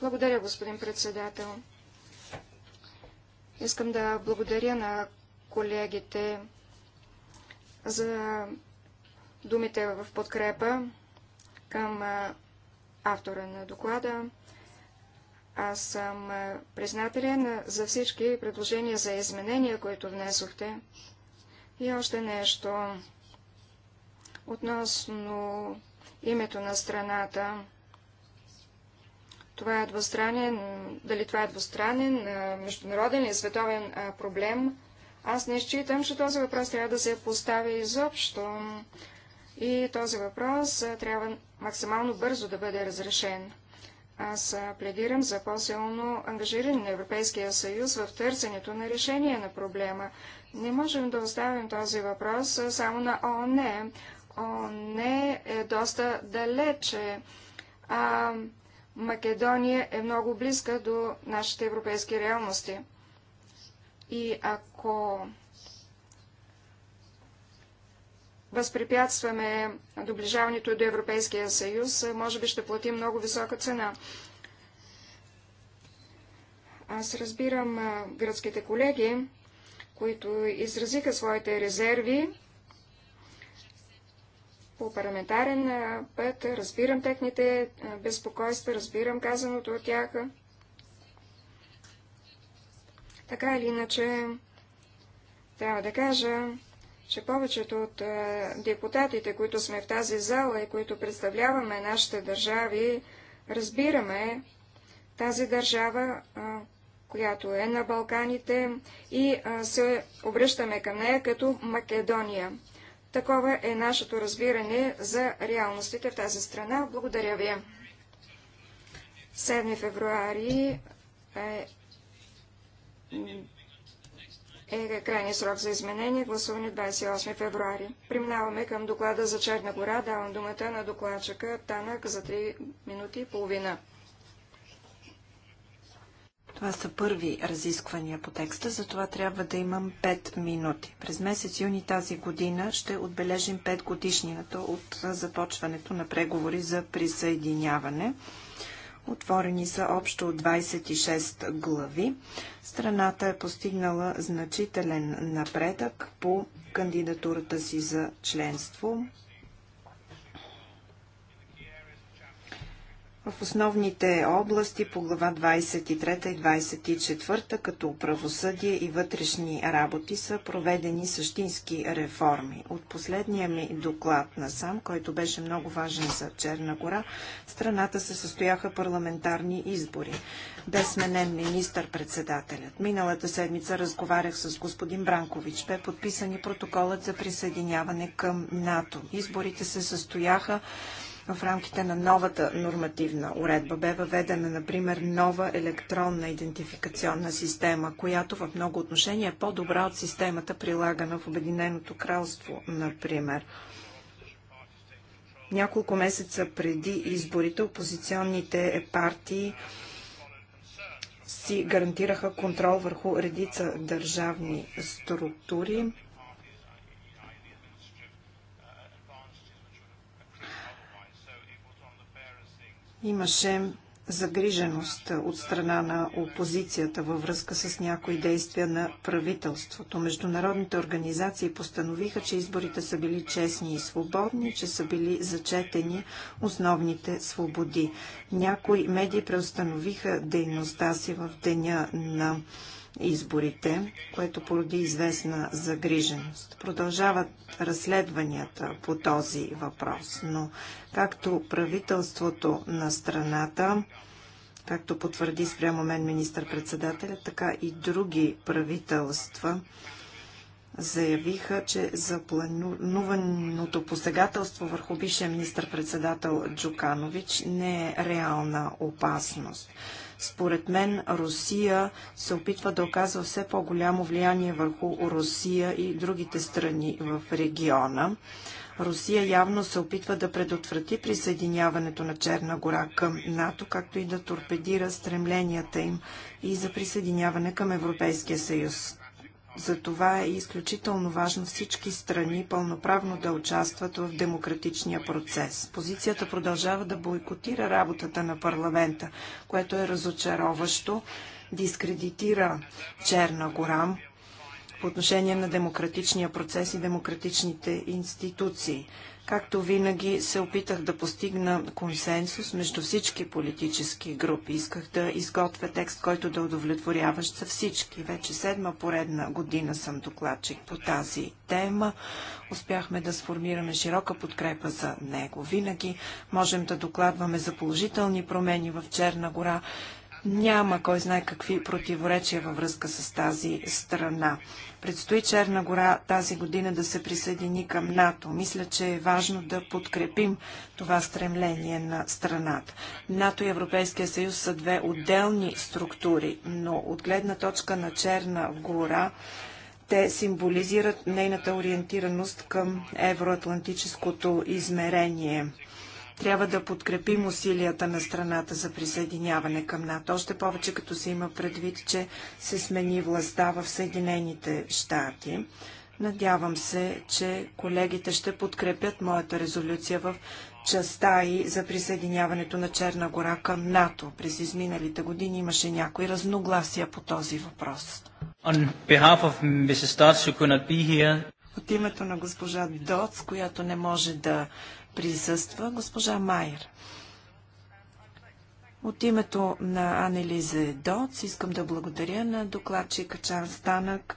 Благодаря, господин председател. Искам да благодаря на колегите за думите в подкрепа към автора на доклада. Аз съм признателен за всички предложения за изменения, които внесохте. И още нещо относно името на страната. Това е двустранен, дали това е двустранен, международен или световен проблем – аз не считам, че този въпрос трябва да се поставя изобщо. И този въпрос трябва максимално бързо да бъде разрешен. Аз пледирам за по-силно ангажиране на Европейския съюз в търсенето на решение на проблема. Не можем да оставим този въпрос само на ООН. ООН е доста далече. А Македония е много близка до нашите европейски реалности. И ако възпрепятстваме доближаването до Европейския съюз, може би ще платим много висока цена. Аз разбирам гръцките колеги, които изразиха своите резерви по парламентарен път. Разбирам техните безпокойства, разбирам казаното от тях. Така или иначе, трябва да кажа, че повечето от депутатите, които сме в тази зала и които представляваме нашите държави, разбираме тази държава, която е на Балканите и се обръщаме към нея като Македония. Такова е нашето разбиране за реалностите в тази страна. Благодаря ви. 7 февруари е е крайния срок за изменение, гласуване 28 февруари. Преминаваме към доклада за Черна гора. Давам думата на докладчика Танък за 3 минути и половина. Това са първи разисквания по текста, затова трябва да имам 5 минути. През месец юни тази година ще отбележим 5 годишнината от започването на преговори за присъединяване. Отворени са общо 26 глави. Страната е постигнала значителен напредък по кандидатурата си за членство. в основните области по глава 23 и 24, като правосъдие и вътрешни работи, са проведени същински реформи. От последния ми доклад на сам, който беше много важен за Черна гора, страната се състояха парламентарни избори. Бе сменен министър-председателят. Миналата седмица разговарях с господин Бранкович. Бе подписани протоколът за присъединяване към НАТО. Изборите се състояха в рамките на новата нормативна уредба бе въведена, например, нова електронна идентификационна система, която в много отношения е по-добра от системата, прилагана в Обединеното кралство, например. Няколко месеца преди изборите опозиционните партии си гарантираха контрол върху редица държавни структури. Имаше загриженост от страна на опозицията във връзка с някои действия на правителството. Международните организации постановиха, че изборите са били честни и свободни, че са били зачетени основните свободи. Някои медии преустановиха дейността си в деня на изборите, което породи известна загриженост. Продължават разследванията по този въпрос, но както правителството на страната, както потвърди спрямо мен министър-председателя, така и други правителства заявиха, че плануваното посегателство върху бившия министър-председател Джуканович не е реална опасност. Според мен Русия се опитва да оказва все по-голямо влияние върху Русия и другите страни в региона. Русия явно се опитва да предотврати присъединяването на Черна гора към НАТО, както и да торпедира стремленията им и за присъединяване към Европейския съюз. Затова е изключително важно всички страни пълноправно да участват в демократичния процес. Позицията продължава да бойкотира работата на парламента, което е разочароващо, дискредитира Черна гора по отношение на демократичния процес и демократичните институции. Както винаги се опитах да постигна консенсус между всички политически групи. Исках да изготвя текст, който да е удовлетворяващ за всички. Вече седма поредна година съм докладчик по тази тема. Успяхме да сформираме широка подкрепа за него. Винаги можем да докладваме за положителни промени в Черна гора. Няма кой знае какви противоречия във връзка с тази страна. Предстои Черна гора тази година да се присъедини към НАТО. Мисля, че е важно да подкрепим това стремление на страната. НАТО и Европейския съюз са две отделни структури, но от гледна точка на Черна гора те символизират нейната ориентираност към евроатлантическото измерение – трябва да подкрепим усилията на страната за присъединяване към НАТО, още повече като се има предвид, че се смени властта в Съединените щати. Надявам се, че колегите ще подкрепят моята резолюция в частта и за присъединяването на Черна гора към НАТО. През изминалите години имаше някои разногласия по този въпрос. От името на госпожа Доц, която не може да присъства госпожа Майер. От името на Анелизе Доц искам да благодаря на докладчика Чан Станък.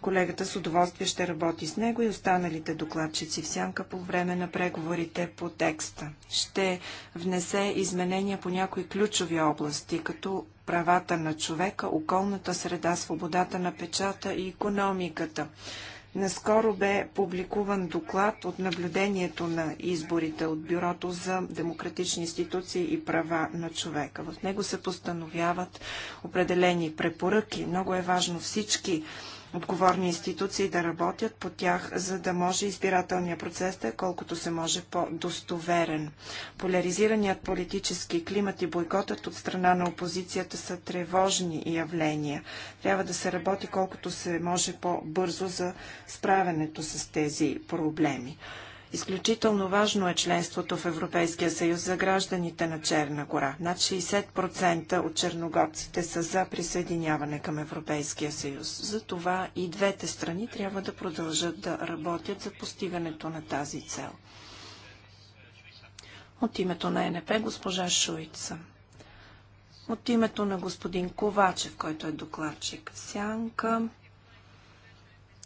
Колегата с удоволствие ще работи с него и останалите докладчици в сянка по време на преговорите по текста. Ще внесе изменения по някои ключови области, като правата на човека, околната среда, свободата на печата и економиката. Наскоро бе публикуван доклад от наблюдението на изборите от Бюрото за демократични институции и права на човека. В него се постановяват определени препоръки. Много е важно всички отговорни институции да работят по тях, за да може избирателния процес да е колкото се може по-достоверен. Поляризираният политически климат и бойкотът от страна на опозицията са тревожни явления. Трябва да се работи колкото се може по-бързо за справянето с тези проблеми. Изключително важно е членството в Европейския съюз за гражданите на Черна гора. Над 60% от черногорците са за присъединяване към Европейския съюз. Затова и двете страни трябва да продължат да работят за постигането на тази цел. От името на НП госпожа Шуица. От името на господин Ковачев, който е докладчик Сянка,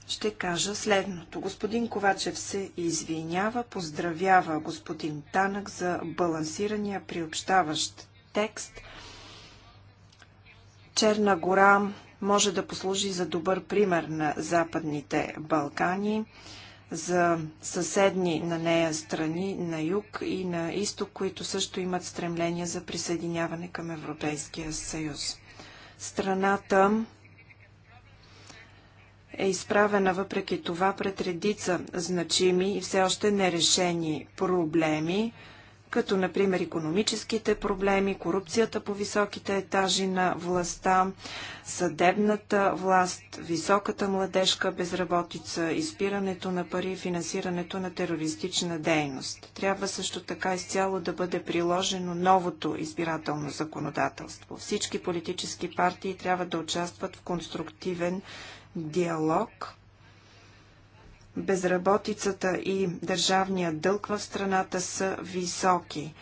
ще кажа следното. Господин Ковачев се извинява, поздравява господин Танък за балансирания приобщаващ текст. Черна гора може да послужи за добър пример на Западните Балкани, за съседни на нея страни на юг и на изток, които също имат стремление за присъединяване към Европейския съюз. Страната е изправена въпреки това пред редица значими и все още нерешени проблеми, като например економическите проблеми, корупцията по високите етажи на властта, съдебната власт, високата младежка безработица, изпирането на пари и финансирането на терористична дейност. Трябва също така изцяло да бъде приложено новото избирателно законодателство. Всички политически партии трябва да участват в конструктивен диалог. Безработицата и държавния дълг в страната са високи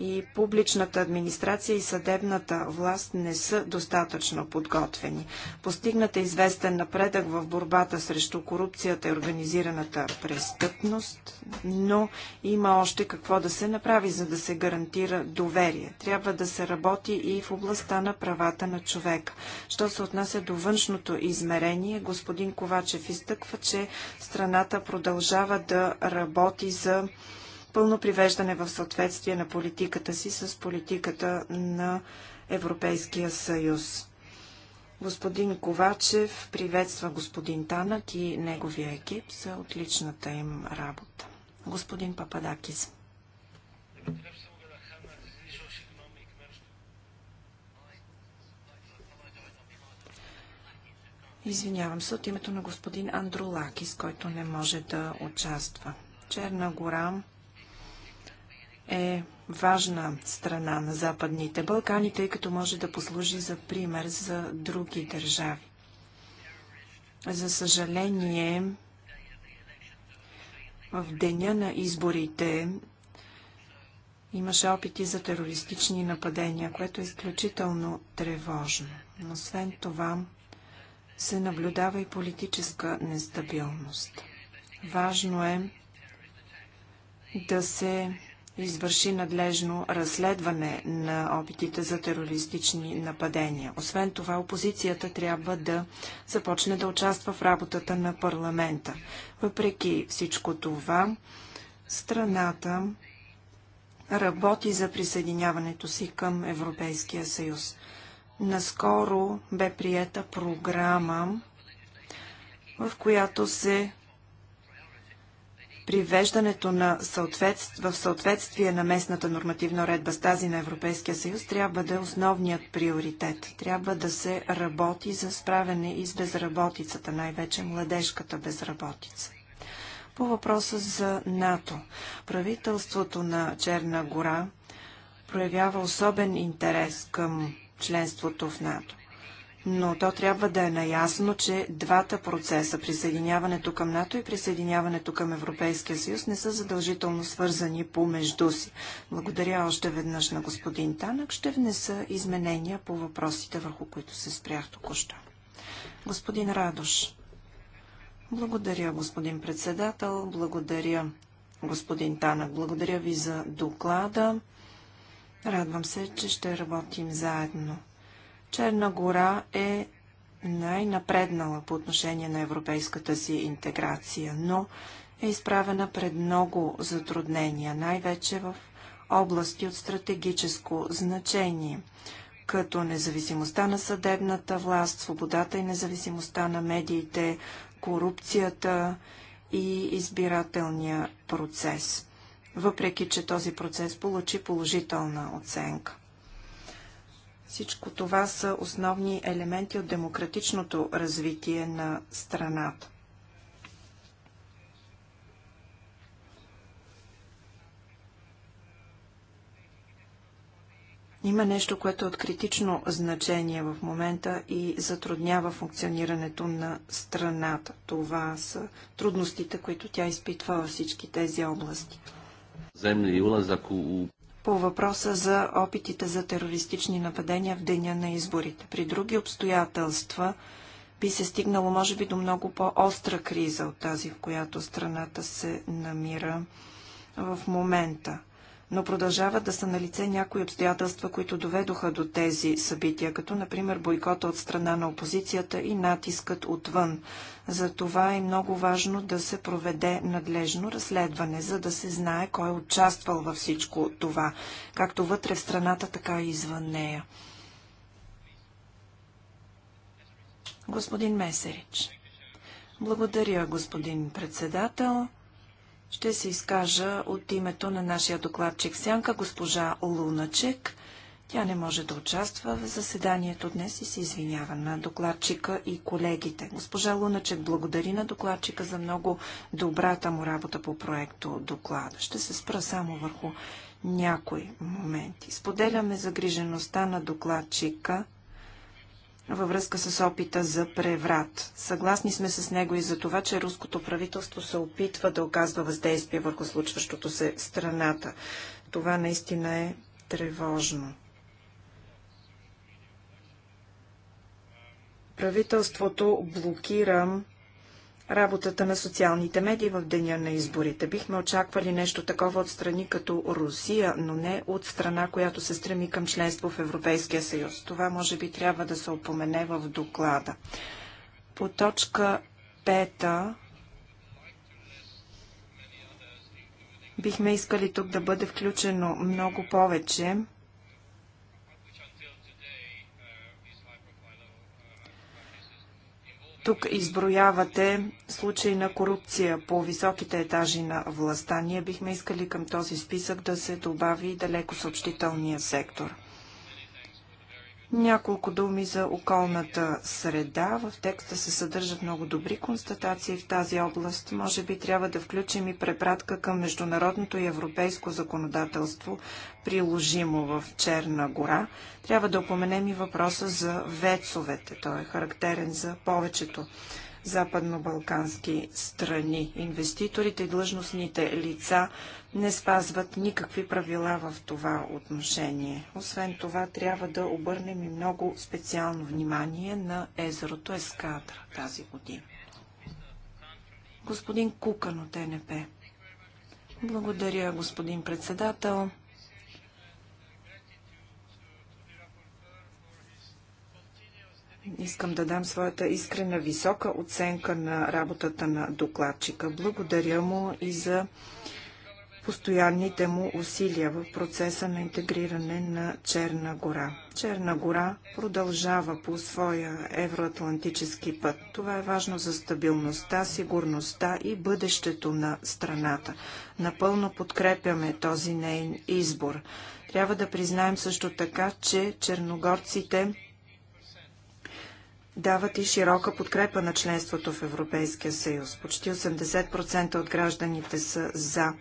и публичната администрация и съдебната власт не са достатъчно подготвени. Постигната е известен напредък в борбата срещу корупцията и организираната престъпност, но има още какво да се направи, за да се гарантира доверие. Трябва да се работи и в областта на правата на човека. Що се отнася до външното измерение, господин Ковачев изтъква, че страната продължава да работи за пълно привеждане в съответствие на политиката си с политиката на Европейския съюз. Господин Ковачев приветства господин Танък и неговия екип за отличната им работа. Господин Пападакис. Извинявам се от името на господин Андролакис, който не може да участва. Черна гора е важна страна на Западните Балкани, тъй като може да послужи за пример за други държави. За съжаление, в деня на изборите имаше опити за терористични нападения, което е изключително тревожно. Но освен това се наблюдава и политическа нестабилност. Важно е да се извърши надлежно разследване на опитите за терористични нападения. Освен това, опозицията трябва да започне да участва в работата на парламента. Въпреки всичко това, страната работи за присъединяването си към Европейския съюз. Наскоро бе приета програма, в която се привеждането на съответств... в съответствие на местната нормативна редба с тази на Европейския съюз трябва да е основният приоритет. Трябва да се работи за справяне и с безработицата, най-вече младежката безработица. По въпроса за НАТО. Правителството на Черна гора проявява особен интерес към членството в НАТО но то трябва да е наясно, че двата процеса, присъединяването към НАТО и присъединяването към Европейския съюз, не са задължително свързани помежду си. Благодаря още веднъж на господин Танък. Ще внеса изменения по въпросите, върху които се спрях току-що. Господин Радош. Благодаря, господин председател. Благодаря, господин Танък. Благодаря ви за доклада. Радвам се, че ще работим заедно. Черна гора е най-напреднала по отношение на европейската си интеграция, но е изправена пред много затруднения, най-вече в области от стратегическо значение, като независимостта на съдебната власт, свободата и независимостта на медиите, корупцията и избирателния процес, въпреки че този процес получи положителна оценка. Всичко това са основни елементи от демократичното развитие на страната. Има нещо, което е от критично значение в момента и затруднява функционирането на страната. Това са трудностите, които тя изпитва във всички тези области. Земли и улазък у по въпроса за опитите за терористични нападения в деня на изборите. При други обстоятелства би се стигнало, може би, до много по-остра криза от тази, в която страната се намира в момента но продължават да са на лице някои обстоятелства, които доведоха до тези събития, като например бойкота от страна на опозицията и натискът отвън. За това е много важно да се проведе надлежно разследване, за да се знае кой е участвал във всичко това, както вътре в страната, така и извън нея. Господин Месерич. Благодаря, господин председател. Ще се изкажа от името на нашия докладчик Сянка, госпожа Луначек. Тя не може да участва в заседанието днес и се извинява на докладчика и колегите. Госпожа Луначек благодари на докладчика за много добрата му работа по проекто доклада. Ще се спра само върху някои моменти. Споделяме загрижеността на докладчика – във връзка с опита за преврат. Съгласни сме с него и за това, че руското правителство се опитва да оказва въздействие върху случващото се страната. Това наистина е тревожно. Правителството блокира работата на социалните медии в деня на изборите. Бихме очаквали нещо такова от страни като Русия, но не от страна, която се стреми към членство в Европейския съюз. Това може би трябва да се опомене в доклада. По точка 5 бихме искали тук да бъде включено много повече Тук изброявате случаи на корупция по високите етажи на властта. Ние бихме искали към този списък да се добави далеко съобщителния сектор. Няколко думи за околната среда. В текста се съдържат много добри констатации в тази област. Може би трябва да включим и препратка към международното и европейско законодателство, приложимо в Черна гора. Трябва да опоменем и въпроса за вецовете. Той е характерен за повечето западно-балкански страни. Инвеститорите и длъжностните лица не спазват никакви правила в това отношение. Освен това, трябва да обърнем и много специално внимание на езерото Ескадра тази година. Господин Кукан от НП. Благодаря, господин председател. Искам да дам своята искрена висока оценка на работата на докладчика. Благодаря му и за постоянните му усилия в процеса на интегриране на Черна гора. Черна гора продължава по своя евроатлантически път. Това е важно за стабилността, сигурността и бъдещето на страната. Напълно подкрепяме този нейн избор. Трябва да признаем също така, че черногорците дават и широка подкрепа на членството в Европейския съюз. Почти 80% от гражданите са за.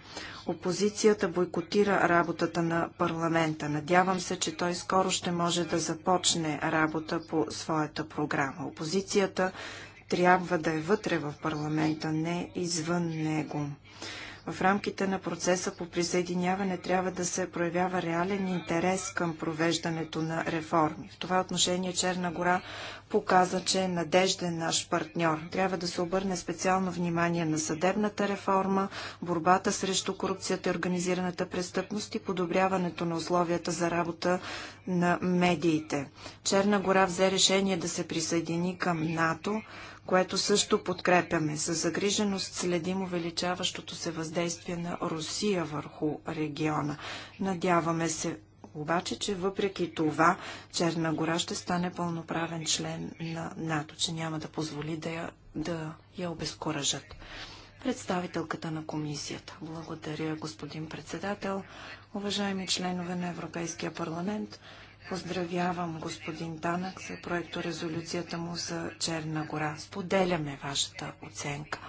Опозицията бойкотира работата на парламента. Надявам се, че той скоро ще може да започне работа по своята програма. Опозицията трябва да е вътре в парламента, не извън него. В рамките на процеса по присъединяване трябва да се проявява реален интерес към провеждането на реформи. В това отношение Черна гора показа, че е надежден наш партньор. Трябва да се обърне специално внимание на съдебната реформа, борбата срещу корупцията и организираната престъпност и подобряването на условията за работа на медиите. Черна гора взе решение да се присъедини към НАТО, което също подкрепяме. С загриженост следим увеличаващото се въздействие на Русия върху региона. Надяваме се обаче, че въпреки това Черна гора ще стане пълноправен член на НАТО, че няма да позволи да я, да я обезкуражат. Представителката на комисията. Благодаря, господин председател. Уважаеми членове на Европейския парламент, Поздравявам господин Данък за проекто резолюцията му за Черна гора. Споделяме вашата оценка.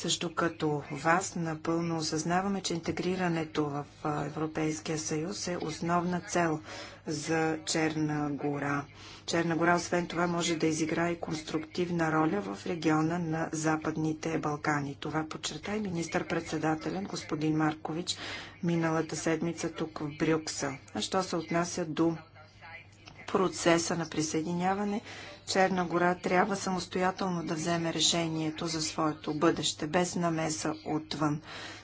Също като вас напълно осъзнаваме, че интегрирането в Европейския съюз е основна цел за Черна гора. Черна гора, освен това, може да изиграе и конструктивна роля в региона на Западните Балкани. Това подчерта и министър-председателен господин Маркович миналата седмица тук в Брюксел. А що се отнася до процеса на присъединяване, Черна гора трябва самостоятелно да вземе решението за своето бъдеще, без намеса отвън.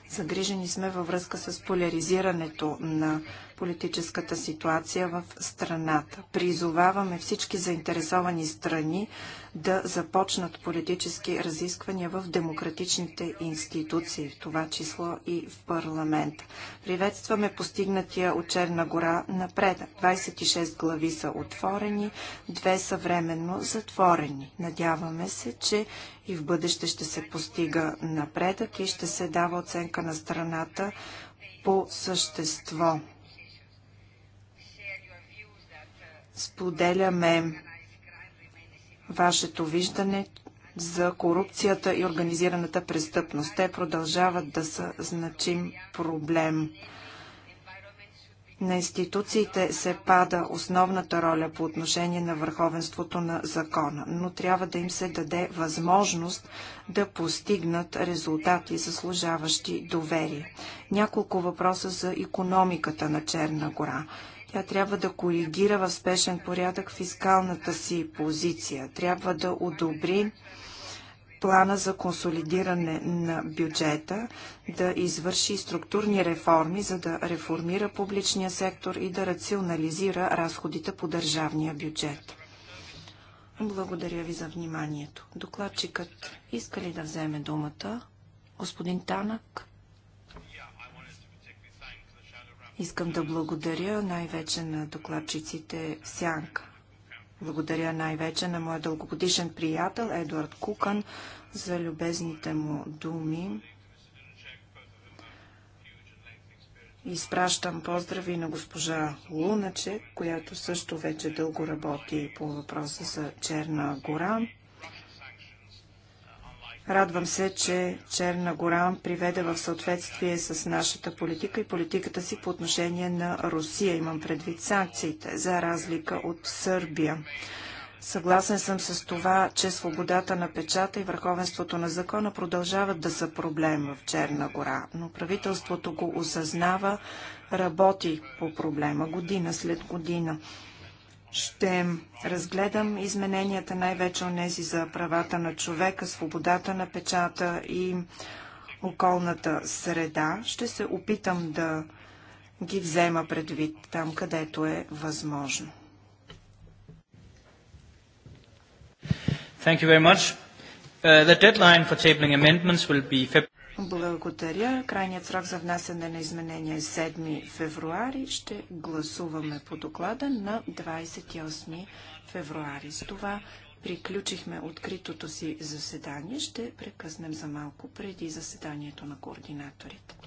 Загрижени сме във връзка с поляризирането на политическата ситуация в страната. Призоваваме всички заинтересовани страни да започнат политически разисквания в демократичните институции, в това число и в парламента. Приветстваме постигнатия от Черна гора напредък. 26 глави са отворени, две са временно затворени. Надяваме се, че и в бъдеще ще се постига напредък и ще се дава оценка на страната по същество. Споделяме вашето виждане за корупцията и организираната престъпност. Те продължават да са значим проблем. На институциите се пада основната роля по отношение на върховенството на закона, но трябва да им се даде възможност да постигнат резултати, заслужаващи доверие. Няколко въпроса за економиката на Черна гора. Тя трябва да коригира в спешен порядък фискалната си позиция. Трябва да одобри плана за консолидиране на бюджета, да извърши структурни реформи, за да реформира публичния сектор и да рационализира разходите по държавния бюджет. Благодаря ви за вниманието. Докладчикът иска ли да вземе думата? Господин Танък? Искам да благодаря най-вече на докладчиците Сянка. Благодаря най-вече на моя дългогодишен приятел Едуард Кукан за любезните му думи. Изпращам поздрави на госпожа Луначе, която също вече дълго работи по въпроса за Черна гора. Радвам се, че Черна гора приведе в съответствие с нашата политика и политиката си по отношение на Русия. Имам предвид санкциите, за разлика от Сърбия. Съгласен съм с това, че свободата на печата и върховенството на закона продължават да са проблем в Черна гора, но правителството го осъзнава, работи по проблема година след година. Ще разгледам измененията най-вече онези за правата на човека, свободата на печата и околната среда. Ще се опитам да ги взема предвид там, където е възможно. Thank you very much. Uh, the deadline for tabling amendments will be February благодаря. Крайният срок за внасяне на изменения е 7 февруари. Ще гласуваме по доклада на 28 февруари. С това приключихме откритото си заседание. Ще прекъснем за малко преди заседанието на координаторите.